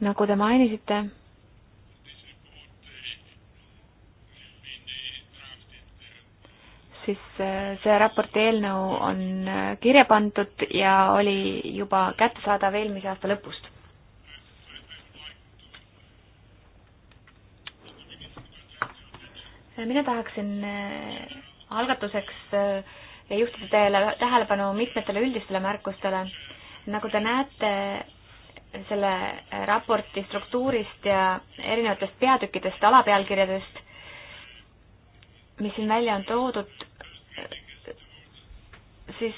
nagu te mainisite, siis see raporti eelnõu on kirja pandud ja oli juba kättesaadav eelmise aasta lõpust Äh, mina tahaksin äh, algatuseks äh, juhtida teile tähelepanu mitmetele üldistele märkustele. nagu te näete selle raporti struktuurist ja erinevatest peatükkidest, alapealkirjadest, mis siin välja on toodud, siis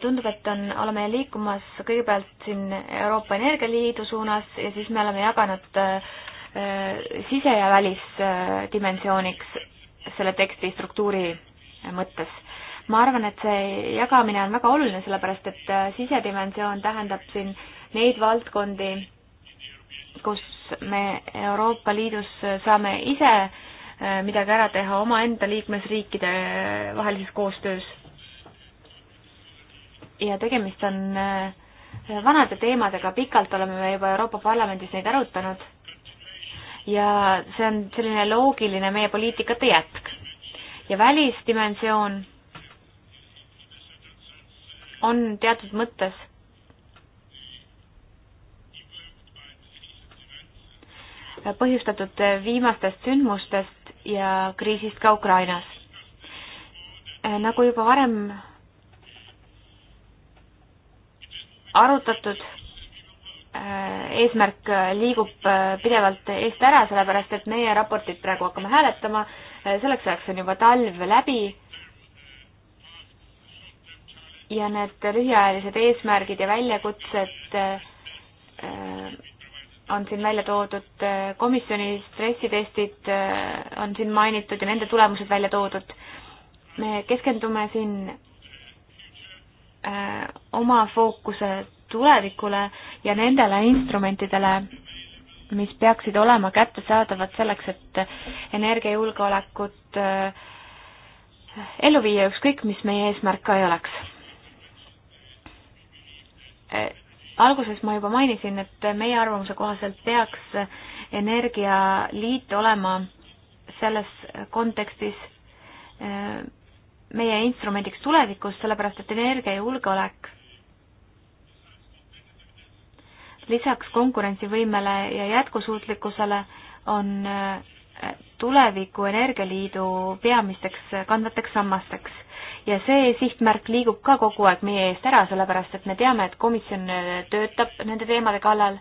tundub, et on, oleme liikumas kõigepealt siin Euroopa Energialiidu suunas ja siis me oleme jaganud Äh, sise- ja välisdimensiooniks selle teksti struktuuri mõttes. ma arvan, et see jagamine on väga oluline, sellepärast et äh, sisedimensioon tähendab siin neid valdkondi, kus me Euroopa Liidus saame ise äh, midagi ära teha omaenda liikmesriikide vahelises koostöös. ja tegemist on vanade teemadega, pikalt oleme me juba Euroopa Parlamendis neid arutanud ja see on selline loogiline meie poliitikate jätk. ja välisdimensioon on teatud mõttes põhjustatud viimastest sündmustest ja kriisist ka Ukrainas. nagu juba varem arutatud, Äh, eesmärk äh, liigub äh, pidevalt eest ära, sellepärast et meie raportit praegu hakkame hääletama, selleks ajaks on juba talv läbi ja need lühiajalised eesmärgid ja väljakutsed on siin välja toodud, komisjoni stressitestid on siin mainitud ja nende tulemused välja toodud. me keskendume siin oma fookuse tulevikule ja nendele instrumentidele, mis peaksid olema kättesaadavad selleks, et energiajulgeolekut äh, ellu viia, ükskõik mis meie eesmärk ka ei oleks. Äh, alguses ma juba mainisin, et meie arvamuse kohaselt peaks energialiit olema selles kontekstis äh, meie instrumendiks tulevikus, sellepärast et energiajulgeolek lisaks konkurentsivõimele ja jätkusuutlikkusele on äh, tuleviku energialiidu peamisteks kandvateks sammasteks. ja see sihtmärk liigub ka kogu aeg meie eest ära, sellepärast et me teame, et komisjon äh, töötab nende teemade kallal.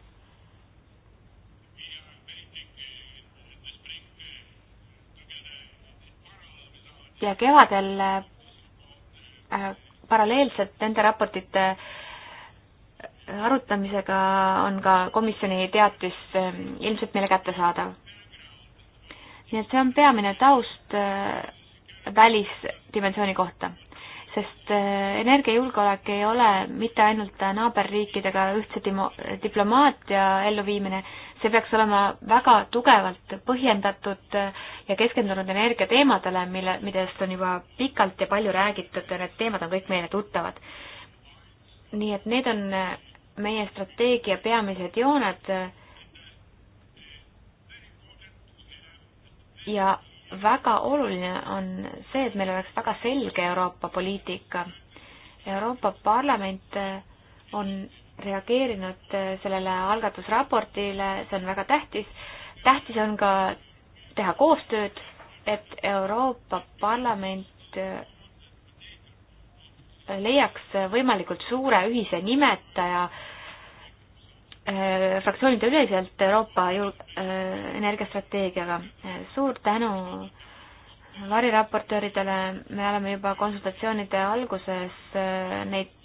ja kevadel äh, äh paralleelselt nende raportite äh, arutamisega on ka komisjoni teatis ähm, ilmselt meile kättesaadav. nii et see on peamine taust äh, välisdimensiooni kohta, sest äh, energiajulgeolek ei ole mitte ainult naaberriikidega ühtse diplomaatia elluviimine, see peaks olema väga tugevalt põhjendatud äh, ja keskendunud energiateemadele, mille, millest on juba pikalt ja palju räägitud ja need teemad on kõik meile tuttavad. nii et need on meie strateegia peamised jooned ja väga oluline on see, et meil oleks väga selge Euroopa poliitika. Euroopa Parlament on reageerinud sellele algatusraportile, see on väga tähtis. tähtis on ka teha koostööd, et Euroopa Parlament leiaks võimalikult suure ühise nimetaja äh, fraktsioonide üleselt Euroopa äh, energiastrateegiaga. Äh, suur tänu variraportööridele, me oleme juba konsultatsioonide alguses neid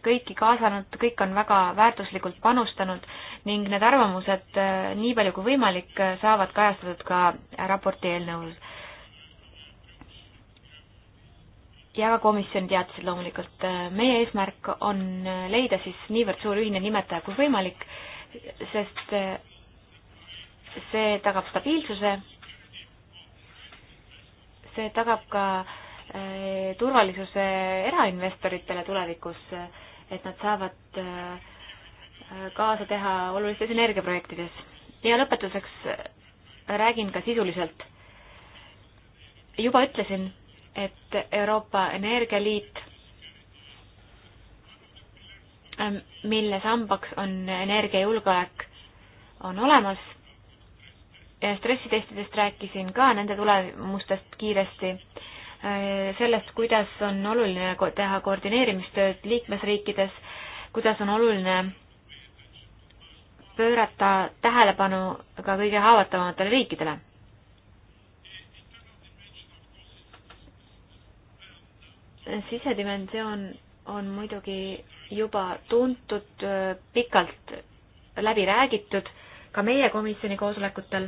kõiki kaasanud, kõik on väga väärtuslikult panustanud ning need arvamused, nii palju kui võimalik, saavad kajastatud ka raporti eelnõus ja ka komisjon teadsid loomulikult, äh, meie eesmärk on äh, leida siis niivõrd suur ühine nimetaja kui võimalik, sest äh, see tagab stabiilsuse, see tagab ka turvalisuse erainvestoritele tulevikus, et nad saavad kaasa teha olulistes energiaprojektides. ja lõpetuseks räägin ka sisuliselt. juba ütlesin et Euroopa Energialiit, ähm, mille sambaks on energiajulgeolek, on olemas. stressitestidest rääkisin ka, nende tulemustest kiiresti, äh, sellest, kuidas on oluline teha koordineerimistööd liikmesriikides, kuidas on oluline pöörata tähelepanu ka kõige haavatavamatele riikidele sisedimensioon on muidugi juba tuntud, pikalt läbi räägitud ka meie komisjoni koosolekutel.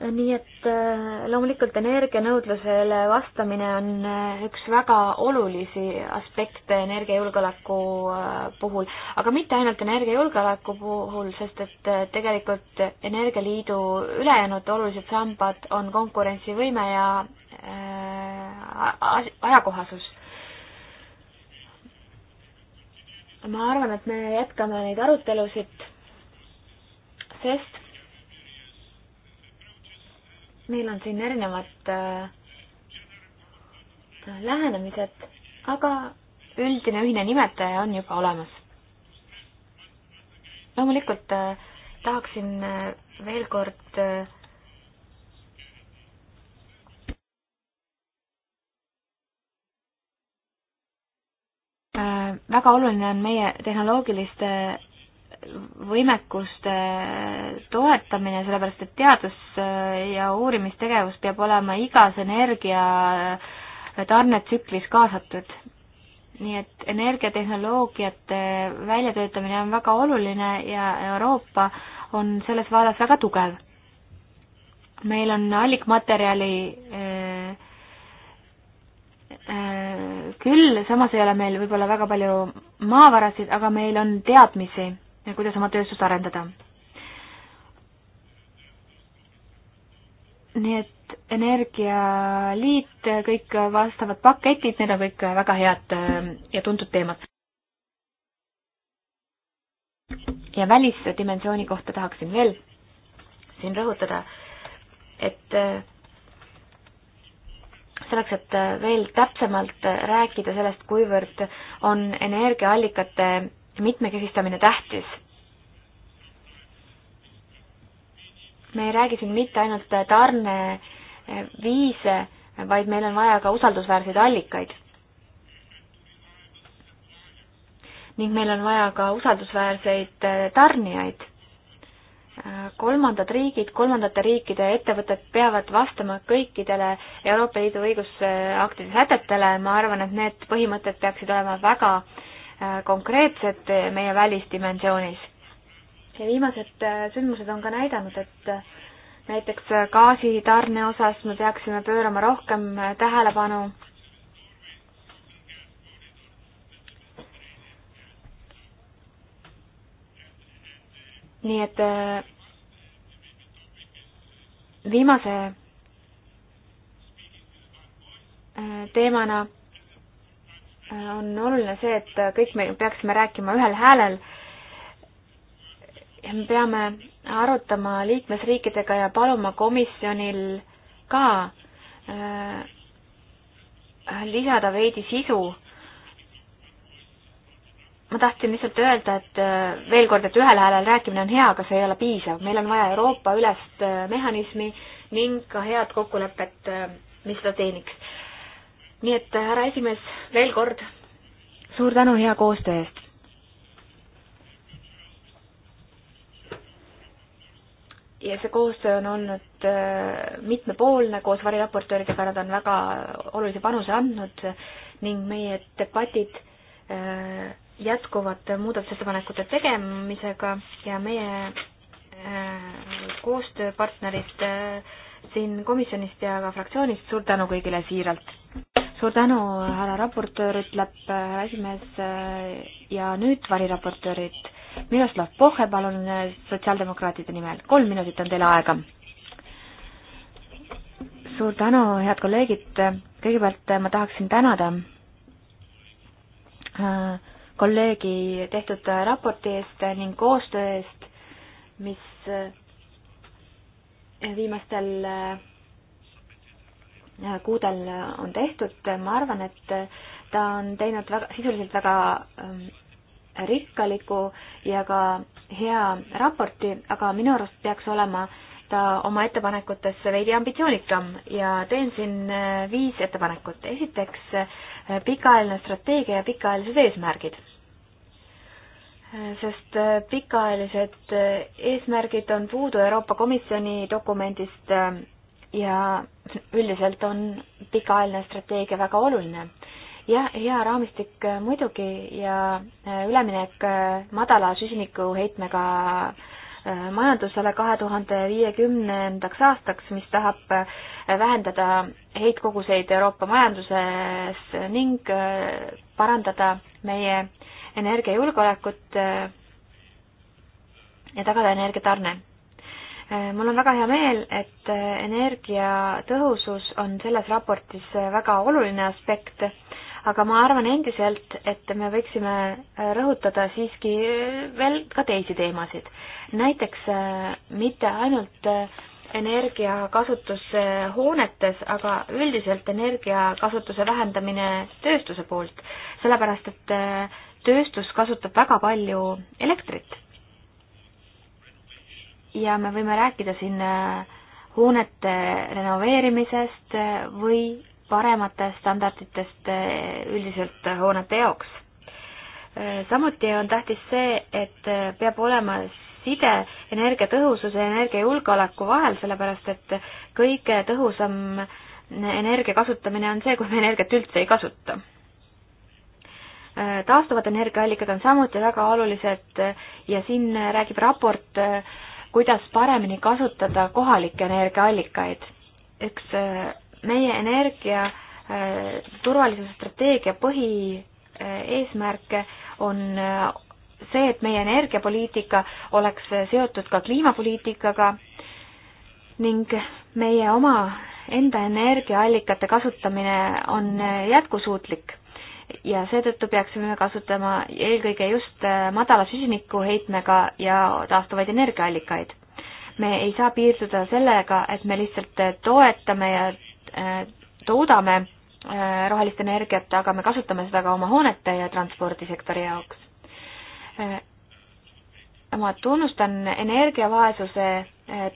nii et äh, loomulikult energianõudlusele vastamine on äh, üks väga olulisi aspekte energiajulgeoleku äh, puhul, aga mitte ainult energiajulgeoleku puhul, sest et tegelikult Energialiidu ülejäänud olulised sambad on konkurentsivõime ja ajakohasus. ma arvan, et me jätkame neid arutelusid, sest meil on siin erinevad äh, lähenemised, aga üldine ühine nimetaja on juba olemas. loomulikult äh, tahaksin äh, veel kord äh, Äh, väga oluline on meie tehnoloogiliste võimekuste toetamine, sellepärast et teadus- äh, ja uurimistegevus peab olema igas energia äh, tarnetsüklis kaasatud. nii et energiatehnoloogiate väljatöötamine on väga oluline ja Euroopa on selles vallas väga tugev. meil on allikmaterjali äh, äh, küll, samas ei ole meil võib-olla väga palju maavarasid, aga meil on teadmisi, kuidas oma tööstust arendada. nii et Energialiit, kõik vastavad paketid, need on kõik väga head ähm, ja tuntud teemad. ja välisdimensiooni kohta tahaksin veel siin rõhutada, et äh, selleks, et äh, veel täpsemalt äh, rääkida sellest, kuivõrd on energiaallikate mitmekesistamine tähtis. me ei räägi siin mitte ainult äh, tarneviise, vaid meil on vaja ka usaldusväärseid allikaid. ning meil on vaja ka usaldusväärseid tarnijaid kolmandad riigid, kolmandate riikide ettevõtted peavad vastama kõikidele Euroopa Liidu õigusaktide sätetele, ma arvan, et need põhimõtted peaksid olema väga äh, konkreetsed meie välisdimensioonis. ja viimased äh, sündmused on ka näidanud, et äh, näiteks gaasitarne osas me peaksime pöörama rohkem tähelepanu nii et äh, viimase äh, teemana äh, on oluline see, et kõik me peaksime rääkima ühel häälel ja me peame arutama liikmesriikidega ja paluma komisjonil ka lisada veidi sisu ma tahtsin lihtsalt öelda, et äh, veel kord, et ühel häälel rääkimine on hea, aga see ei ole piisav. meil on vaja Euroopa-ülest äh, mehhanismi ning ka head kokkulepet, äh, mis seda teeniks. nii et härra esimees, veel kord suur tänu hea koostöö eest. ja see koostöö on olnud mitmepoolne koos variraportööridega, nad on väga olulise panuse andnud ning meie debatid äh, jätkuvad muudatusettepanekute tegemisega ja meie äh, koostööpartnerid äh, siin komisjonist ja ka fraktsioonist, suur tänu kõigile siiralt! suur tänu, härra raportöör, ütleb äh, härra esimees ja nüüd variraportöörid. Miroslav Pohhe, palun sotsiaaldemokraatide nimel, kolm minutit on teil aega. suur tänu, head kolleegid, kõigepealt ma tahaksin tänada äh, kolleegi tehtud raporti eest ning koostöö eest, mis eh, viimastel eh, kuudel on tehtud, ma arvan, et ta on teinud väga, sisuliselt väga eh, rikkaliku ja ka hea raporti, aga minu arust peaks olema ta oma ettepanekutes veidi ambitsioonikam ja teen siin viis ettepanekut. esiteks pikaajaline strateegia ja pikaajalised eesmärgid sest äh, pikaajalised äh, eesmärgid on puudu Euroopa Komisjoni dokumendist äh, ja üldiselt on pikaajaline strateegia väga oluline. jah, hea raamistik muidugi ja üleminek madala süsinikuheitmega majandusele kahe tuhande viiekümnendaks aastaks, mis tahab vähendada heitkoguseid Euroopa majanduses ning parandada meie äh, energiajulgeolekut äh, ja tagada energiatarne. Äh, mul on väga hea meel, et äh, energiatõhusus on selles raportis väga oluline aspekt, aga ma arvan endiselt, et me võiksime rõhutada siiski veel ka teisi teemasid. näiteks mitte ainult energiakasutus hoonetes, aga üldiselt energiakasutuse vähendamine tööstuse poolt, sellepärast et äh, tööstus kasutab väga palju elektrit. ja me võime rääkida siin äh, hoonete renoveerimisest äh, või parematest standarditest äh, üldiselt hoonete jaoks. samuti on tähtis see, et peab olema side energiatõhususe ja energiajulgeoleku vahel, sellepärast et kõige tõhusam energia kasutamine on see, kui me energiat üldse ei kasuta Äh, taastuvad energiaallikad on samuti väga olulised äh, ja siin äh, räägib raport, kuidas paremini kasutada kohalikke energiaallikaid. üks meie energia turvalisuse strateegia põhieesmärk on see, et meie energiapoliitika oleks seotud ka kliimapoliitikaga ning meie oma enda energiaallikate kasutamine on jätkusuutlik ja seetõttu peaksime kasutama eelkõige just äh, madala süsinikuheitmega ja taastuvaid energiaallikaid. me ei saa piirduda sellega, et me lihtsalt äh, toetame ja äh, toodame rohelist energiat, aga me kasutame seda ka oma hoonete ja transpordisektori jaoks. ma tunnustan energiavaesuse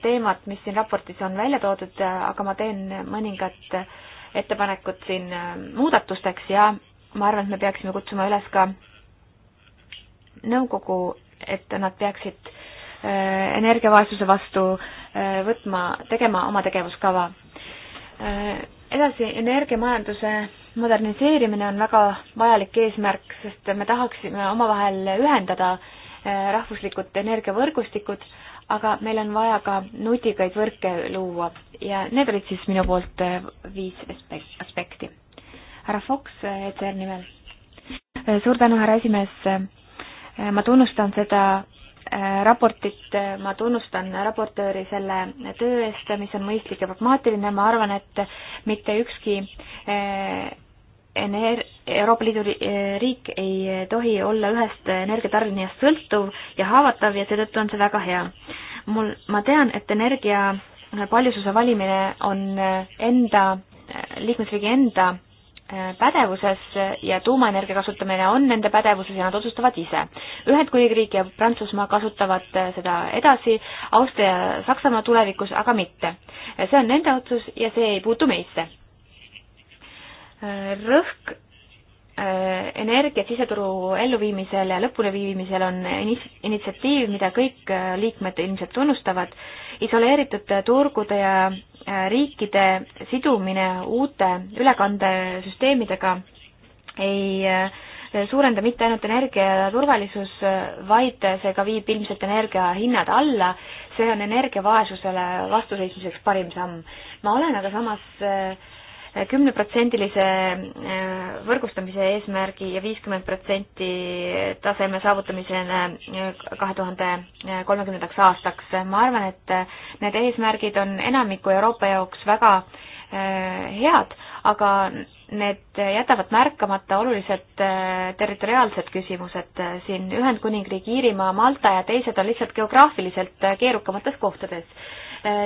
teemat, mis siin raportis on välja toodud, aga ma teen mõningad ettepanekud siin muudatusteks ja ma arvan, et me peaksime kutsuma üles ka nõukogu, et nad peaksid äh, energiavaesuse vastu äh, võtma, tegema oma tegevuskava. Äh, edasi, energiamajanduse moderniseerimine on väga vajalik eesmärk, sest me tahaksime omavahel ühendada rahvuslikud energiavõrgustikud, aga meil on vaja ka nutikaid võrke luua ja need olid siis minu poolt viis aspekti härra Fox ECR nimel. suur tänu, härra esimees. ma tunnustan seda äh, raportit, ma tunnustan raportööri selle töö eest, mis on mõistlik ja pragmaatiline, ma arvan, et mitte ükski äh, ener-, Euroopa Liidu riik ei tohi olla ühest energiatarnijast sõltuv ja haavatav ja seetõttu on see väga hea. mul, ma tean, et energia paljususe valimine on äh, enda, liikmesriigi enda Äh, pädevuses ja tuumaenergia kasutamine on nende pädevuses ja nad otsustavad ise. Ühendkuningriik ja Prantsusmaa kasutavad äh, seda edasi, Austria ja Saksamaa tulevikus aga mitte. Äh, see on nende otsus ja see ei puutu meisse. rõhk Äh, energiat siseturu elluviimisel ja lõpuleviimisel on initsiatiiv, mida kõik äh, liikmed ilmselt tunnustavad. isoleeritud turgude ja äh, riikide sidumine uute ülekandesüsteemidega ei suurenda mitte ainult energia turvalisus, vaid see ka viib ilmselt energia hinnad alla. see on energiavaesusele vastuseismiseks parim samm. ma olen aga samas kümneprotsendilise äh, võrgustamise eesmärgi ja viiskümmend protsenti taseme saavutamisele äh, kahe tuhande kolmekümnendaks aastaks. ma arvan, et äh, need eesmärgid on enamiku Euroopa jaoks väga head, aga need jätavad märkamata olulised territoriaalsed küsimused siin Ühendkuningriigi, Iirimaa, Malta ja teised on lihtsalt geograafiliselt keerukamates kohtades.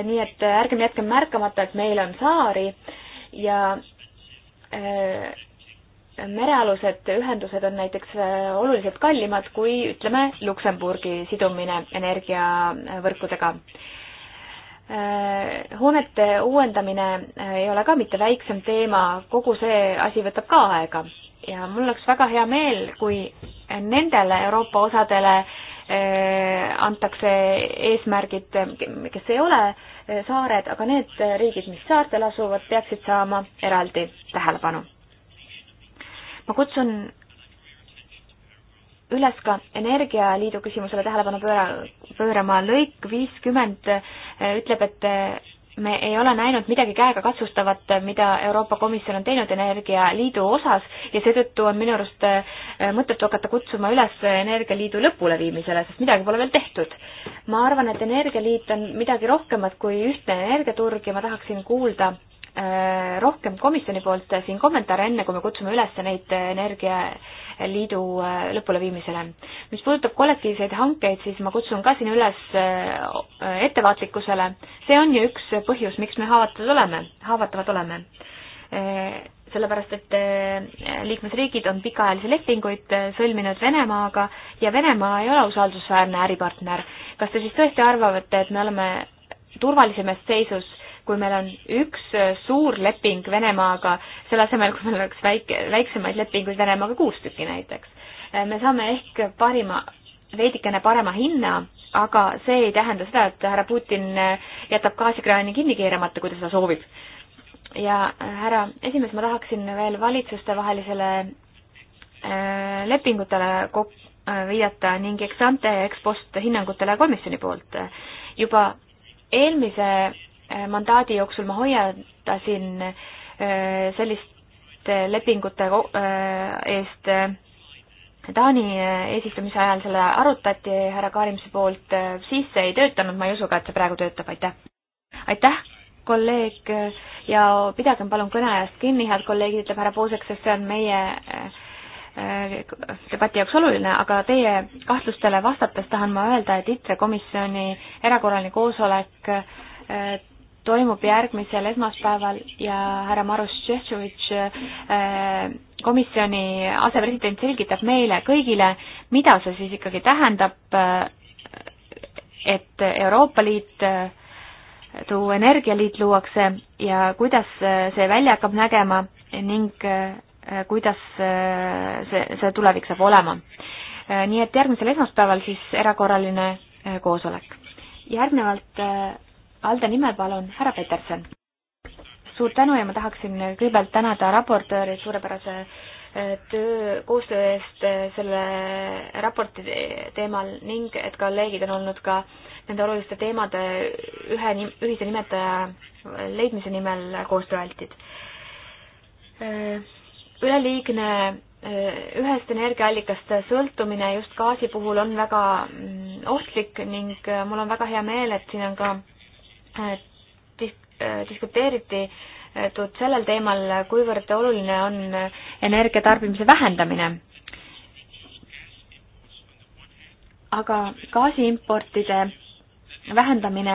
nii et ärgem jätkem märkamata, et meil on saari ja äh, merealused ühendused on näiteks äh, oluliselt kallimad kui ütleme, Luksemburgi sidumine energiavõrkudega. Äh, hoonete uuendamine ei ole ka mitte väiksem teema, kogu see asi võtab ka aega ja mul oleks väga hea meel, kui nendele Euroopa osadele antakse eesmärgid, kes ei ole äh, Eh, saared, aga need riigid, mis saartel asuvad, peaksid saama eraldi tähelepanu. ma kutsun üles ka Energialiidu küsimusele tähelepanu pööra, pöörama. lõik viiskümmend eh, ütleb, et eh, me ei ole näinud midagi käegakatsustavat, mida Euroopa Komisjon on teinud Energialiidu osas ja seetõttu on minu arust äh, mõttetu hakata kutsuma üles Energialiidu lõpuleviimisele, sest midagi pole veel tehtud. ma arvan, et Energialiit on midagi rohkemat kui ühtne energiaturg ja ma tahaksin kuulda Äh, rohkem komisjoni poolt siin kommentaare, enne kui me kutsume üles neid Energialiidu äh, lõpuleviimisele. mis puudutab kollektiivseid hankeid, siis ma kutsun ka siin üles äh, ettevaatlikkusele. see on ju üks põhjus, miks me haavatud oleme, haavatavad oleme. sellepärast, et liikmesriigid on pikaajalisi lepinguid sõlminud Venemaaga ja Venemaa ei ole usaldusväärne äripartner. kas te siis tõesti arvavate, et me oleme turvalisemas seisus kui meil on üks suur leping Venemaaga, selle asemel, kui meil oleks väike, väiksemaid lepinguid Venemaaga kuus tükki näiteks. Eh, me saame ehk parima, veidikene parema hinna, aga see ei tähenda seda, et härra Putin eh, jätab gaasikraani kinni keeramata, kui ta seda soovib. ja eh, härra esimees, ma tahaksin veel valitsustevahelisele lepingutele kok-, viidata ning eksante ja ekspost hinnangutele komisjoni poolt. juba eelmise Äh, mandaadi jooksul ma hoiatasin äh, selliste lepingute äh, eest Taani eesistumise ajal selle arutati härra Kaarimse poolt, siis see ei töötanud, ma ei usu ka, et see praegu töötab, aitäh. aitäh, kolleeg ja pidagem palun kõneajast kinni, head kolleegid, ütleb härra Puusek, sest see on meie debati jaoks oluline, aga teie kahtlustele vastates tahan ma öelda, et ITRE komisjoni erakorraline koosolek toimub järgmisel esmaspäeval ja härra Maruš Šeftšovitš, äh, komisjoni asepresident selgitab meile kõigile, mida see siis ikkagi tähendab, äh, et Euroopa Liit Liidu äh, energialiit luuakse ja kuidas see välja hakkab nägema ning kuidas see, see tulevik saab olema. nii et järgmisel esmaspäeval siis erakorraline koosolek. järgnevalt Alde nimel palun, härra Peterson. suur tänu ja ma tahaksin kõigepealt tänada raportööri suurepärase eh, töö, koostöö eest eh, selle raporti teemal ning et kolleegid on olnud ka nende oluliste teemade ühe, ühise nimetaja leidmise nimel koostööaltid. Eh, üleliigne ühest energiaallikast sõltumine just gaasi puhul on väga mm, ohtlik ning mul on väga hea meel, et siin on ka Eh, disk-, eh, diskuteeriti eh, tud sellel teemal, kuivõrd oluline on energia tarbimise vähendamine. aga gaasiimportide vähendamine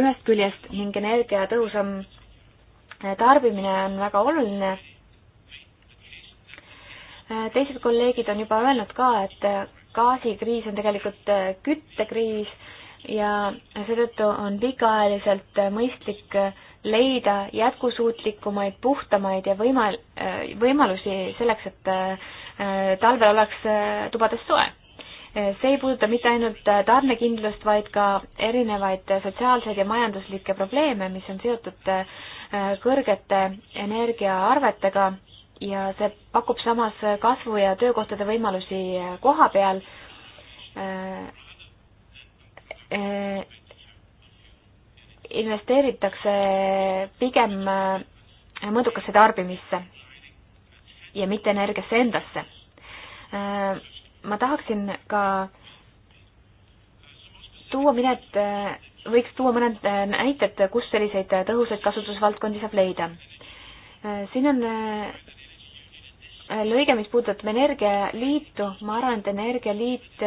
ühest küljest ning energia tõhusam tarbimine on väga oluline. teised kolleegid on juba öelnud ka, et gaasikriis on tegelikult küttekriis ja seetõttu on pikaajaliselt mõistlik leida jätkusuutlikumaid, puhtamaid ja võimal-, võimalusi selleks, et äh, talvel oleks äh, tubades soe. see ei puuduta mitte ainult tarnekindlust, vaid ka erinevaid sotsiaalseid ja majanduslikke probleeme, mis on seotud äh, kõrgete energiaarvetega ja see pakub samas kasvu- ja töökohtade võimalusi koha peal Eh, investeeritakse pigem eh, mõõdukasse tarbimisse ja mitte energiasse endasse. Eh, ma tahaksin ka tuua mõned, võiks tuua mõned näited, kus selliseid tõhusaid kasutusvaldkondi saab leida. siin on lõige, mis puudutab Energialiitu, ma arvan, et Energialiit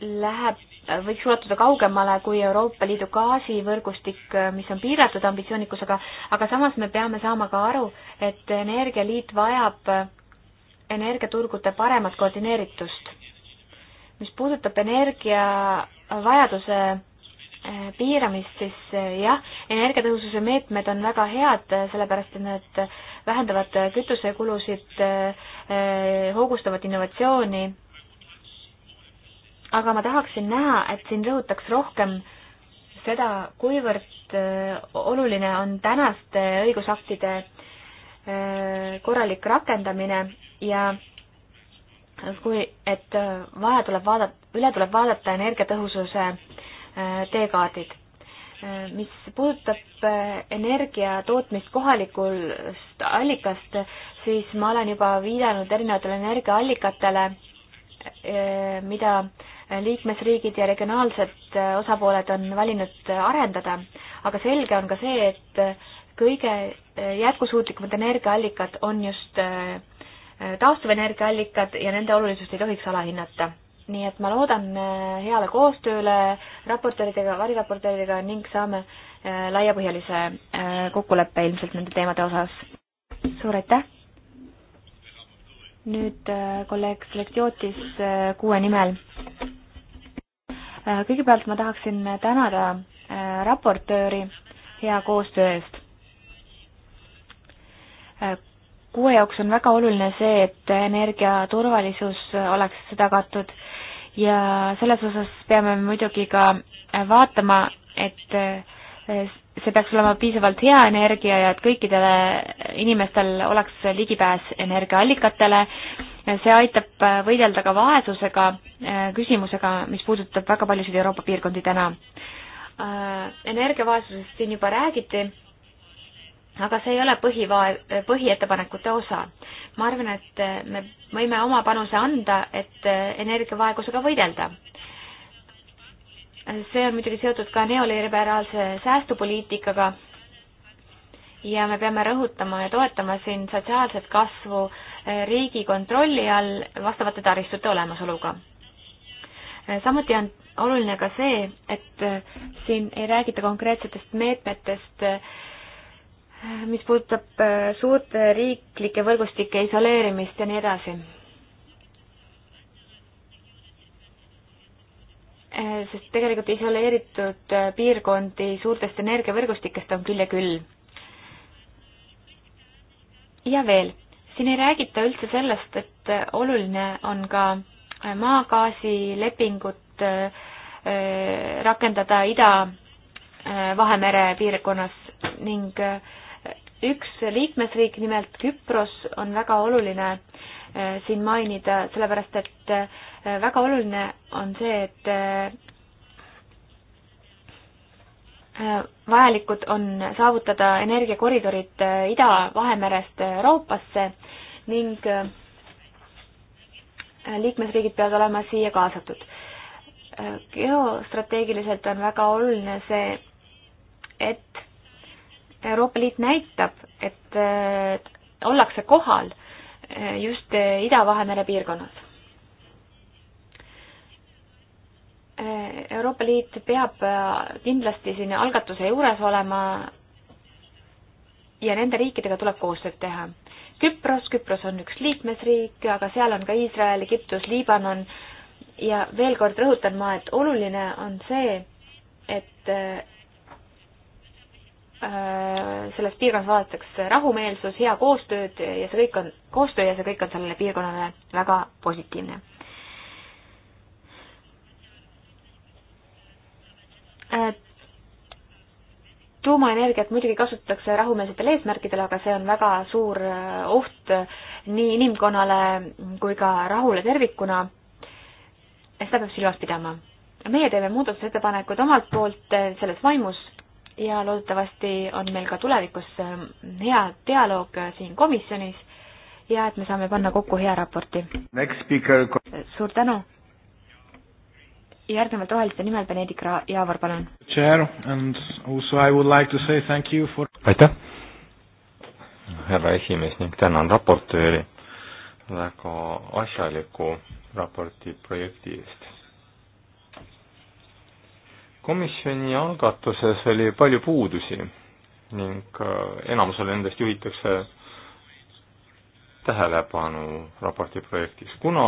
läheb, võiks ulatuda kaugemale kui Euroopa Liidu gaasivõrgustik, mis on piiratud ambitsioonikusega, aga samas me peame saama ka aru, et Energialiit vajab energiaturgude paremat koordineeritust. mis puudutab energiavajaduse eh, piiramist, siis eh, jah, energiatõhususe meetmed on väga head, sellepärast et need vähendavad kütusekulusid, eh, hoogustavad innovatsiooni aga ma tahaksin näha, et siin rõhutaks rohkem seda, kuivõrd äh, oluline on tänaste õigusaktide äh, korralik rakendamine ja kui, et äh, vaja tuleb vaadata, üle tuleb vaadata energiatõhususe teekaardid. mis puudutab energia tootmist kohalikust allikast, siis ma olen juba viidanud erinevatele energiaallikatele, mida äh, liikmesriigid ja regionaalsed äh, osapooled on valinud arendada, aga selge on ka see, et äh, kõige äh, jätkusuutlikumad energiaallikad on just taastuvenergiaallikad ja nende olulisust ei tohiks alahinnata. nii et ma loodan heale koostööle raportööridega, variraportööridega ning saame laiapõhjalise kokkuleppe ilmselt nende teemade osas. suur aitäh! nüüd äh, kolleeg Flektiotis äh, kuue nimel. Äh, kõigepealt ma tahaksin tänada raportööri hea koostöö eest. kuue jaoks on väga oluline see, et energiaturvalisus oleks tagatud ja selles osas peame muidugi ka vaatama, et see peaks olema piisavalt hea energia ja et kõikidele inimestel oleks ligipääs energiaallikatele. see aitab võidelda ka vaesusega, äh, küsimusega, mis puudutab väga paljusid Euroopa piirkondi täna. Äh, energiavaesusest siin juba räägiti, aga see ei ole põhivae-, põhiettepanekute osa. ma arvan, et me võime oma panuse anda, et energiavaegusega võidelda see on muidugi seotud ka neoliberaalse säästupoliitikaga ja me peame rõhutama ja toetama siin sotsiaalset kasvu riigi kontrolli all vastavate taristute olemasoluga. samuti on oluline ka see, et siin ei räägita konkreetsetest meetmetest, mis puudutab suurte riiklike võrgustike isoleerimist ja nii edasi Eh, sest tegelikult isoleeritud eh, piirkondi suurtest energiavõrgustikest on küll ja küll. ja veel, siin ei räägita üldse sellest, et eh, oluline on ka maagaasilepingut rakendada Ida-Vahemere piirkonnas ning üks liikmesriik, nimelt Küpros, on väga oluline äh, Äh, siin mainida, sellepärast et äh, väga oluline on see, et äh, vajalikud on saavutada energiakoridorid Ida-Vahemerest Euroopasse ning liikmesriigid peavad olema siia kaasatud. geostrateegiliselt on väga oluline see, et Euroopa Liit näitab, et ollakse kohal just eh, Ida-Vahemere piirkonnas. Eh, Euroopa Liit peab eh, kindlasti siin algatuse juures olema ja nende riikidega tuleb koostööd teha. Küpros, Küpros on üks liikmesriik, aga seal on ka Iisrael, Egiptus, Liibanon ja veel kord rõhutan ma, et oluline on see, et Äh, selles piirkonnas vaadatakse rahumeelsus, hea koostööd ja see kõik on, koostöö ja see kõik on sellele piirkonnale väga positiivne. Äh, tuumaenergiat muidugi kasutatakse rahumeelsetel eesmärkidel, aga see on väga suur äh, oht nii inimkonnale kui ka rahule tervikuna. seda peab silmas pidama. meie teeme muudatusettepanekud omalt poolt selles vaimus ja loodetavasti on meil ka tulevikus ähm, hea dialoog äh, siin komisjonis ja et me saame panna kokku hea raporti. Speaker... suur tänu! järgnevalt roheliste nimel Benedik Jaavar, palun! Like for... aitäh, härra esimees ning tänan raportööri väga asjaliku raporti projekti eest komisjoni algatuses oli palju puudusi ning äh, enamusele nendest juhitakse tähelepanu raporti projektis, kuna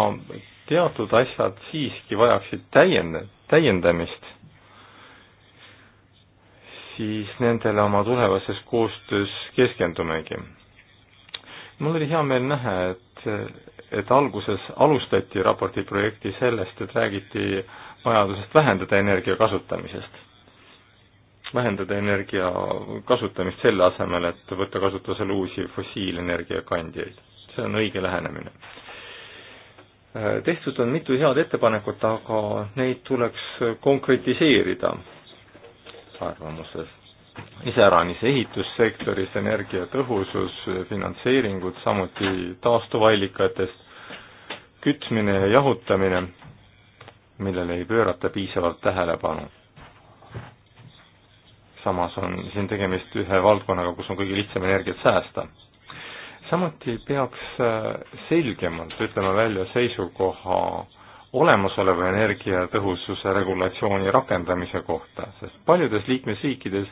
teatud asjad siiski vajaksid täiend-, täiendamist, siis nendele oma tulevases koostöös keskendumegi. mul oli hea meel näha, et, et alguses alustati raporti projekti sellest, et räägiti äh, vajadusest vähendada energia kasutamisest. vähendada energia kasutamist selle asemel, et võtta kasutusele uusi fossiilenergia kandjaid. see on õige lähenemine. tehtud on mitu head ettepanekut, aga neid tuleks konkretiseerida arvamuses. iseäranis ehitussektoris energiatõhusus, finantseeringud, samuti taastuvallikatest, kütmine ja jahutamine millele ei pöörata piisavalt tähelepanu. samas on siin tegemist ühe valdkonnaga, kus on kõige lihtsam energiat säästa. samuti peaks äh, selgemalt ütlema välja seisukoha olemasoleva energiatõhususe regulatsiooni rakendamise kohta, sest paljudes liikmesriikides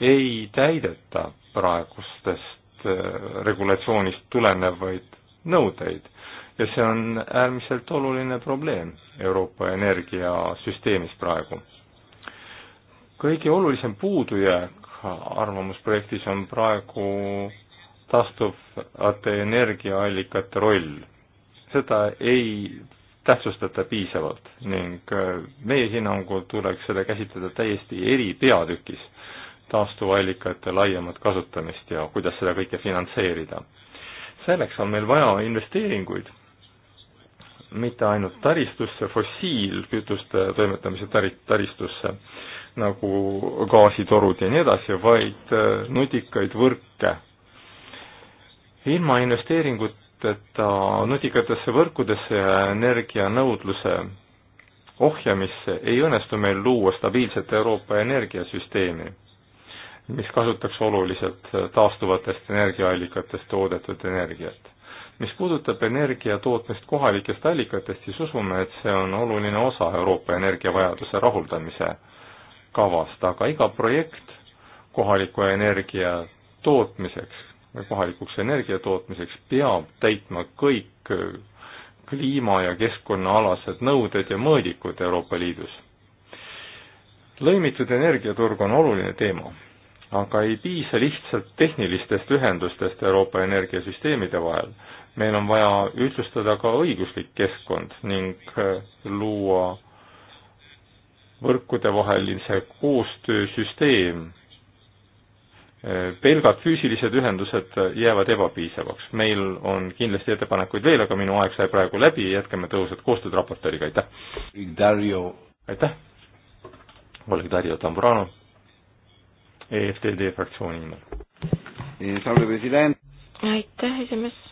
ei täideta praegustest äh, regulatsioonist tulenevaid nõudeid ja see on äärmiselt oluline probleem Euroopa energiasüsteemis praegu. kõige olulisem puudujääk arvamusprojektis on praegu taastuvate energiaallikate roll. seda ei tähtsustata piisavalt ning meie hinnangul tuleks seda käsitleda täiesti eri peatükis, taastuvallikate laiemat kasutamist ja kuidas seda kõike finantseerida. selleks on meil vaja investeeringuid mitte ainult taristusse, fossiilkütuste toimetamise tari-, taristusse, nagu gaasitorud ja nii edasi, vaid äh, nutikaid võrke. ilma investeeringuteta nutikatesse võrkudesse ja energianõudluse ohjamisse ei õnnestu meil luua stabiilset Euroopa energiasüsteemi, mis kasutaks oluliselt taastuvatest energiaallikatest toodetud energiat mis puudutab energia tootmist kohalikest allikatest, siis usume, et see on oluline osa Euroopa energiavajaduse rahuldamise kavast, aga iga projekt kohaliku energia tootmiseks või kohalikuks energia tootmiseks peab täitma kõik äh, kliima- ja keskkonnaalased nõuded ja mõõdikud Euroopa Liidus. lõimitud energiaturg on oluline teema, aga ei piisa lihtsalt tehnilistest ühendustest Euroopa energiasüsteemide vahel meil on vaja ühtlustada ka õiguslik keskkond ning äh, luua võrkudevahelise koostöösüsteem. Äh, pelgalt füüsilised ühendused äh, jäävad ebapiisavaks. meil on kindlasti ettepanekuid veel, aga minu aeg sai praegu läbi, jätkame tõhusat koostööd raportööriga, aitäh! aitäh! Oleg Dario Tamburano, EFTD fraktsiooni nimel. Eh, aitäh, esimees!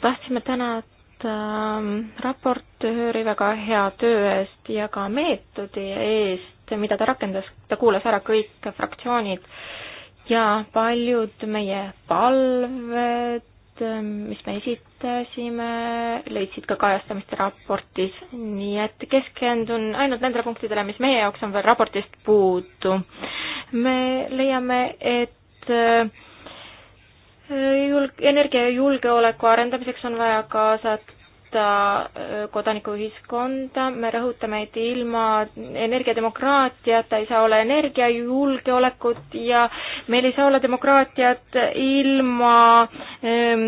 tahtsime tänada ähm, raportööri väga hea töö eest ja ka meetodi eest, mida ta rakendas, ta kuulas ära kõik fraktsioonid ja paljud meie palved, ähm, mis me esitasime, leidsid ka kajastamist raportis, nii et keskendun ainult nendele punktidele, mis meie jaoks on veel raportist puudu. me leiame, et äh, julg-, energiajulgeoleku arendamiseks on vaja kaasata äh, kodanikuühiskonda, me rõhutame, et ilma energiademokraatiata ei saa olla energiajulgeolekut ja meil ei saa olla demokraatiat ilma ähm,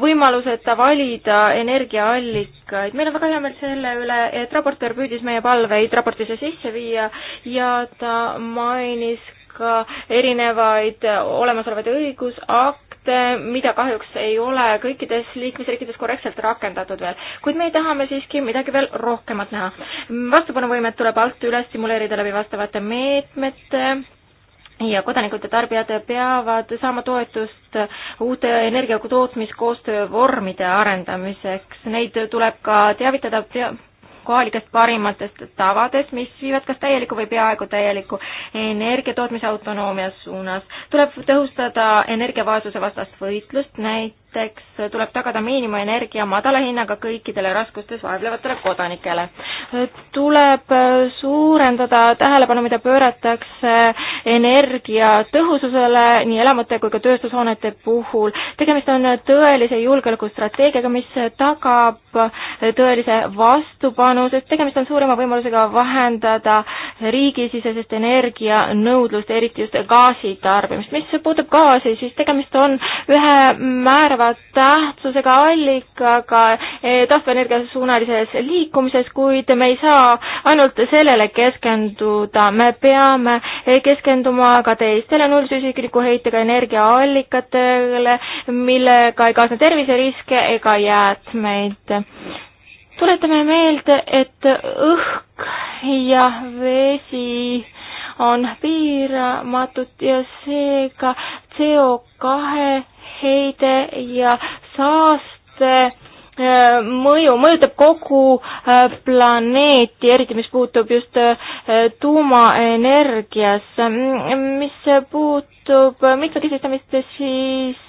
võimaluseta valida energiaallikaid. meil on väga hea meel selle üle, et raportöör püüdis meie palveid raportisse sisse viia ja ta mainis ka erinevaid olemasolevaid õigusakte, Äh, mida kahjuks ei ole kõikides liikmesriikides korrektselt rakendatud veel. kuid me tahame siiski midagi veel rohkemat näha. vastupanuvõimet tuleb alt üles stimuleerida läbi vastavate meetmete ja kodanikud ja tarbijad peavad saama toetust uute energiatootmiskoostöö vormide arendamiseks. Neid tuleb ka teavitada kohalikest parimatest tavadest, mis viivad kas täieliku või peaaegu täieliku energiatootmise autonoomia suunas. tuleb tõhustada energiavaesuse vastast võitlust, näiteks esiteks tuleb tagada miinimumenergia madala hinnaga kõikidele raskustes vaevlevatele kodanikele. tuleb äh, suurendada tähelepanu, mida pööratakse energiatõhususele nii elamute kui ka tööstushoonete puhul. tegemist on tõelise julgeolekustrateegiaga, mis tagab tõelise vastupanu, sest tegemist on suurima võimalusega vahendada riigisisesest energianõudlust, eriti just gaasi tarbimist. mis puudutab gaasi, siis tegemist on ühe määrava määrava tähtsusega allikaga eh, taastuvenergia suunalises liikumises, kuid me ei saa ainult sellele keskenduda, me peame eh, keskenduma ka teistele nullsüsiniku heitega energiaallikatele, millega ei kaasne terviseriske ega jäätmeid tuletame meelde, et õhk ja vesi on piiramatud ja seega CO kahe heide ja saaste äh, mõju, mõjutab kogu äh, planeeti, eriti mis puutub just äh, tuumaenergiasse. Mm, mis puutub mitmekesistamist, siis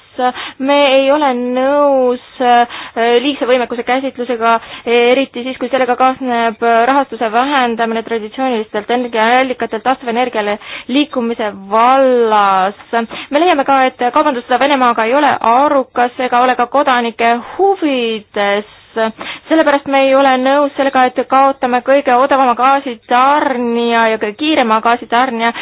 me ei ole nõus äh, liigse võimekuse käsitlusega, eriti siis, kui sellega kaasneb rahastuse vähendamine traditsioonilistelt energiaallikatelt taastuvenergiale liikumise vallas. me leiame ka, et kaubandussõda Venemaaga ei ole arukas ega ole ka kodanike huvides sellepärast me ei ole nõus sellega, et kaotame kõige odavama gaasitarnija ja kõige kiirema gaasitarnija,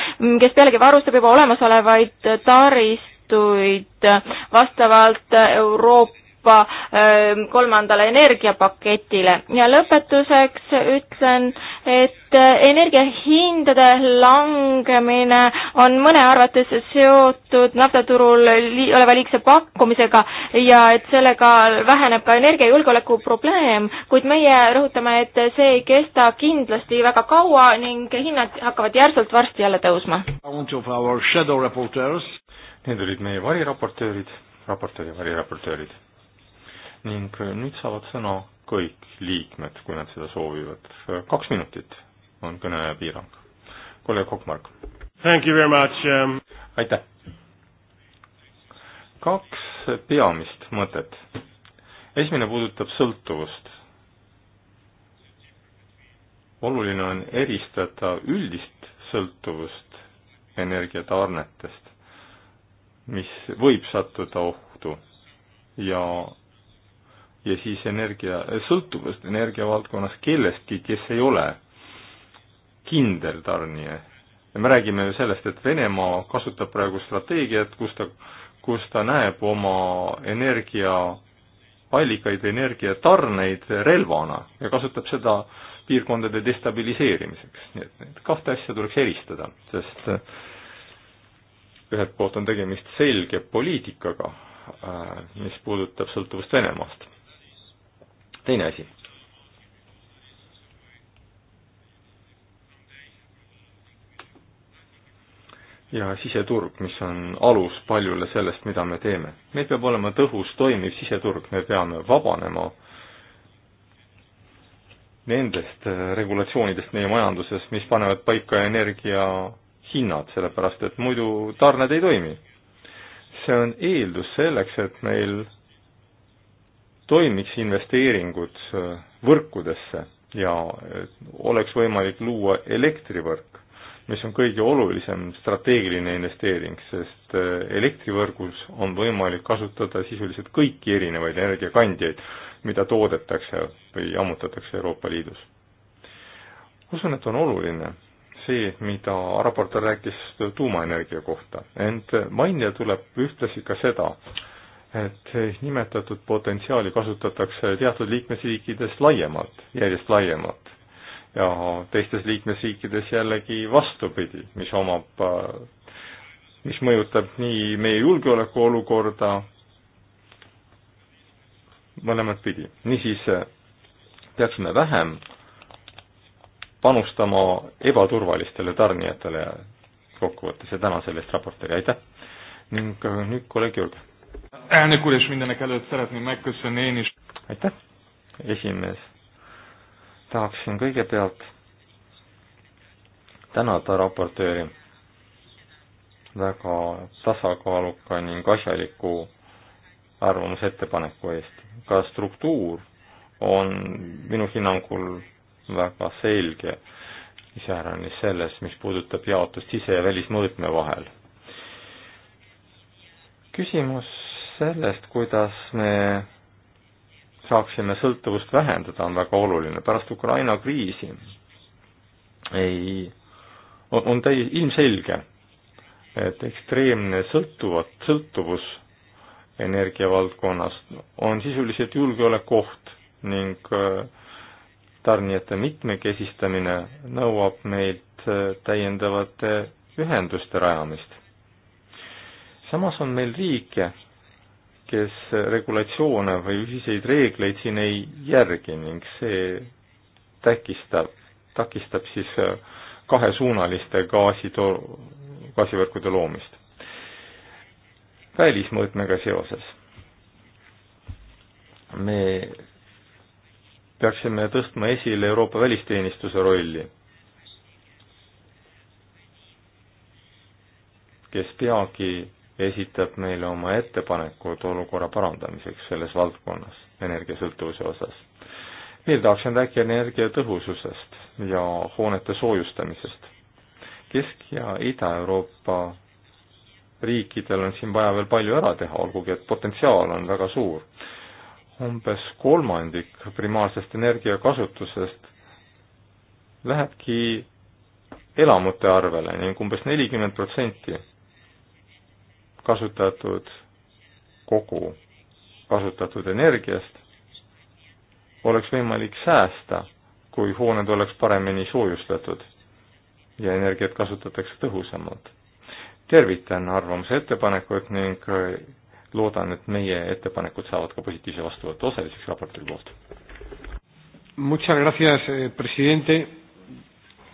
kes pealegi varustab juba olemasolevaid taris-, valituid äh, vastavalt äh, Euroopa äh, kolmandale energiapaketile. ja lõpetuseks ütlen, et energiahindade langemine on mõne arvates seotud naftaturul oleva liigse pakkumisega ja et sellega väheneb ka energiajulgeoleku probleem, kuid meie rõhutame, et see ei kesta kindlasti väga kaua ning hinnad hakkavad järsult varsti jälle tõusma. Need olid meie variraportöörid, raportööri variraportöörid. ning äh, nüüd saavad sõna kõik liikmed, kui nad seda soovivad. Äh, kaks minutit on kõneaja piirang. kolleeg Hokmark. Um... aitäh. kaks peamist mõtet. esimene puudutab sõltuvust. oluline on eristada üldist sõltuvust energiatarnetest mis võib sattuda ohtu ja, ja siis energia, sõltuvust energiavaldkonnas kellestki, kes ei ole kindel tarnija. ja me räägime ju sellest, et Venemaa kasutab praegu strateegiat, kus ta, kus ta näeb oma energiaallikaid, energiatarneid relvana ja kasutab seda piirkondade destabiliseerimiseks, nii et neid kahte asja tuleks eristada, sest äh, ühelt poolt on tegemist selge poliitikaga, äh, mis puudutab sõltuvust Venemaast. teine asi. ja siseturg, mis on alus paljule sellest, mida me teeme. meil peab olema tõhus, toimiv siseturg, me peame vabanema nendest äh, regulatsioonidest meie majanduses, mis panevad paika energia hinnad, sellepärast et muidu tarned ei toimi. see on eeldus selleks, et meil toimiks investeeringud äh, võrkudesse ja oleks võimalik luua elektrivõrk, mis on kõige olulisem strateegiline investeering, sest äh, elektrivõrgus on võimalik kasutada sisuliselt kõiki erinevaid energiakandjaid, mida toodetakse või ammutatakse Euroopa Liidus. usun, et on oluline see, mida raportöör rääkis tuumaenergia kohta, ent mainida tuleb ühtlasi ka seda, et nimetatud potentsiaali kasutatakse teatud liikmesriikides laiemalt, järjest laiemalt. ja teistes liikmesriikides jällegi vastupidi, mis omab, mis mõjutab nii meie julgeolekuolukorda mõlemat pidi. niisiis peaksime vähem panustama ebaturvalistele tarnijatele ja kokkuvõttes ja täna sellest raportile, aitäh! ning äh, nüüd kolleeg Jürg. aitäh, esimees! tahaksin kõigepealt tänada raportööri väga tasakaaluka ning asjaliku arvamusettepaneku eest. ka struktuur on minu hinnangul väga selge, iseäranis selles, mis puudutab jaotust sise- ja välismõõtme vahel. küsimus sellest, kuidas me saaksime sõltuvust vähendada, on väga oluline. pärast Ukraina kriisi ei, on, on täi-, ilmselge, et ekstreemne sõltuvat, sõltuvus energiavaldkonnas on sisuliselt julgeolekuoht ning äh, tarnijate mitmekesistamine nõuab meilt äh, täiendavate ühenduste rajamist. samas on meil riike, kes regulatsioone või ühiseid reegleid siin ei järgi ning see täkistab, takistab siis äh, kahesuunaliste gaasito-, gaasivõrkude loomist. välismõõtmega seoses me peaksime tõstma esile Euroopa välisteenistuse rolli, kes peagi esitab meile oma ettepanekud olukorra parandamiseks selles valdkonnas, energiasõltuvuse osas. veel tahaksin rääkida energiatõhususest ja hoonete soojustamisest. Kesk- ja Ida-Euroopa riikidel on siin vaja veel palju ära teha, olgugi et potentsiaal on väga suur umbes kolmandik primaarsest energiakasutusest lähebki elamute arvele ning umbes nelikümmend protsenti kasutatud kogu kasutatud energiast oleks võimalik säästa, kui hooned oleks paremini soojustatud ja energiat kasutatakse tõhusamalt. tervitan arvamuse ettepanekut ning loodan, et meie ettepanekud saavad ka positiivse vastuvõtu osaliseks raporti poolt. Muchas gracias, eh, presidente.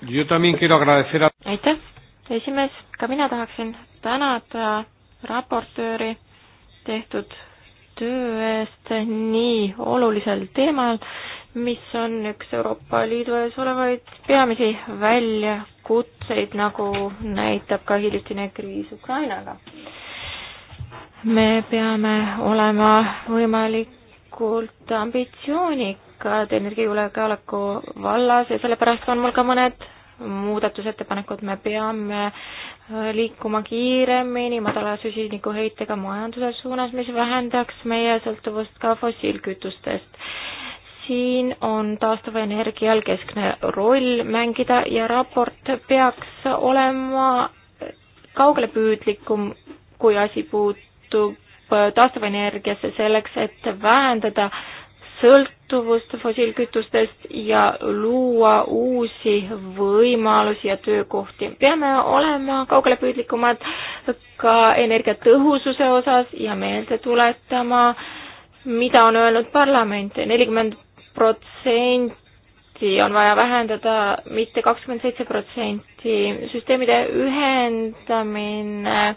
Yo también quiero agradecer a... aitäh, esimees, ka mina tahaksin tänada raportööri tehtud töö eest nii olulisel teemal, mis on üks Euroopa Liidu ees olevaid peamisi väljakutseid, nagu näitab ka hiljutine kriis Ukrainaga me peame olema võimalikult ambitsioonikad energiajulgeoleku vallas ja sellepärast on mul ka mõned muudatusettepanekud, me peame äh, liikuma kiiremini madala süsinikuheitega majanduse suunas, mis vähendaks meie sõltuvust ka fossiilkütustest. siin on taastuva energial keskne roll mängida ja raport peaks olema kaugelepüüdlikum kui asi puud, muutub taastuvenergiasse selleks, et vähendada sõltuvust fossiilkütustest ja luua uusi võimalusi ja töökohti. peame olema kaugelepüüdlikumad ka energiatõhususe osas ja meelde tuletama, mida on öelnud parlament, nelikümmend protsenti protsenti on vaja vähendada, mitte kakskümmend seitse protsenti. süsteemide ühendamine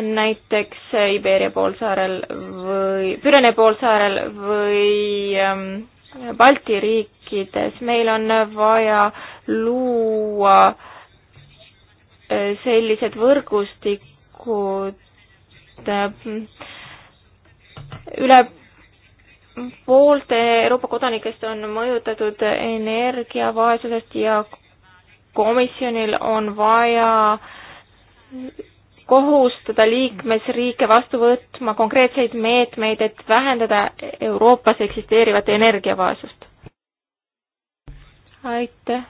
näiteks Iberia poolsaarel või Pürene poolsaarel või ähm, Balti riikides, meil on vaja luua äh, sellised võrgustikud ähm, üle poolte Euroopa kodanikest on mõjutatud energiavaesusest ja komisjonil on vaja kohustada liikmesriike vastu võtma konkreetseid meetmeid, et vähendada Euroopas eksisteerivat energiavaesust? aitäh.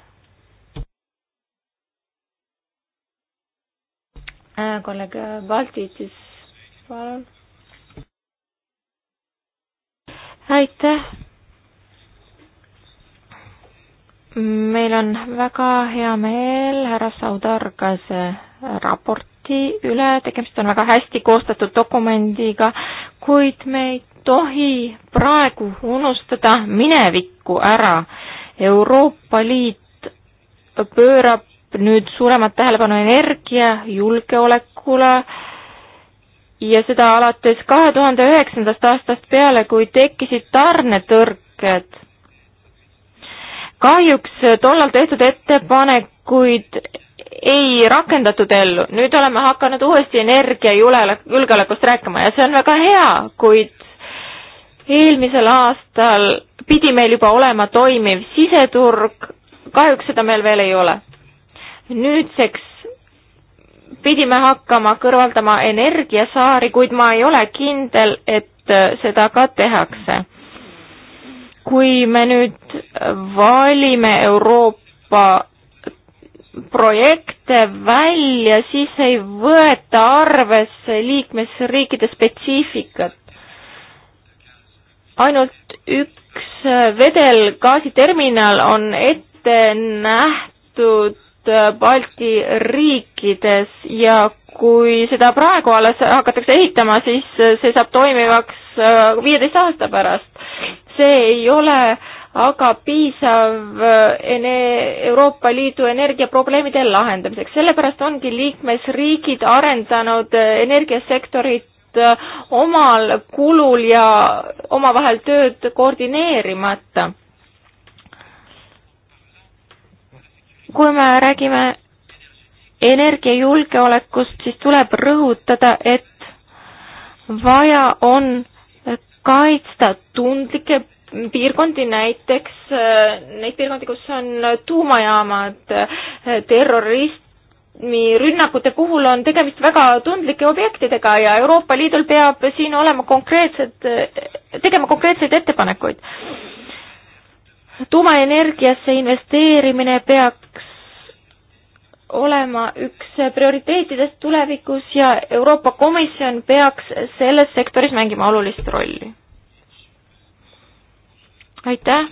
Äh, kolleeg Baltitsis, palun. aitäh. meil on väga hea meel härra Saudargase raport debati üle, tegemist on väga hästi koostatud dokumendiga, kuid me ei tohi praegu unustada minevikku ära. Euroopa Liit pöörab nüüd suuremat tähelepanu energiajulgeolekule ja seda alates kahe tuhande üheksandast aastast peale, kui tekkisid tarnetõrked. kahjuks tollal tehtud ettepanekuid ei rakendatud ellu. nüüd oleme hakanud uuesti energiajulgeolekust rääkima ja see on väga hea, kuid eelmisel aastal pidi meil juba olema toimiv siseturg, kahjuks seda meil veel ei ole. nüüdseks pidime hakkama kõrvaldama energiasaari, kuid ma ei ole kindel, et äh, seda ka tehakse. kui me nüüd valime Euroopa projekte välja, siis ei võeta arvesse liikmesriikide spetsiifikat. ainult üks vedelgaasiterminal on ette nähtud Balti riikides ja kui seda praegu alles hakatakse ehitama, siis see saab toimivaks viieteist aasta pärast. see ei ole äh, aga piisav eh, ene-, Euroopa Liidu energiaprobleemide lahendamiseks, sellepärast ongi liikmesriigid arendanud eh, energiasektorit eh, omal kulul ja omavahel tööd koordineerimata. kui me räägime energiajulgeolekust, siis tuleb rõhutada, et vaja on kaitsta tundlikke piirkondi, näiteks äh, neid piirkondi, kus on tuumajaamad, äh, terrorismi rünnakute puhul on tegemist väga tundlike objektidega ja Euroopa Liidul peab siin olema konkreetsed, äh, tegema konkreetseid ettepanekuid. tuumaenergiasse investeerimine peaks olema üks prioriteetidest tulevikus ja Euroopa Komisjon peaks selles sektoris mängima olulist rolli aitäh,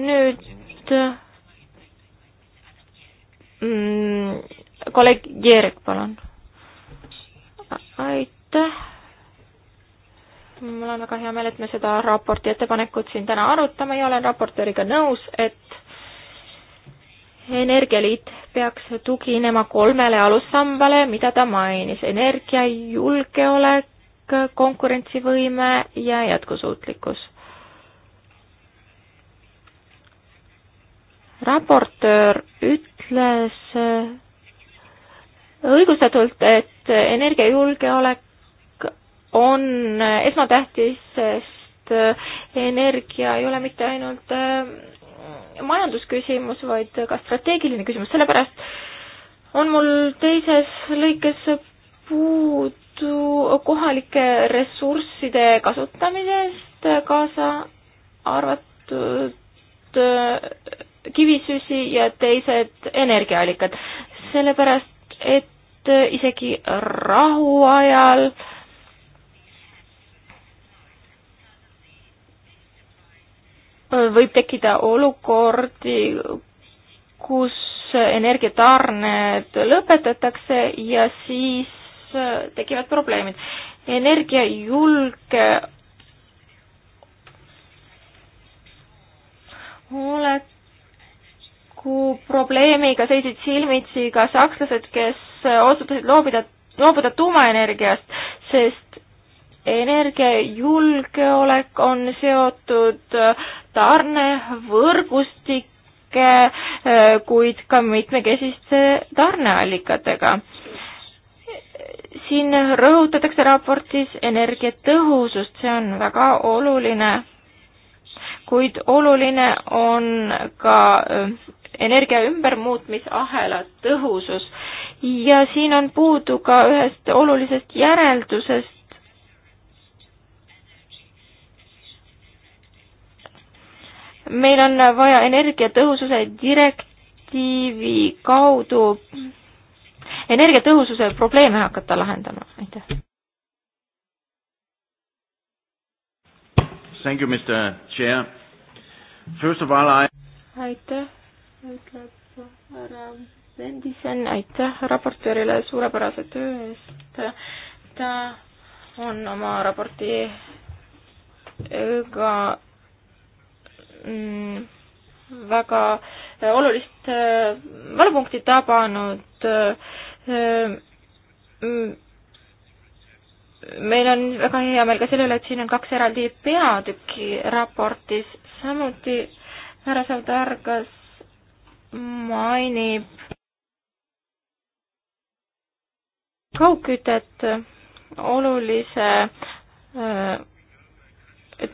nüüd mm, kolleeg Jeerek, palun. aitäh, mul on väga hea meel, et me seda raporti ettepanekut siin täna arutame ja olen raportööriga nõus, et energialiit peaks tuginema kolmele alussambale, mida ta mainis, energiajulgeolek, konkurentsivõime ja jätkusuutlikkus raportöör ütles äh, õigustatult, et energiajulgeolek on äh, esmatähtis, sest äh, energia ei ole mitte ainult majandusküsimus, vaid ka strateegiline küsimus, sellepärast on mul teises lõikes puudu kohalike ressursside kasutamisest, kaasa arvatud kivisüsi ja teised energiaallikad, sellepärast et isegi rahuajal võib tekkida olukordi, kus energiatarned lõpetatakse ja siis tekivad probleemid. energiajulge olek julgeolekuprobleemiga nagu seisid silmitsi ka sakslased, kes otsustasid loobida, loobuda tuumaenergiast, sest energiajulgeolek on seotud tarnevõrgustike, kuid ka mitmekesiste tarneallikatega. siin rõhutatakse raportis energiatõhusust, see on väga oluline kuid oluline on ka energia ümbermuutmisahela tõhusus. ja siin on puudu ka ühest olulisest järeldusest, meil on vaja energiatõhususe direktiivi kaudu energiatõhususe probleeme hakata lahendama, aitäh. Thank you, Mr Chair. First of all I aitäh, ütleb härra Vendisen, aitäh raportöörile suurepärase töö eest. ta on oma raportiga mm, väga olulist äh, valupunkti tabanud. Äh, mm, meil on väga hea meel ka selle üle, et siin on kaks eraldi peatükki raportis, samuti härra Savdargas mainib kaugkütet olulise äh,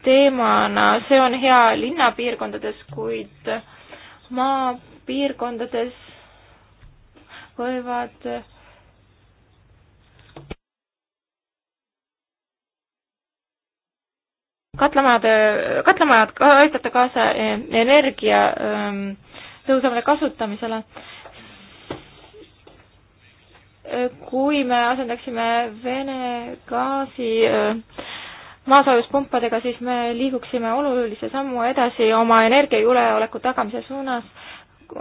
teemana, see on hea linnapiirkondades, kuid maapiirkondades võivad katlamajade, katlamajad ka aitata kaasa äh, energia ähm, tõhusamale kasutamisele. kui me asendaksime Vene gaasi äh, maasoojuspumpadega, siis me liiguksime olulise sammu edasi oma energiajulgeoleku tagamise suunas.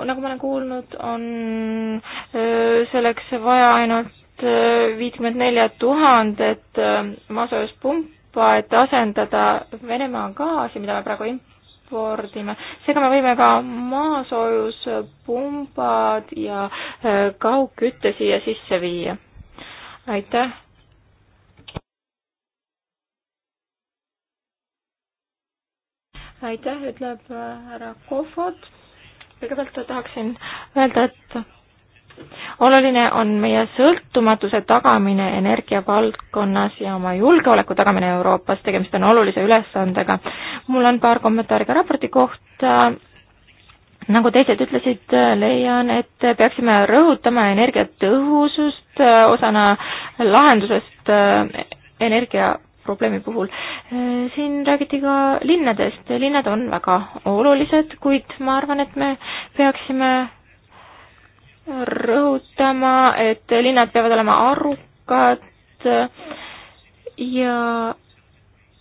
nagu ma olen kuulnud, on äh, selleks vaja ainult äh, viitkümmend nelja tuhandet maasoojuspumpa, et asendada Venemaa gaasi, mida me praegu imp-, ekspordime. seega me võime ka maasoojuspumbad ja äh, kaugkütte siia sisse viia. aitäh! aitäh, ütleb äh, härra Kohvot. kõigepealt tahaksin öelda, et oluline on meie sõltumatuse tagamine energiavaldkonnas ja oma julgeoleku tagamine Euroopas, tegemist on olulise ülesandega. mul on paar kommentaari ka raporti kohta, nagu teised ütlesid, leian, et peaksime rõhutama energiatõhusust äh, osana lahendusest äh, energia probleemi puhul. Äh, siin räägiti ka linnadest, linnad on väga olulised, kuid ma arvan, et me peaksime rõhutama, et linnad peavad olema arukad ja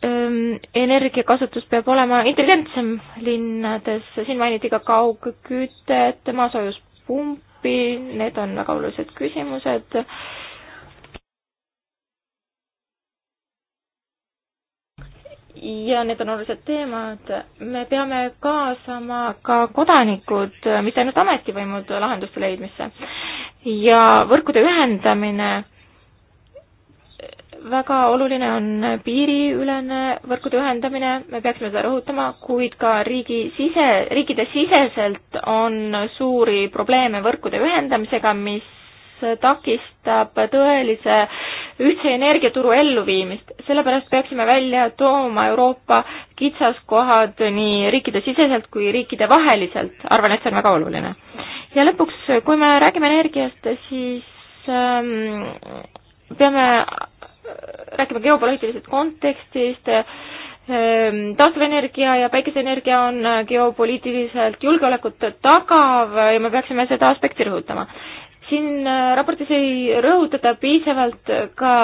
ähm, energiakasutus peab olema intelligentsem linnades, siin mainiti ka kaugkütet, maasoojuspumpi, need on väga olulised küsimused ja need on olulised teemad. me peame kaasama ka kodanikud, mitte ainult ametivõimud lahenduste leidmisse. ja võrkude ühendamine, väga oluline on piiriülene võrkude ühendamine, me peaksime seda rõhutama, kuid ka riigi sise, riikide siseselt on suuri probleeme võrkude ühendamisega, mis takistab tõelise ühtse energiaturu elluviimist. sellepärast peaksime välja tooma Euroopa kitsaskohad nii riikidesiseselt kui riikidevaheliselt, arvan, et see on väga oluline. ja lõpuks, kui me räägime energiast, siis ähm, peame rääkima geopoliitilisest kontekstist äh,, taastuvenergia ja päikeseenergia on äh, geopoliitiliselt julgeolekut tagav ja me peaksime seda aspekti rõhutama siin äh, raportis ei rõhutata piisavalt ka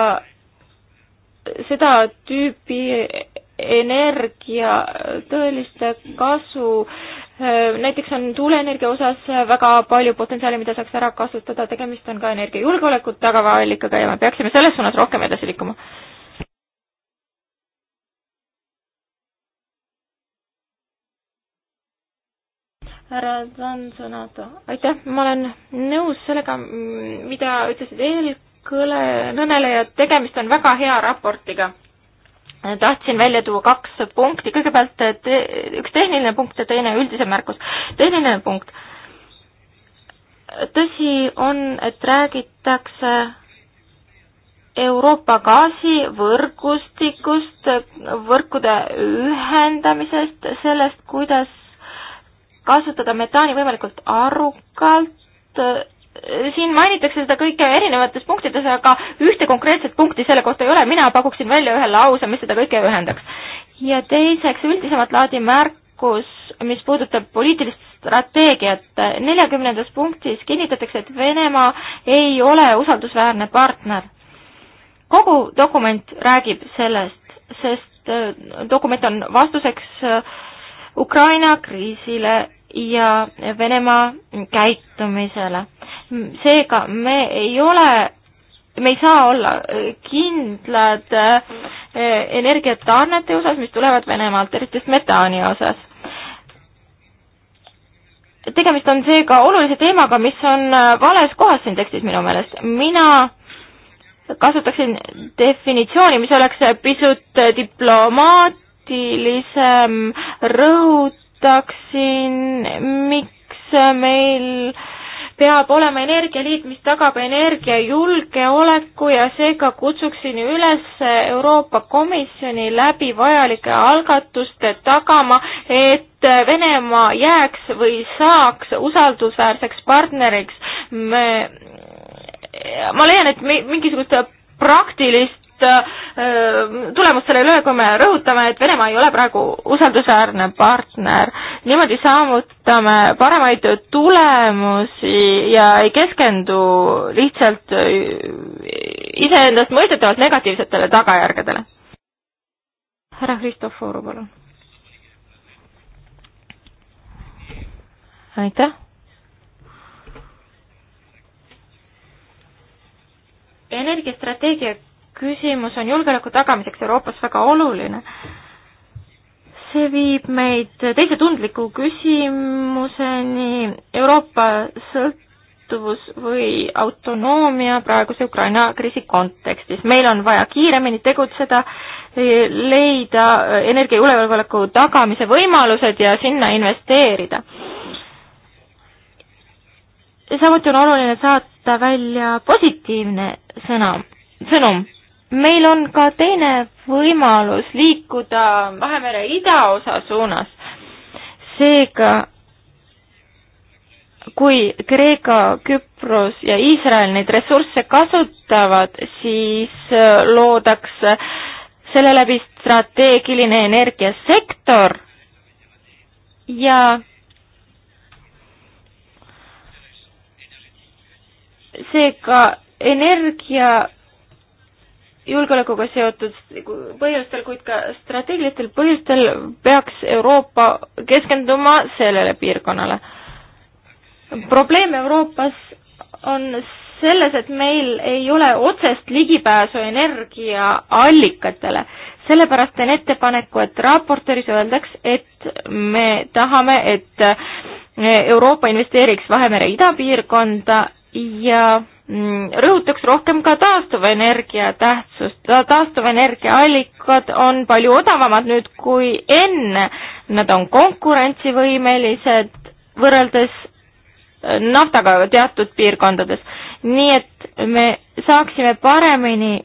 seda tüüpi energia tõelist kasu. Äh, näiteks on tuuleenergia osas väga palju potentsiaali, mida saaks ära kasutada, tegemist on ka energiajulgeoleku tagavaallikaga ja me peaksime selles suunas rohkem edasi liikuma härra Zanzonato, aitäh, ma olen nõus sellega, mida ütlesid eelkõnelejad, tegemist on väga hea raportiga. tahtsin välja tuua kaks punkti, kõigepealt te, üks tehniline punkt ja teine üldisem märkus. tehniline punkt, tõsi on, et räägitakse Euroopa gaasivõrgustikust, võrkude ühendamisest, sellest, kuidas kasutada metaani võimalikult arukalt, siin mainitakse seda kõike erinevates punktides, aga ühte konkreetset punkti selle kohta ei ole, mina pakuksin välja ühe lause, mis seda kõike ühendaks. ja teiseks üldisemat laadi märkus, mis puudutab poliitilist strateegiat. neljakümnendas punktis kinnitatakse, et Venemaa ei ole usaldusväärne partner. kogu dokument räägib sellest, sest dokument on vastuseks Ukraina kriisile ja Venemaa käitumisele. seega me ei ole, me ei saa olla kindlad eh, energiatarnete osas, mis tulevad Venemaalt, eriti just metaani osas. tegemist on seega olulise teemaga, mis on eh, vales kohas siin tekstis minu meelest. mina kasutaksin definitsiooni, mis oleks pisut diplomaatilisem, rõhut-, taksin, miks meil peab olema energialiit, mis tagab energiajulgeoleku ja seega kutsuksin üles Euroopa Komisjoni läbi vajalike algatuste tagama, et Venemaa jääks või saaks usaldusväärseks partneriks. me, ma leian, et me mingisugust praktilist Äh, tulemust sellele üle, kui me rõhutame, et Venemaa ei ole praegu usaldusväärne partner. niimoodi saavutame paremaid tulemusi ja ei keskendu lihtsalt äh, iseendastmõistetavalt negatiivsetele tagajärgedele. härra Kristoforu, palun. aitäh energiastrateegia küsimus on julgeoleku tagamiseks Euroopas väga oluline. see viib meid teise tundliku küsimuseni Euroopa sõltuvus või autonoomia praeguse Ukraina kriisi kontekstis. meil on vaja kiiremini tegutseda, leida energiajulgeoleku tagamise võimalused ja sinna investeerida samuti on oluline saata välja positiivne sõna, sõnum meil on ka teine võimalus liikuda Vahemere idaosa suunas. seega, kui Kreeka, Küpros ja Iisrael neid ressursse kasutavad, siis äh, loodakse äh, selle läbi strateegiline energiasektor ja seega energia julgeolekuga seotud põhjustel, kuid ka strateegilistel põhjustel peaks Euroopa keskenduma sellele piirkonnale. probleem Euroopas on selles, et meil ei ole otsest ligipääsu energiaallikatele. sellepärast teen ettepaneku, et raportööris öeldaks, et me tahame, et Euroopa investeeriks Vahemere idapiirkonda ja Mm, rõhutaks rohkem ka taastuvenergia tähtsust. taastuvenergia allikad on palju odavamad nüüd kui enne. Nad on konkurentsivõimelised võrreldes äh, naftaga teatud piirkondades. nii et me saaksime paremini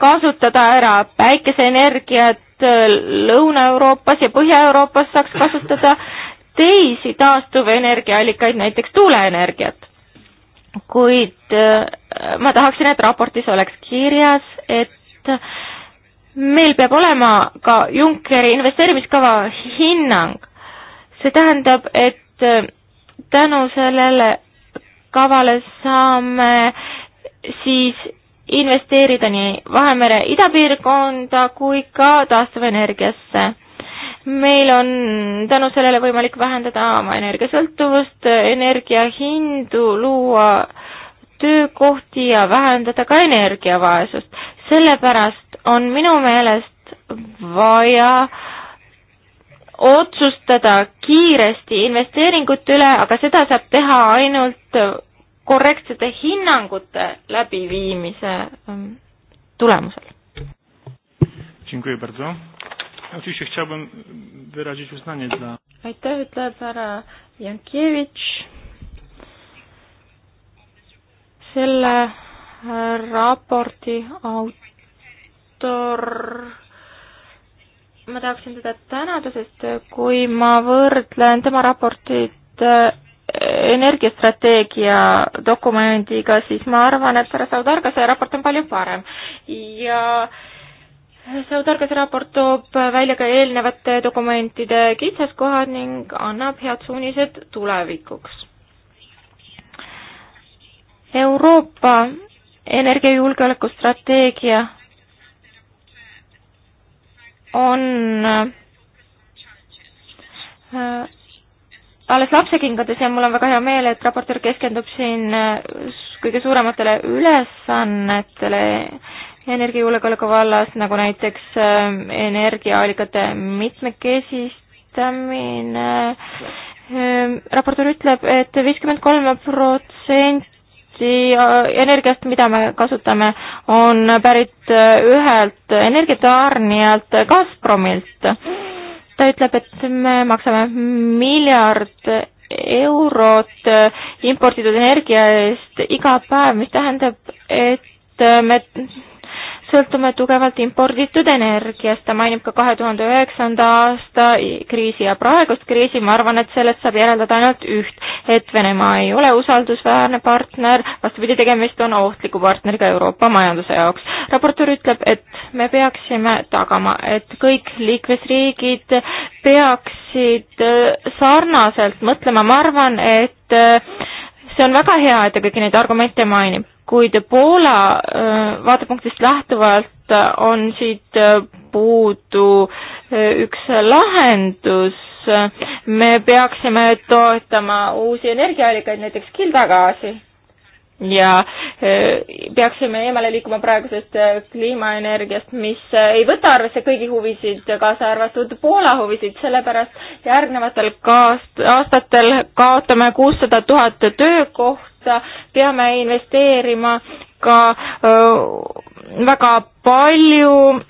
kasutada ära päikeseenergiat äh, Lõuna-Euroopas ja Põhja-Euroopas saaks kasutada teisi taastuvenergiaallikaid, näiteks tuuleenergiat kuid äh, ma tahaksin, et raportis oleks kirjas, et meil peab olema ka Junckeri investeerimiskava hinnang. see tähendab, et äh, tänu sellele kavale saame siis investeerida nii Vahemere idapiirkonda kui ka taastuvenergiasse meil on tänu sellele võimalik vähendada oma energiasõltuvust, energiahindu, luua töökohti ja vähendada ka energiavaesust. sellepärast on minu meelest vaja otsustada kiiresti investeeringute üle, aga seda saab teha ainult korrektsete hinnangute läbiviimise ähm, tulemusel aitäh, ütleb härra Jankevitš. selle raporti autor, ma tahaksin teda tänada, sest kui ma võrdlen tema raportit eh, energiastrateegia dokumendiga, siis ma arvan, et härra Saudarga see raport on palju parem ja äh, Saudargas raport toob välja ka eelnevate dokumentide kitsaskohad ning annab head suunised tulevikuks. Euroopa energiajulgeoleku strateegia on äh, alles lapsekingades ja mul on väga hea meel, et raportöör keskendub siin äh, kõige suurematele ülesannetele energiajulgeoleku vallas, nagu näiteks äh, energiaallikate mitmekesistamine. Ähm, raportöör ütleb et, et viiskümmend kolm protsenti protsenti äh, energiast, mida me kasutame, on pärit äh, ühelt energiatarnijalt Gazpromilt. ta ütleb, et me maksame miljard eurot imporditud energia eest iga päev, mis tähendab, et me sõltume tugevalt imporditud energiast. ta mainib ka kahe tuhande üheksanda aasta kriisi ja praegust kriisi, ma arvan, et sellest saab järeldada ainult üht, et Venemaa ei ole usaldusväärne partner, vastupidi, tegemist on ohtliku partneriga Euroopa majanduse jaoks. raportöör ütleb, et me peaksime tagama, et kõik liikmesriigid peaksid äh, sarnaselt mõtlema, ma arvan, et äh, see on väga hea, et ta kõiki neid argumente mainib kuid Poola äh, vaatepunktist lähtuvalt äh, on siit äh, puudu üks lahendus, me peaksime toetama uusi energiaallikaid, näiteks kildagaasi ja peaksime eemale liikuma praegusest kliimaenergiast, mis ei võta arvesse kõigi huvisid, kaasa arvatud Poola huvisid, sellepärast järgnevatel kaast-, aastatel kaotame kuussada tuhat töökohta, kohta peame investeerima ka öö, väga palju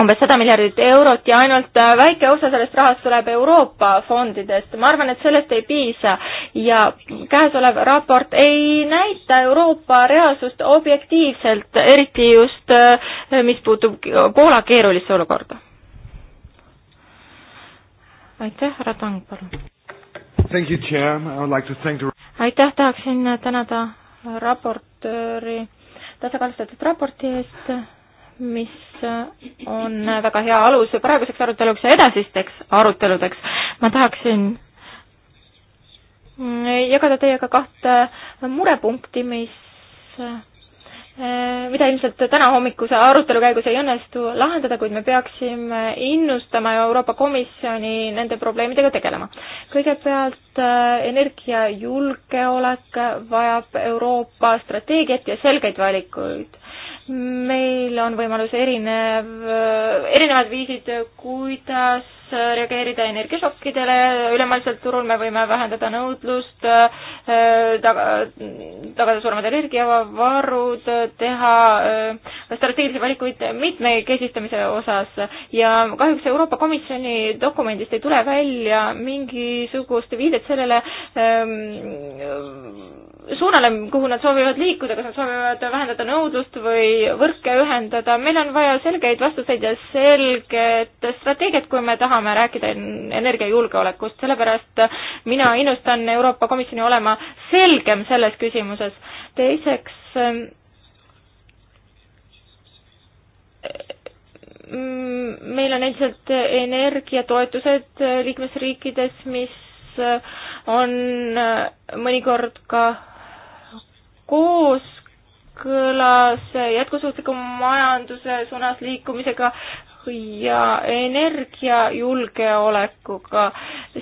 umbes sada miljardit eurot ja ainult väike osa sellest rahast tuleb Euroopa fondidest. ma arvan, et sellest ei piisa ja käesolev raport ei näita Euroopa reaalsust objektiivselt, eriti just mis puutub Poola keerulisse olukorda. aitäh, härra Tang, palun. Thank you, Chair. I would like to thank the aitäh, tahaksin tänada raportööri tasakaalustatud raporti eest, mis on väga hea alus praeguseks aruteluks ja edasisteks aruteludeks. ma tahaksin jagada teiega kahte murepunkti, mis Äh, mida ilmselt täna hommikuse arutelu käigus ei õnnestu lahendada, kuid me peaksime innustama Euroopa Komisjoni nende probleemidega tegelema. kõigepealt äh, energiajulgeolek vajab Euroopa strateegiat ja selgeid valikuid. meil on võimalus erinev, äh, erinevad viisid, kuidas Äh, reageerida energiašokkidele ülemaailmselt turul, me võime vähendada nõudlust, äh, taga, tagada suuremad energiavarud, teha äh, strateegilisi valikuid mitmekesistamise osas ja kahjuks Euroopa Komisjoni dokumendist ei tule välja mingisugust viidet sellele ähm, suunale, kuhu nad soovivad liikuda, kas nad soovivad vähendada nõudlust või võrke ühendada, meil on vaja selgeid vastuseid ja selget strateegiat, kui me tahame tahame rääkida energiajulgeolekust, sellepärast mina innustan Euroopa Komisjoni olema selgem selles küsimuses. teiseks, mm, meil on endiselt energiatoetused liikmesriikides, mis on mõnikord ka kooskõlas jätkusuutliku majanduse suunas liikumisega, ja energiajulgeolekuga.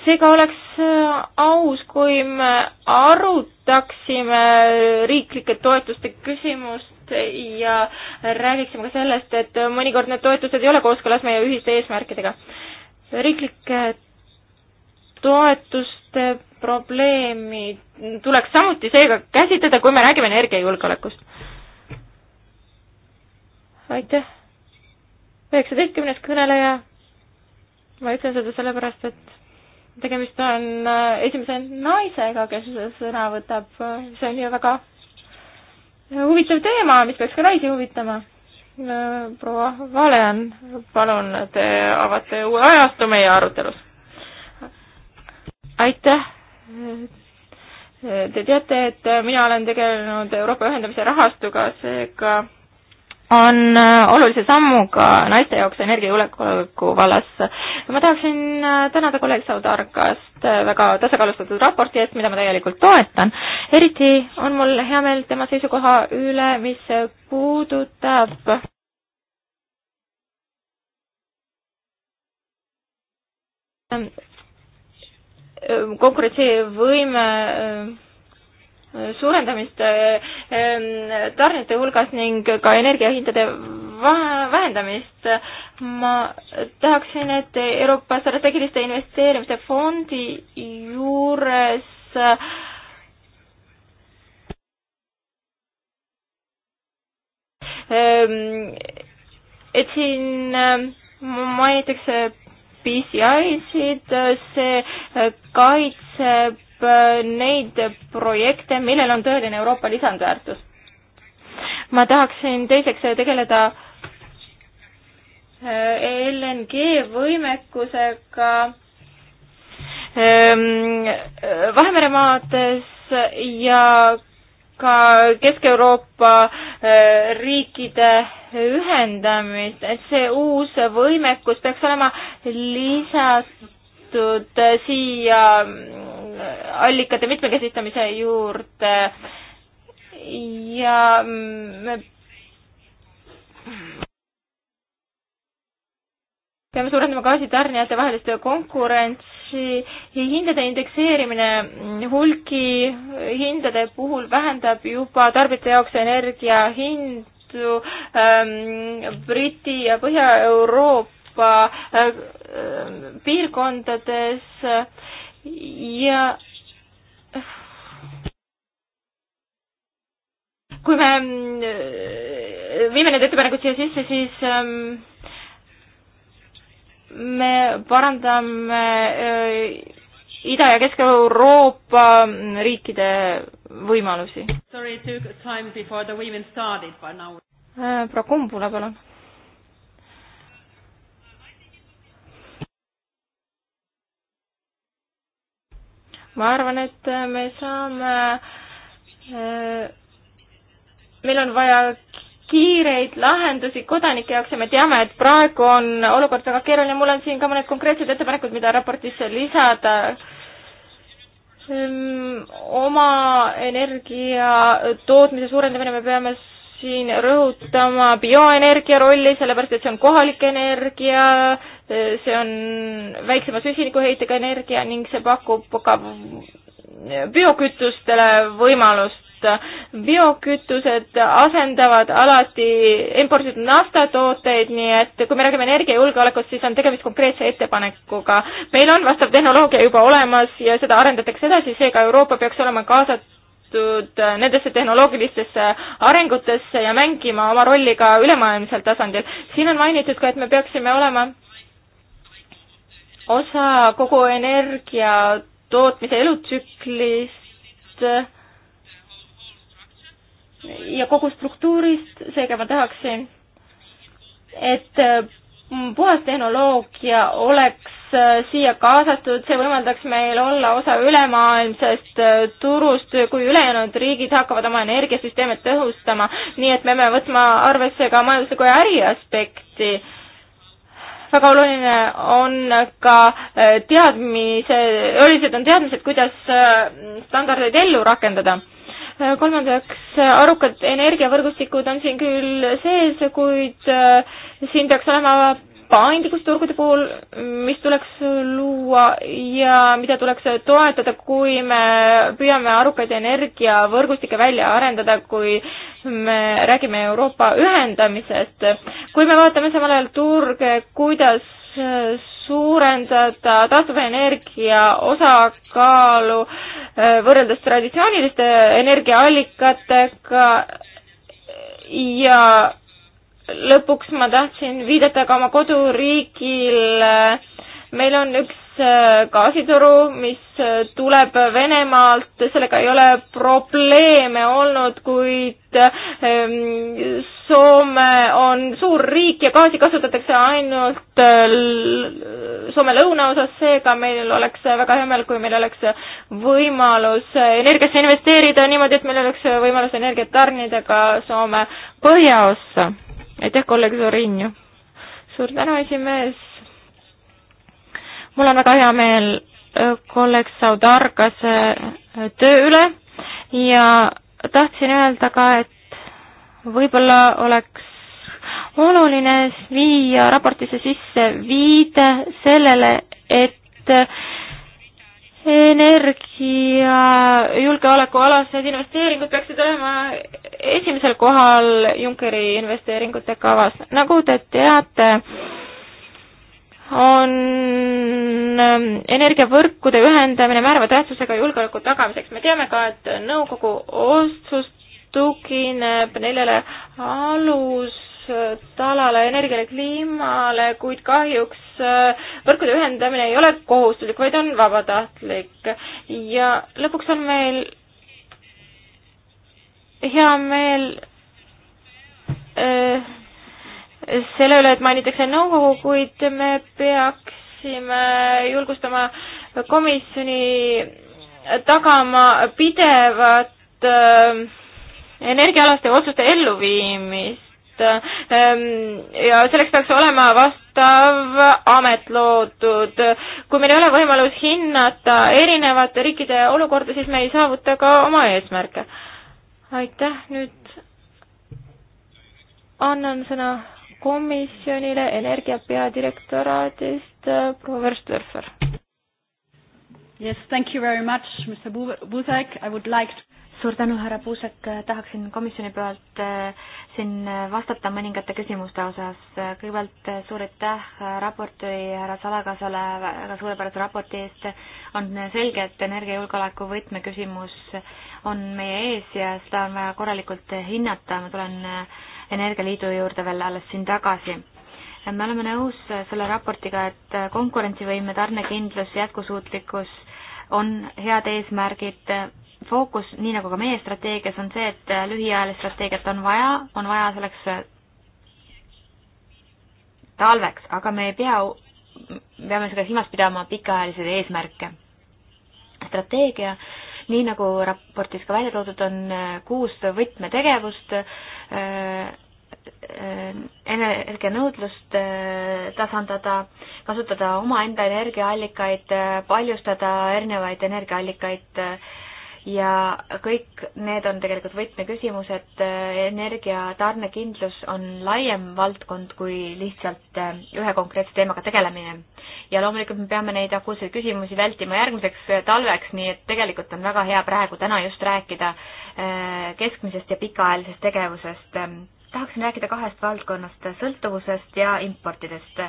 seega oleks äh, aus, kui me arutaksime riiklike toetuste küsimust ja räägiksime ka sellest, et mõnikord need toetused ei ole kooskõlas meie ühiste eesmärkidega. riiklike toetuste probleemi tuleks samuti seega käsitleda, kui me räägime energiajulgeolekust. aitäh üheksateistkümnes kõneleja, ma ütlen seda sellepärast, et tegemist on äh, esimese naisega, kes sõna võtab, see on ju väga huvitav teema, mis peaks ka naisi huvitama. Äh, proua Valean, palun, te avate uue ajastu meie arutelus. aitäh Te teate, et mina olen tegelenud Euroopa ühendamise rahastuga, seega on äh, olulise sammuga naiste jaoks energiajulgeoleku vallas. ma tahaksin äh, tänada kolleeg Saudargast äh, väga tasakaalustatud raporti eest, mida ma täielikult toetan. eriti on mul hea meel tema seisukoha üle, mis puudutab konkurentsivõime suurendamist eh, tarnijate hulgas ning ka energiahindade vähendamist. ma tahaksin, et Euroopa strateegiliste investeerimiste fondi juures et siin mainitakse PCI-sid, see kaitseb Äh, neid projekte, millel on tõeline Euroopa lisandväärtus. ma tahaksin teiseks tegeleda äh, LNG võimekusega ähm, Vahemeremaades ja ka Kesk-Euroopa äh, riikide ühendamist, et see uus võimekus peaks olema lisatud siia allikate mitmekesistamise juurde ja me peame suurendama gaasitarnijate vahelist konkurentsi, hindade indekseerimine hulgihindade puhul vähendab juba tarbijate jaoks energia hindu ähm, Briti ja Põhja-Euroopa äh, äh piirkondades äh, ja kui me mm, äh, viime need ettepanekud siia sisse, siis ähm, me parandame äh, Ida- ja Kesk-Euroopa mm, riikide võimalusi. Äh, proua Kumbula, palun ma arvan, et me saame, äh, meil on vaja kiireid lahendusi kodanike jaoks ja me teame, et praegu on olukord väga keeruline, mul on siin ka mõned konkreetsed ettepanekud, mida raportisse lisada. Ehm, oma energia tootmise suurendamine, me peame siin rõhutama bioenergia rolli, sellepärast et see on kohalik energia, see on väiksema süsinikuheitega energia ning see pakub ka biokütustele võimalust. biokütused asendavad alati imporditud naftatooteid, nii et kui me räägime energiajulgeolekust, siis on tegemist konkreetse ettepanekuga. meil on vastav tehnoloogia juba olemas ja seda arendatakse edasi, seega Euroopa peaks olema kaasatud nendesse tehnoloogilistesse arengutesse ja mängima oma rolli ka ülemaailmsel tasandil. siin on mainitud ka, et me peaksime olema osa kogu energia tootmise elutsüklist ja kogu struktuurist, seega ma tahaksin, et mm, puhas tehnoloogia oleks äh, siia kaasatud, see võimaldaks meil olla osa ülemaailmsest äh, turust, kui ülejäänud riigid hakkavad oma energiasüsteeme tõhustama, nii et me peame võtma arvesse ka majanduslikku ja äriaspekti väga oluline on ka äh, teadmise, olulised on teadmised, kuidas äh, standardeid ellu rakendada äh, kolmandaks, arukad energiavõrgustikud on siin küll sees, kuid siin peaks olema paindlikkus turgude puhul, mis tuleks luua ja mida tuleks toetada, kui me püüame arukaid energiavõrgustikke välja arendada, kui me räägime Euroopa ühendamisest. kui me vaatame samal ajal turge, kuidas suurendada taastuvenergia osakaalu äh, võrreldes traditsiooniliste energiaallikatega ja lõpuks ma tahtsin viidata ka oma koduriigile. meil on üks äh, gaasitoru, mis äh, tuleb Venemaalt, sellega ei ole probleeme olnud, kuid ähm, Soome on suur riik ja gaasi kasutatakse ainult äh, Soome lõunaosas, seega meil oleks väga hea meel, kui meil oleks võimalus energiasse investeerida niimoodi, et meil oleks võimalus energiat tarnida ka Soome põhjaossa aitäh, kolleeg Sorinju. suur tänu, esimees. mul on väga hea meel äh, kolleeg Saudargase äh, töö üle ja tahtsin öelda ka, et võib-olla oleks oluline viia raportisse sisse viide sellele, et energiajulgeoleku alased investeeringud peaksid olema esimesel kohal Junckeri investeeringute kavas. nagu te teate, on ähm, energiavõrkude ühendamine määrava tähtsusega julgeoleku tagamiseks. me teame ka, et nõukogu otsus tugineb neljale alus talale, energiale, kliimale, kuid kahjuks äh, võrkude ühendamine ei ole kohustuslik, vaid on vabatahtlik. ja lõpuks on meil hea meel äh, selle üle, et mainitakse nõukogu, kuid me peaksime julgustama komisjoni tagama pidevat äh, energiaalaste otsuste elluviimist. Ähm, ja selleks peaks olema vastav amet loodud. kui meil ei ole võimalus hinnata erinevate riikide olukorda, siis me ei saavuta ka oma eesmärke. aitäh, nüüd annan sõna komisjonile Energia peadirektoraadist äh, proua Verstorfer. Yes, thank you very much, Mr Buzek, I would like to suur tänu, härra Puusek, tahaksin komisjoni pealt eh, siin vastata mõningate küsimuste osas. kõigepealt eh, suur aitäh raportööri härra Salakasale väga suurepärase raporti eest. on selge, et energiajulgeoleku võtmeküsimus on meie ees ja seda on vaja korralikult hinnata, ma tulen eh, Energialiidu juurde veel alles siin tagasi me oleme nõus selle raportiga, et konkurentsivõime, tarnekindlus, jätkusuutlikkus on head eesmärgid, fookus, nii nagu ka meie strateegias, on see, et äh, lühiajalist strateegiat on vaja, on vaja selleks äh, talveks, aga me ei pea, peame seda silmas pidama pikaajalisi eesmärke. strateegia, nii nagu raportis ka välja toodud, on äh, kuus võtmetegevust, energianõudlust tasandada, kasutada omaenda energiaallikaid, paljustada erinevaid energiaallikaid, ja kõik need on tegelikult võtmeküsimused, energia tarnekindlus on laiem valdkond kui lihtsalt eh, ühe konkreetse teemaga tegelemine. ja loomulikult me peame neid akuutseid küsimusi vältima järgmiseks eh, talveks, nii et tegelikult on väga hea praegu täna just rääkida eh, keskmisest ja pikaajalisest tegevusest tahaksin rääkida kahest valdkonnast, sõltuvusest ja importidest.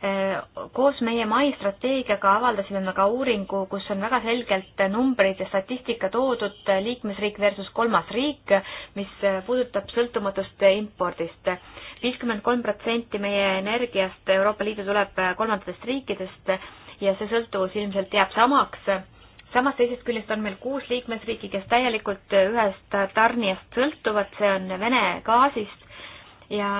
Äh, koos meie mai strateegiaga avaldasime me ka uuringu, kus on väga selgelt numbreid ja statistika toodud äh, liikmesriik versus kolmas riik, mis äh, puudutab sõltumatust impordist. viiskümmend kolm protsenti meie energiast Euroopa Liidu tuleb kolmandatest riikidest ja see sõltuvus ilmselt jääb samaks samas teisest küljest on meil kuus liikmesriiki, kes täielikult ühest tarnijast sõltuvad, see on Vene gaasist ja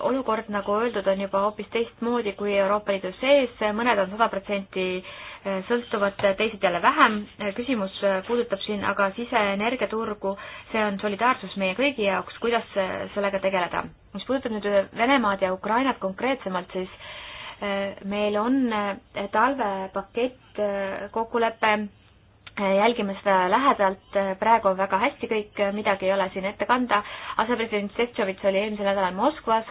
olukord, nagu öeldud, on juba hoopis teistmoodi kui Euroopa Liidu sees, mõned on sada protsenti eh, sõltuvad, teised jälle vähem. küsimus eh, puudutab siin aga siseenergiaturgu, see on solidaarsus meie kõigi jaoks, kuidas eh, sellega tegeleda. mis puudutab nüüd Venemaad ja Ukrainat konkreetsemalt, siis meil on talvepakett, kokkulepe Äh, jälgime seda lähedalt, äh, praegu on väga hästi kõik, äh, midagi ei ole siin ette kanda. asepresident Šefčovitš oli eelmisel nädalal Moskvas,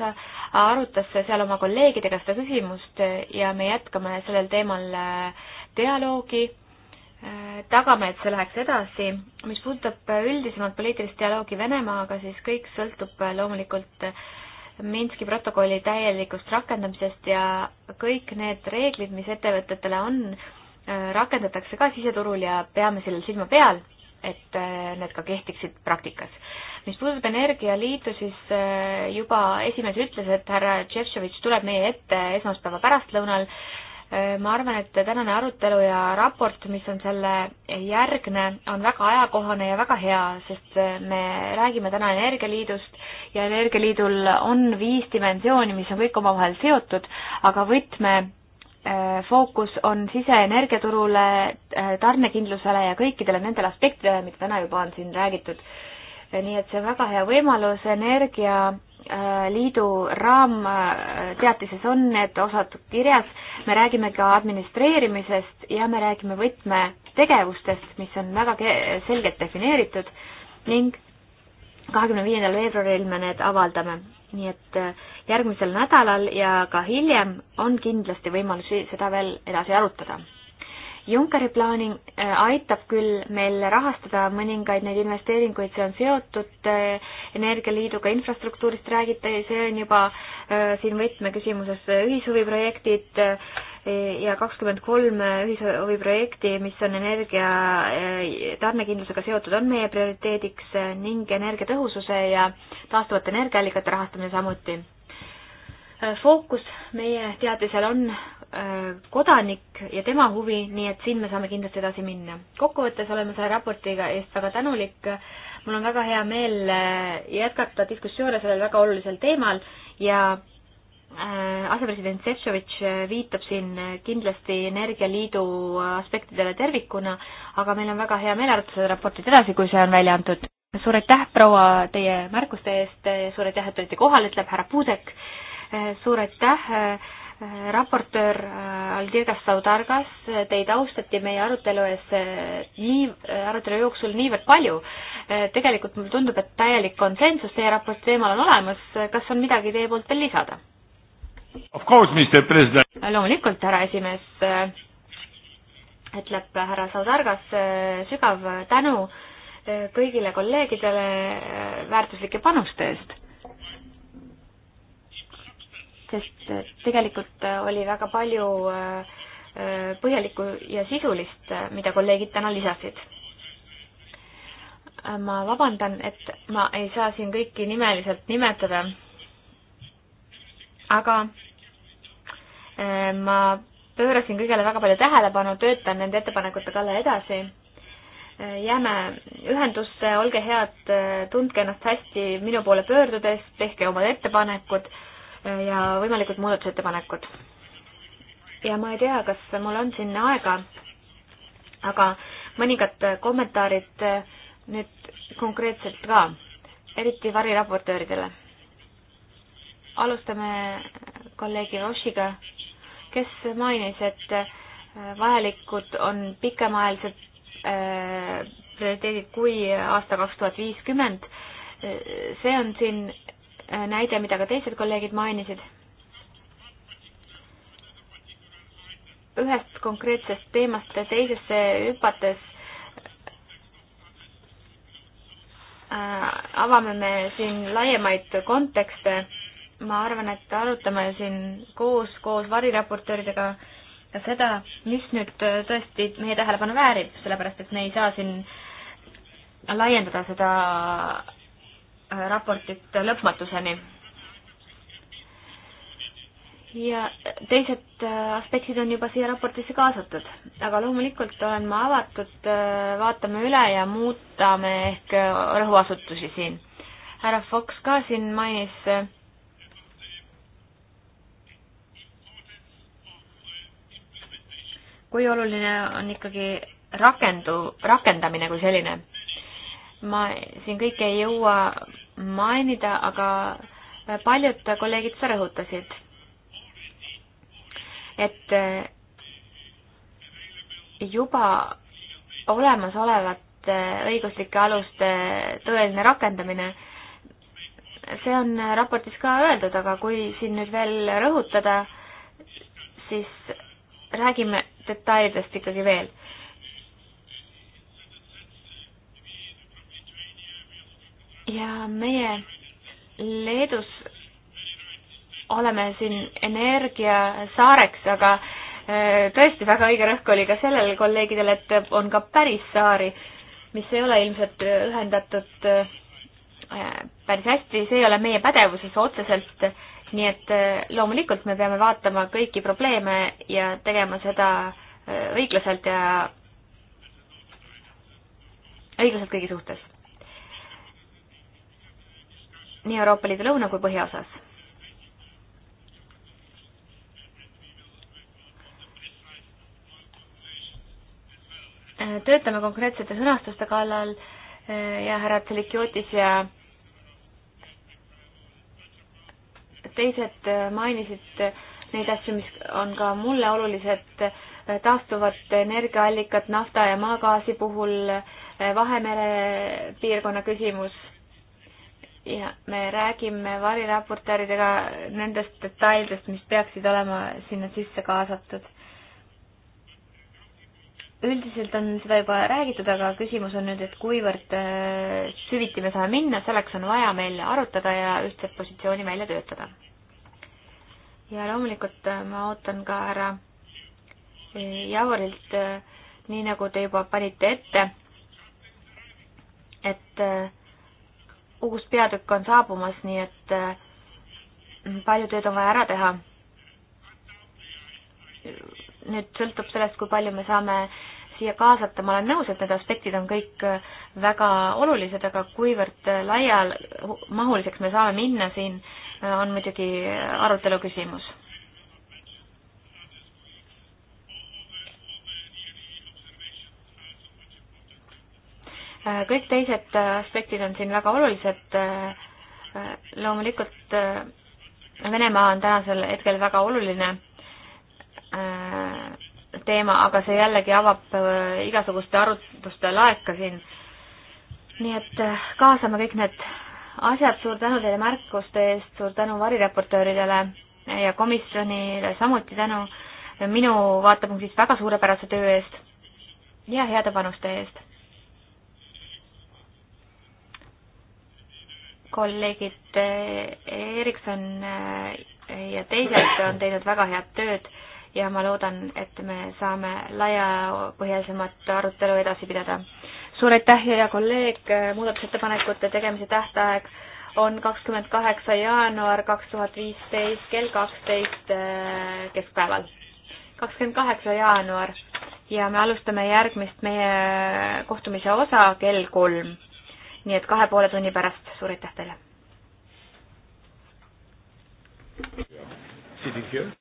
arutas seal oma kolleegidega seda küsimust ja me jätkame sellel teemal dialoogi. tagame, et see läheks edasi. mis puudutab üldisemalt poliitilist dialoogi Venemaaga, siis kõik sõltub loomulikult Minski protokolli täielikust rakendamisest ja kõik need reeglid, mis ettevõtetele on, Äh, rakendatakse ka siseturul ja peame sellel silma peal, et äh, need ka kehtiksid praktikas. mis puudutab Energialiitu, siis äh, juba esimees ütles, et härra Tšetšovitš tuleb meie ette esmaspäeva pärastlõunal. ma arvan, et tänane arutelu ja raport, mis on selle järgne, on väga ajakohane ja väga hea, sest me räägime täna Energialiidust ja Energialiidul on viis dimensiooni, mis on kõik omavahel seotud, aga võtme Äh, fookus on siseenergiaturule, äh, tarnekindlusele ja kõikidele nendele aspektidele, mida täna juba on siin räägitud. Äh, nii et see on väga hea võimalus, Energialiidu raamteatises on need osad kirjas, me räägime ka administreerimisest ja me räägime võtmetegevustest, mis on väga selgelt defineeritud ning kahekümne viiendal veebruaril me need avaldame nii et äh, järgmisel nädalal ja ka hiljem on kindlasti võimalusi seda veel edasi arutada. Junckeri plaani äh, aitab küll meil rahastada mõningaid neid investeeringuid, see on seotud äh, Energialiiduga, infrastruktuurist räägite, see on juba siin võtmeküsimuses ühishuviprojektid, ja kakskümmend kolm ühishoiuprojekti, mis on energia eh, tarnekindlusega seotud, on meie prioriteediks eh, ning energiatõhususe ja taastuvate energiaallikate rahastamine samuti. Eh, fookus meie teadmisel on kodanik ja tema huvi, nii et siin me saame kindlasti edasi minna. kokkuvõttes oleme selle raportiga eest väga tänulik. mul on väga hea meel jätkata diskussioone sellel väga olulisel teemal ja Äh, asepresident Šefčovitš äh, viitab siin äh, kindlasti Energialiidu aspektidele tervikuna, aga meil on väga hea meel arutada seda raportit edasi, kui see on välja antud. suur aitäh, proua, teie märkuste eest, suur aitäh, et olite kohal, ütleb härra Puudek. suur aitäh, raportöör Aldirgas Saudargas, teid austati meie arutelu ees nii, arutelu jooksul niivõrd palju. tegelikult mulle tundub, et täielik konsensus teie raporti teemal on olemas, kas on midagi teie poolt veel lisada? loomulikult, härra esimees, äh, ütleb härra Saudargas, äh, sügav tänu äh, kõigile kolleegidele väärtuslike panuste eest. sest tegelikult oli väga palju põhjalikku ja sisulist, mida kolleegid täna lisasid. ma vabandan, et ma ei saa siin kõiki nimeliselt nimetada aga äh, ma pöörasin kõigele väga palju tähelepanu, töötan nende ettepanekute kallal edasi. Äh, jääme ühendusse, olge head, äh, tundke ennast hästi minu poole pöördudes, tehke omad ettepanekud ja võimalikud muudatusettepanekud. ja ma ei tea, kas mul on siin aega, aga mõningad kommentaarid nüüd konkreetselt ka, eriti variraportööridele alustame kolleeg Joshiga, kes mainis, et äh, vajalikud on pikemaajalised äh, prioriteedid kui aasta kaks tuhat viiskümmend. Äh, see on siin näide, mida ka teised kolleegid mainisid. ühest konkreetsest teemast teisesse hüpates avame me siin laiemaid kontekste ma arvan, et arutame siin koos, koos variraportööridega ka seda, mis nüüd tõesti meie tähelepanu väärib, sellepärast et me ei saa siin laiendada seda raportit lõpmatuseni. ja teised aspektid on juba siia raportisse kaasatud, aga loomulikult olen ma avatud, vaatame üle ja muutame ehk rõhuasutusi siin. härra Fox ka siin mainis kui oluline on ikkagi rakendu, rakendamine kui selline. ma siin kõike ei jõua mainida, aga paljud kolleegid seda rõhutasid, et eh, juba olemasolevate eh, õiguslike aluste tõeline rakendamine, see on raportis ka öeldud, aga kui siin nüüd veel rõhutada, siis räägime detailidest ikkagi veel. ja meie Leedus oleme siin energiasaareks, aga äh, tõesti väga õige rõhk oli ka sellel kolleegidel, et on ka päris saari, mis ei ole ilmselt ühendatud äh, päris hästi, see ei ole meie pädevuses otseselt, nii et äh, loomulikult me peame vaatama kõiki probleeme ja tegema seda õiglaselt ja õiglaselt kõigi suhtes. nii Euroopa Liidu lõuna kui põhjaosas. töötame konkreetsete sõnastuste kallal eh, ja härra Tselikiotis ja teised eh, mainisid eh, neid asju, mis on ka mulle olulised taastuvat energiaallikat nafta ja maagaasi puhul, eh, Vahemere piirkonna küsimus ja me räägime variraportööridega nendest detailidest, mis peaksid olema sinna sisse kaasatud. üldiselt on seda juba räägitud, aga küsimus on nüüd, et kuivõrd eh, süviti me saame minna, selleks on vaja meil arutada ja ühtset positsiooni välja töötada. ja loomulikult eh, ma ootan ka härra Javorilt, äh, nii nagu te juba panite ette, et äh, uus peatükk on saabumas, nii et äh, palju tööd on vaja ära teha. nüüd sõltub sellest, kui palju me saame siia kaasata, ma olen nõus, et need aspektid on kõik väga olulised, aga kuivõrd laial mahuliseks me saame minna siin, on muidugi arutelu küsimus. Äh, kõik teised äh, aspektid on siin väga olulised. Äh, loomulikult Venemaa on tänasel hetkel väga oluline teema, aga see jällegi avab igasuguste arutluste laeka siin. nii et kaasame kõik need asjad, suur tänu teile märkuste eest, suur tänu variraportööridele ja komisjonile samuti tänu minu vaatepunktist väga suurepärase töö eest ja heade panuste eest kolleegid eh, Erikson eh, ja teised on teinud väga head tööd ja ma loodan, et me saame laiapõhjalisemat arutelu edasi pidada. suur aitäh, hea kolleeg, muudatusettepanekute tegemise tähtaeg on kakskümmend kaheksa jaanuar kaks tuhat viisteist kell kaksteist eh, keskpäeval. kakskümmend kaheksa jaanuar ja me alustame järgmist meie kohtumise osa kell kolm nii et kahe poole tunni pärast, suur aitäh teile! Sitting here.